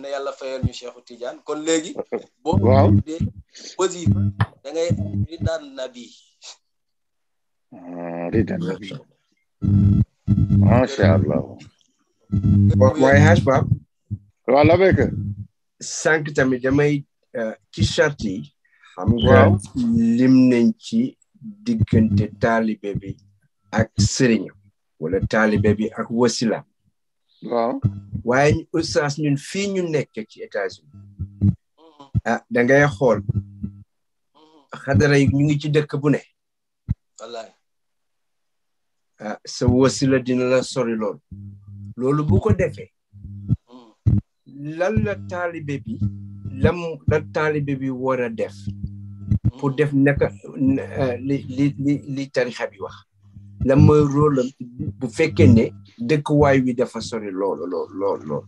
na yàlla fayal ñu Cheikhu kon léegi boo dee wasifa da ngay ridan nabi ah, ridan allah waaye xaaj baab waaw la béyk tamit damay euh, ci charte yi xam nga lim diggante taalibe bi ak sëriñ wala taalibe bi ak wasila waaw waaye oustaz ñun fii ñu nekk ci États-Unis ah da ngay xool xadara yi ñu ngi ci dëkk bu ne wallaay ah sa wasila dina la sori lool loolu bu ko defee hmm. lan la taalibe bi lam la taalibe bi war a def pour def naka ah, euh, li li li tarixa bi wax la mooy rôle bu fekkee ne dëkkuwaay wi dafa sori lool lool lool lool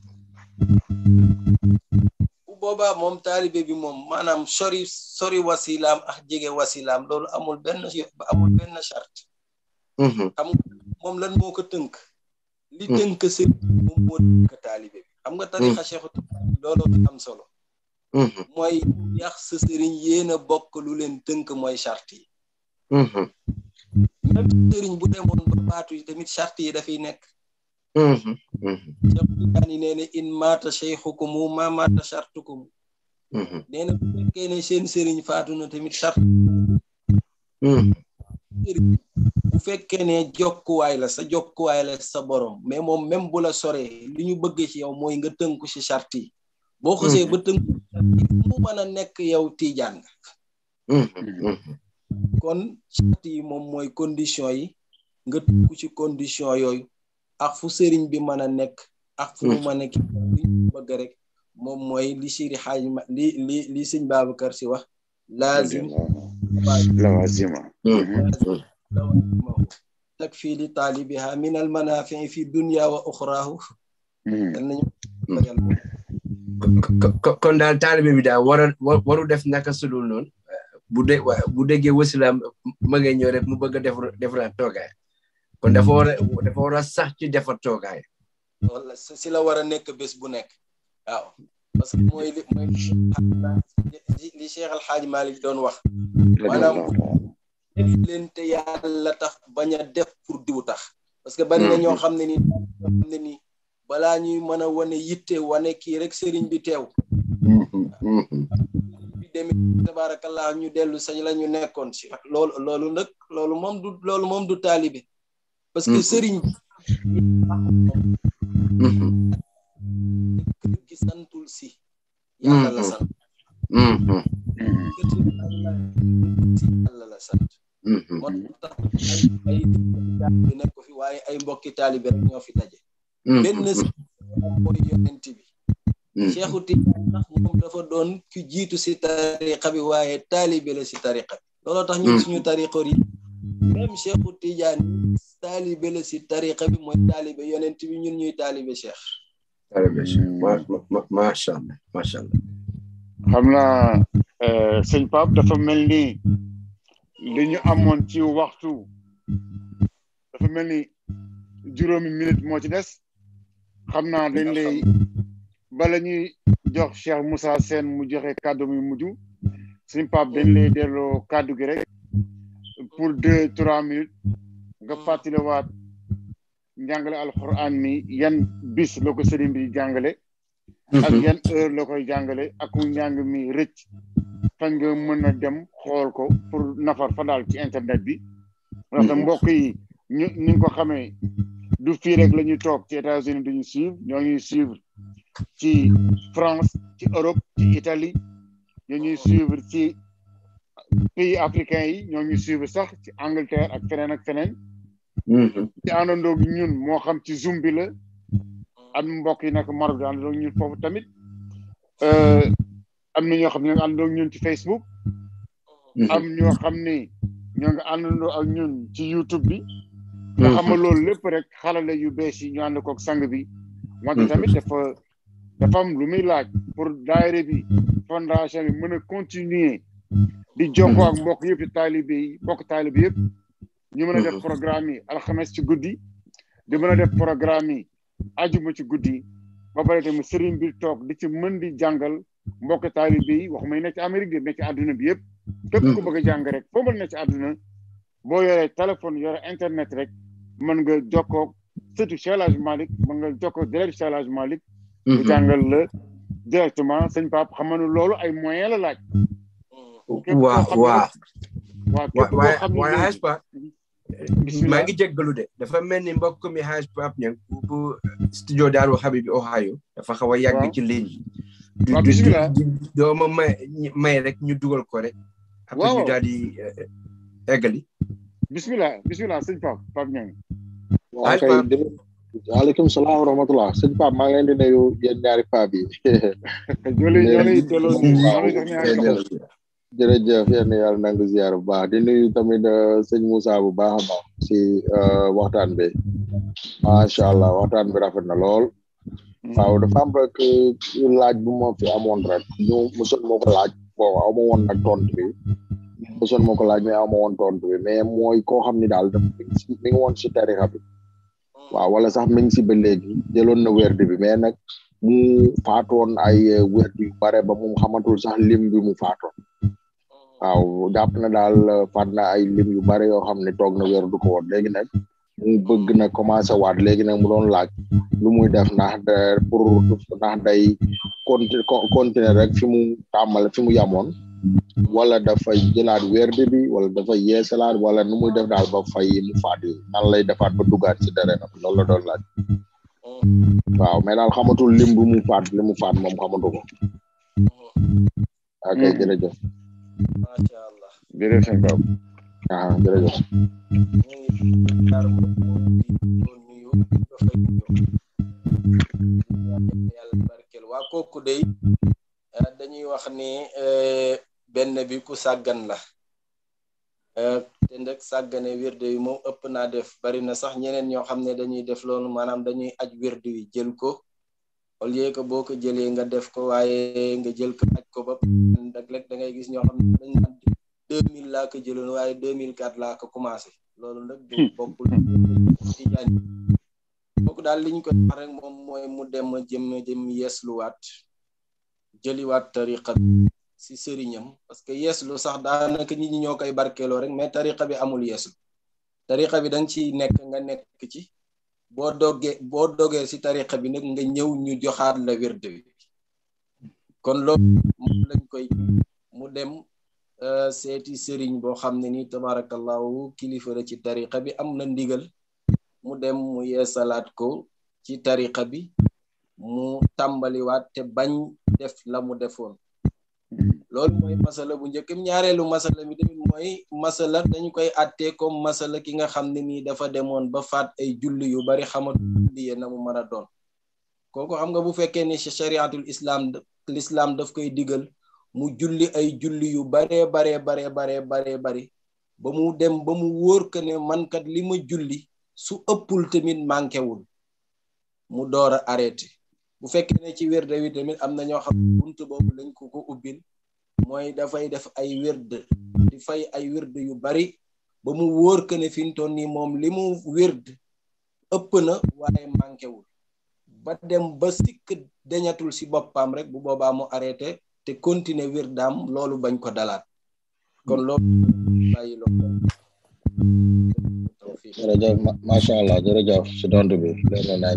bu boobaa moom taalibe bi moom maanaam sori sori wasilaam ak jege wasilaam loolu amul benn amul benn charte mm-hmm. xam moom lan moo ko tënk li mm. tënk sëriñ moom moo tënk taalibe bi xam nga tarixa mm. cheikhu looloo am solo Mm-hmm. mooy yax sa sëriñ yéen a bokk lu leen tënk mooy charte yi mm-hmm. même sëriñ bu demoon ba baatu tamit charte yi nekk mm-hmm. cheikh yi ko na in maata cheikhukum ma maata chartukum nee bu fekkee ne seen sëriñ faatu na tamit charte bu fekkee ne jokkuwaay la sa sa borom mais moom même bula sore li ñu bëgg ci yow mooy nga tënku ci sarti boo xasee mm. ba tënk mu mën a nekk yow tiijaan nga mm-hmm. Mm-hmm. kon charte yi moom mooy condition yi nga ku ci condition yooyu ak fu sëriñ bi mën a nekk ak fu mu mm. mën ki bëgg rek moom mooy li siri xaaj ma li li li sëñ Babacar si wax laazim laazima mm-hmm. takfi li taalibiha min al manafii fi dunya wa oxrahu kon daal taalibe bi da waral waru def naka sudul non bu de bu déggee wasilaam ma ngay ñëw rek mu bëgg def def defaraat toogaay kon dafa hmm. war a dafa wara sax ci defar toogaay wala ci la wara nek nekk bu nek waaw parce que moy moy hmm. li Cheikh hadji Malik doon wax manam def len te yalla tax baña def pour diwu tax parce que bari na hmm. ñoo xamné ni balaa ñuy mën a wane yitte wane kii rek sëriñ bi teew bi demee tabaarakallah ñu dellu sañ la ñu nekkoon si loolu loolu nag moom du loolu moom du taalibe parce que sëriñ bi kër si yàlla la sant yàlla la sant moo tax ay ay nekk fi waaye ay mbokki taalibe rek fi taje Mm, benn mm, si mm. moom dafa doon ku jiitu si tariqa bi waaye taalibe si tariqa bi looloo tax ñun suñu tariqoor yi même Cheikhu Tijaan si tariqa bi mooy taalibe yonent bi ñun ñuy taalibe cheikh taalibe cheikh macha allah macha allah xam naa eh, sëñ Pape dafa mel ni li ñu amoon ci waxtu dafa mel ni juróomi minute moo ci des xam naa dañ lay bala ñuy jox Cheikh Moussa seen mu joxe kàddu mi mujj suñ pap dañ lay delloo kàddu gi rek pour deux trois minutes nga fàttaliwaat njàngale alquran mi yan bis la ko sëriñ bi jàngale ak mhm. yan heure la koy jàngale ak mu njàng mi rëcc fan nga mën a dem xool ko pour nafar fa daal ci internet bi ndaxte mhm. mbokk ko xamee du fii rek la ci États-Unis du ñu suivre ñoo ñuy suivre ci France ci Europe ci Italie ñoo ñuy suivre ci pays africains yi ñoo ñuy suivre sax ci Angleterre ak feneen ak feneen. ci mm-hmm. àndandoo ñun moo xam ci Zoom bi la am mbokk yi nekk Maroc di àndandoo ñun foofu tamit euh, am na ñoo xam ne ñoo ngi ñun ci Facebook. Mm-hmm. am ñoo xam ne ñoo ngi ñun ci YouTube bi. nga mm-hmm. xam nga loolu lépp rek xarale yu bees yi ñu ànd koog sang bi. wante mm-hmm. tamit dafa lu muy laaj pour daayira bi fondation bi mën a continuer. di jokkoo ak mm-hmm. mbokk yëpp taalibe yi mbokk taalibe yëpp. ñu mën programme yi alxames ci guddi. di mën a def programme yi ajuma ci guddi. ba pare tamit sëriñ bi toog di ci mën di jàngal mbokk taalibe yi waxuma yi nekk ci Amérique bi nekk ci àdduna bi yëpp. képp ku bëgg a rek foo mën na ci àdduna. boo yoree téléphone yore internet rek. mën nga jokkoo surtout Cheikh El mën nga joko direct Cheikh El Hadj Malick bu mhm. jàngal la directement sëñ Pape xam nga loolu ay moyen la laaj waaw waaw waaye waaye Haj Pape maa ngi jéggalu de dafa mel ni mbokk mi Haj Pape ñang bu studio Daaru Habibi Ohio dafa xaw a yàgg ci ligne yi waaw dooma may may rek ñu dugal ko rek. waaw après ñu daal eh, bisimilah bisimilah sëñ Pape Pape Niang. waaw kay waaleykum salaam wa rahmatulah sëñ Pape maa ngi leen di nuyu yéen ñaari Pape yi. ñoo ngi lay delloo jërëjëf yéen yàlla nangu ziar bu baax di nuyu tamit euh, sëñ Moussa bu baax a baax si euh, waxtaan bi macha allah waxtaan bi rafet na lool. Hmm. waaw dafa am rek euh, laaj bu ma fi amoon rek ñu mosoon moo ko laaj bon amu woon nag tontu bi. mosoon ma ko laaj mais aw ma woon tontu bi mais mooy koo xam ni daal mi ngi woon si tarixa bi waaw wala sax mi ngi si ba léegi jëloon na werd bi mais nag mu faatoon ay eh, werd yu bare ba mu xamatul sax lim bi mu faatoon waaw jàpp na daal eh, faat na ay lim yu bare yoo xam ne toog na weer du ko woon léegi nag mu bëgg na commencé waat léegi nag mu doon laaj lu muy def ndax pour ndax day continuer rek fi mu tàmmale fi mu yamoon wala dafa jëlaat werd bi wala dafa yeesalaat wala nu muy def daal ba fay mu faatu nan lay defaat ba duggaat ci derenam loolu la doon laaj waaw mais daal xamatul lim bu mu faat li mu faat moom xamatu ko ok hmm. jërëjëf macha allah jërëjëf sëñ Pape ah jërëjëf waa eh, dañuy wax ni eh, ben bi ku saggan la eh, te nag saggane wirde yi mo upp na def bari na sax ñeneen ño xamne dañuy def lolu manam dañuy aj wirde yi jël ko au lieu ko boko jëlé nga def ko waaye nga jël ko aj ko ba dag lek da ngay gis ño xamne dañ na 2000 la laa ko jëlun waaye 2004 la ko commencé lolu nak du hmm. bokul ci kooku daal dal liñ ko wax rek mom moy mu dem jëm jëm jëli wat tariqa si serignam parce que lu sax daanaka nit ñi ñokay barkelo rek mais tariqa bi amul yes tariqa bi dang ci nek nga nekk ci bo doge bo doge si tariqa bi nak nga ñew ñu joxat la wérde bi kon lo lañ koy mu dem euh sëriñ serign bo ne ni tabarakallah kilifa la ci tariqa bi am na ndigal mu dem mu yesalat ko ci tariqa bi mu wat te bañ def la mu loolu mooy masala bu njëkkam ñaareelu masala bi tamit mooy masala dañu koy àttee comme masala ki nga xam ne nii dafa demoon ba faat ay julli yu bari xamatul julli na mu doon kooku xam nga bu fekkee ne chariatul islam l'islam daf koy digal mu julli ay julli yu baree baree baree baree baree bari ba mu dem ba mu wóor que mankat li ma julli su ëppul tamit manqué wul mu door a arrêté bu fekkee ne ci wérde wi tamit am na ñoo xam bunt boobu lañ ko ko ubbil mooy dafay def ay wérde di fay ay wérde yu bari ba mu wóor que ne fin fintoon ni moom li mu wérde ëpp na waaye manquéwul ba dem ba sikk deñatul si boppam rek bu boobaa mu arrêté te continuer wirdaam loolu bañ ko dalaat kon loolu bàyyi loolu jërëjëf macha allah jërëjëf si dond bi leer na naa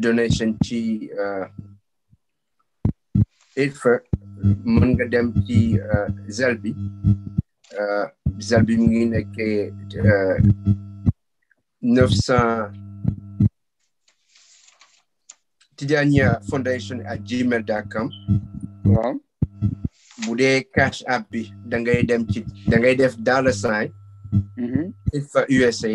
donation ci uh, ITFA mën nga dem ci uh, zel bi uh, zel bi mu ngi nekkee neuf cent Tijania Foundation at gmail dot com cash app bi da ngay dem ci da ngay def dollar sign mm-hmm. ITFA USA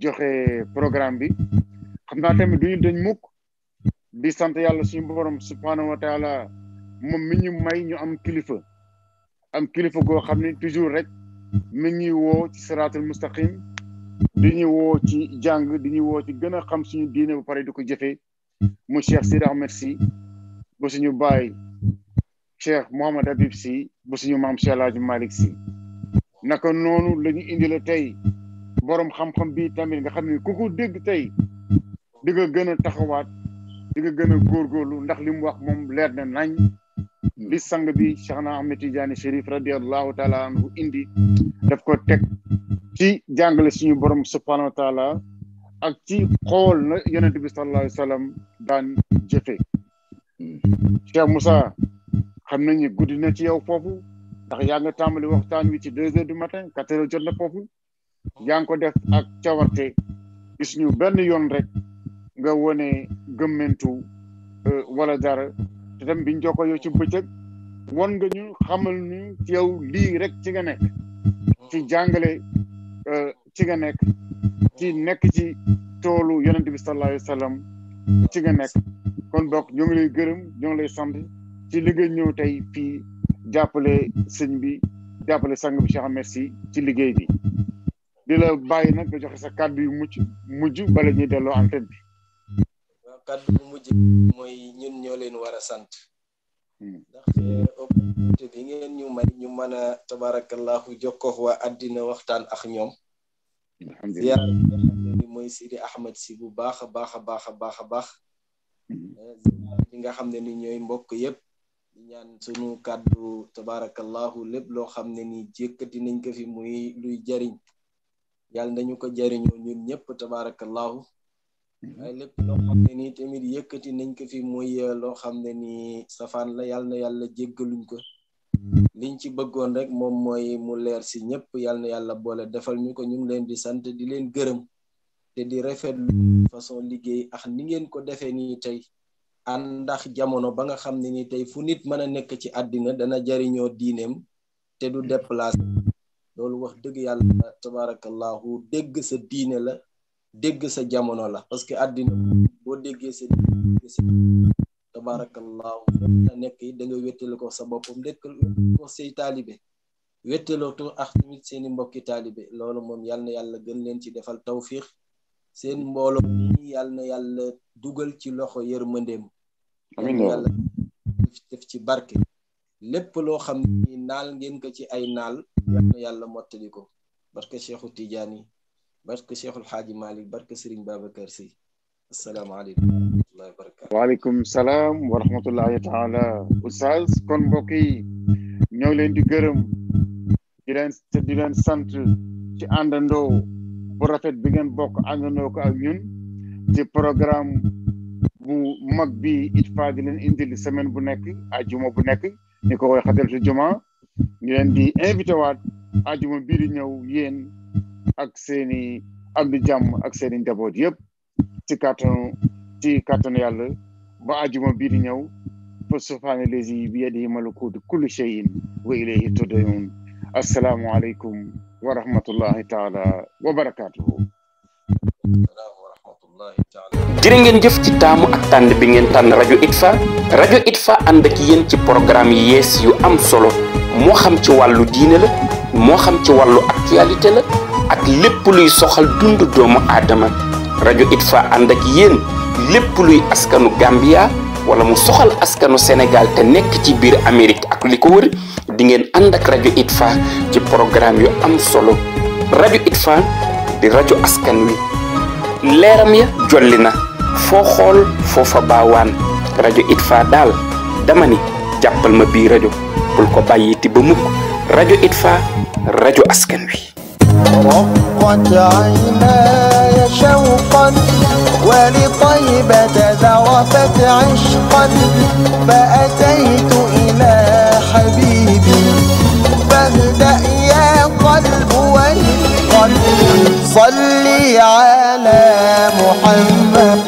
joxe programme bi xam naa tamit duñu dañ mukk bi sant yàlla suñu borom subhaanahu wa taala moom mi ñu may ñu am kilifa am kilifa goo xam ne toujours rek mi ñuy woo ci siraatul mustaqim di ñu woo ci jàng di ñuy woo ci gën a xam suñu diine ba pare di ko jëfee mu Cheikh Sidi Ahmed Sy suñu baay Cheikh Mouhamad Habib Sy ba suñu maam Cheikh El Hadj Malick naka noonu la ñu tey borom xam-xam bii tamit nga xam ne ku ko dégg tey di nga gën a taxawaat di nga gën a góorgóorlu ndax li mu wax moom leer na nañ li sang bi Cheikhna Ahmed Tidiane Chérif radiallahu taala anhu indi daf ko teg ci jàngale suñu borom subhanahu wa ak ci xool na yeneen bi sallallahu alayhi wa sallam daan jëfe Cheikh Moussa xam nañu guddi na ci yow foofu ndax yaa nga tàmbali waxtaan wi ci deux heures du matin quatre heures jot na foofu yaa ngi def ak cawarte gis ñu benn yoon rek nga wone gëmmentu euh, wala dara te tam biñ jokkoo yow ci bëccëg won nga ñu xamal ñu ci yow lii rek ci nga nekk ci jàngale euh, ci nga nekk ci nekk ci toolu yonent bi sallallahu alayhi ci nga nekk kon bokk ñu ngi lay gërëm ñu ngi lay sant ci liggéey nga tey fii jàppale sëñ bi jàppale sang bi Cheikh ci liggéey bi di la bàyyi nag nga joxe sa kàddu yu mucc mujj bala ñuy delloo antenne bi waaw kàddu kan bu mujj mooy ñun ñoo leen war a sant hmm. ndax eh, opportunité bi ngeen ñu may ñu mën a tabarakallahu jokkoo waa àddina waxtaan ak ñoom ziar bi nga xam ne mooy Sidi Ahmed si bu baax a baax a baax a baax a baax hmm. eh, ziar nga xam ne ni ñooy mbokk yépp ñaan sunu kàddu tabarakallahu lépp loo xam ne ni jékkati nañ ko fi muy luy jariñ yàlla nañu ko jariñoo ñun ñëpp tabaarakallaahu waaye lépp loo xam ne nii tamit yëkkati nañ ko fi mooy eh, loo xam ne nii safaan la yàlla na yàlla jéggaluñ ko liñ ci bëggoon rek moom mooy mu leer si ñëpp yàlla na yàlla boole defal ñu ko ñu ngi leen di sant di leen gërëm te di rafetlu façon liggéey ak ni ngeen ko defee nii tey àndax jamono ba nga xam ne nii tey fu nit mën a nekk ci àddina dana jariñoo diineem te du déplacé loolu wax dëgg yàlla tabarakallahu dégg sa diine la dégg sa jamono la parce que àddina boo déggee sa diine tabarakallahu la nekk yi da nga wéttali ko sa boppam ndekk ko say taalibe wéttaloo to ak tamit seeni mbokki taalibe loolu moom yàlla na yàlla gën leen ci defal tawfiix seen mboolo nii yal na yàlla dugal ci loxo yërmandeem amiin def ci barke lépp loo xam ni naal ngeen ko ci ay naal yàlla yàlla mottali ko barke Cheikhul Tidiane barke Cheikhul Xaaji Malik barke Serigne Babacar Sy asalaamaaleykum wa rahmatullahi wa barakatu salaam wa rahmatullahi taala oustaz kon mbokk yi ñoo leen di gërëm di leen di leen sant ci àndandoo bu rafet bi ngeen bokk àndandoo ko ak ñun ci programme bu mag bi ITFA di leen indil semaine bu nekk ajuma bu nekk ñu ko woy xatal tu juma ñu invité waat ajuma bii di ñëw yéen ak seen i ak di jàmm ak njaboot yëpp ci kàttanu ci kàttanu yàlla ba ajuma bii di ñëw fa subhaana lazi bi yadihi malakuutu kulli shay'in wa ilayhi turja'uun assalaamu taala wa jërë ngeen jëf ci taamu ak tànn bi ngeen tànn rajo ITFA rajo ITFA ànd ak yéen ci programme yu am solo moo xam ci wàllu diine la moo xam ci wàllu actualité la ak lépp luy soxal dund doomu aadama rajo ITFA ànd ak yéen lépp luy askanu Gambia wala mu soxal askanu Senegal, te nekk ci biir Amérique ak li ko wër di ngeen ànd ak rajo ITFA ci programme yu am solo Radio ITFA di rajo askan wi. leeram ya jolli na foo xool fa baawaan rajo Itfa daal dama ni jàppal ma bii rajo bul ko bàyyiti ba mukk rajo Itfa rajo askan wi شوقا ولطيبة ذرفت عشقا فأتيت إلى حبيبي صل على محمد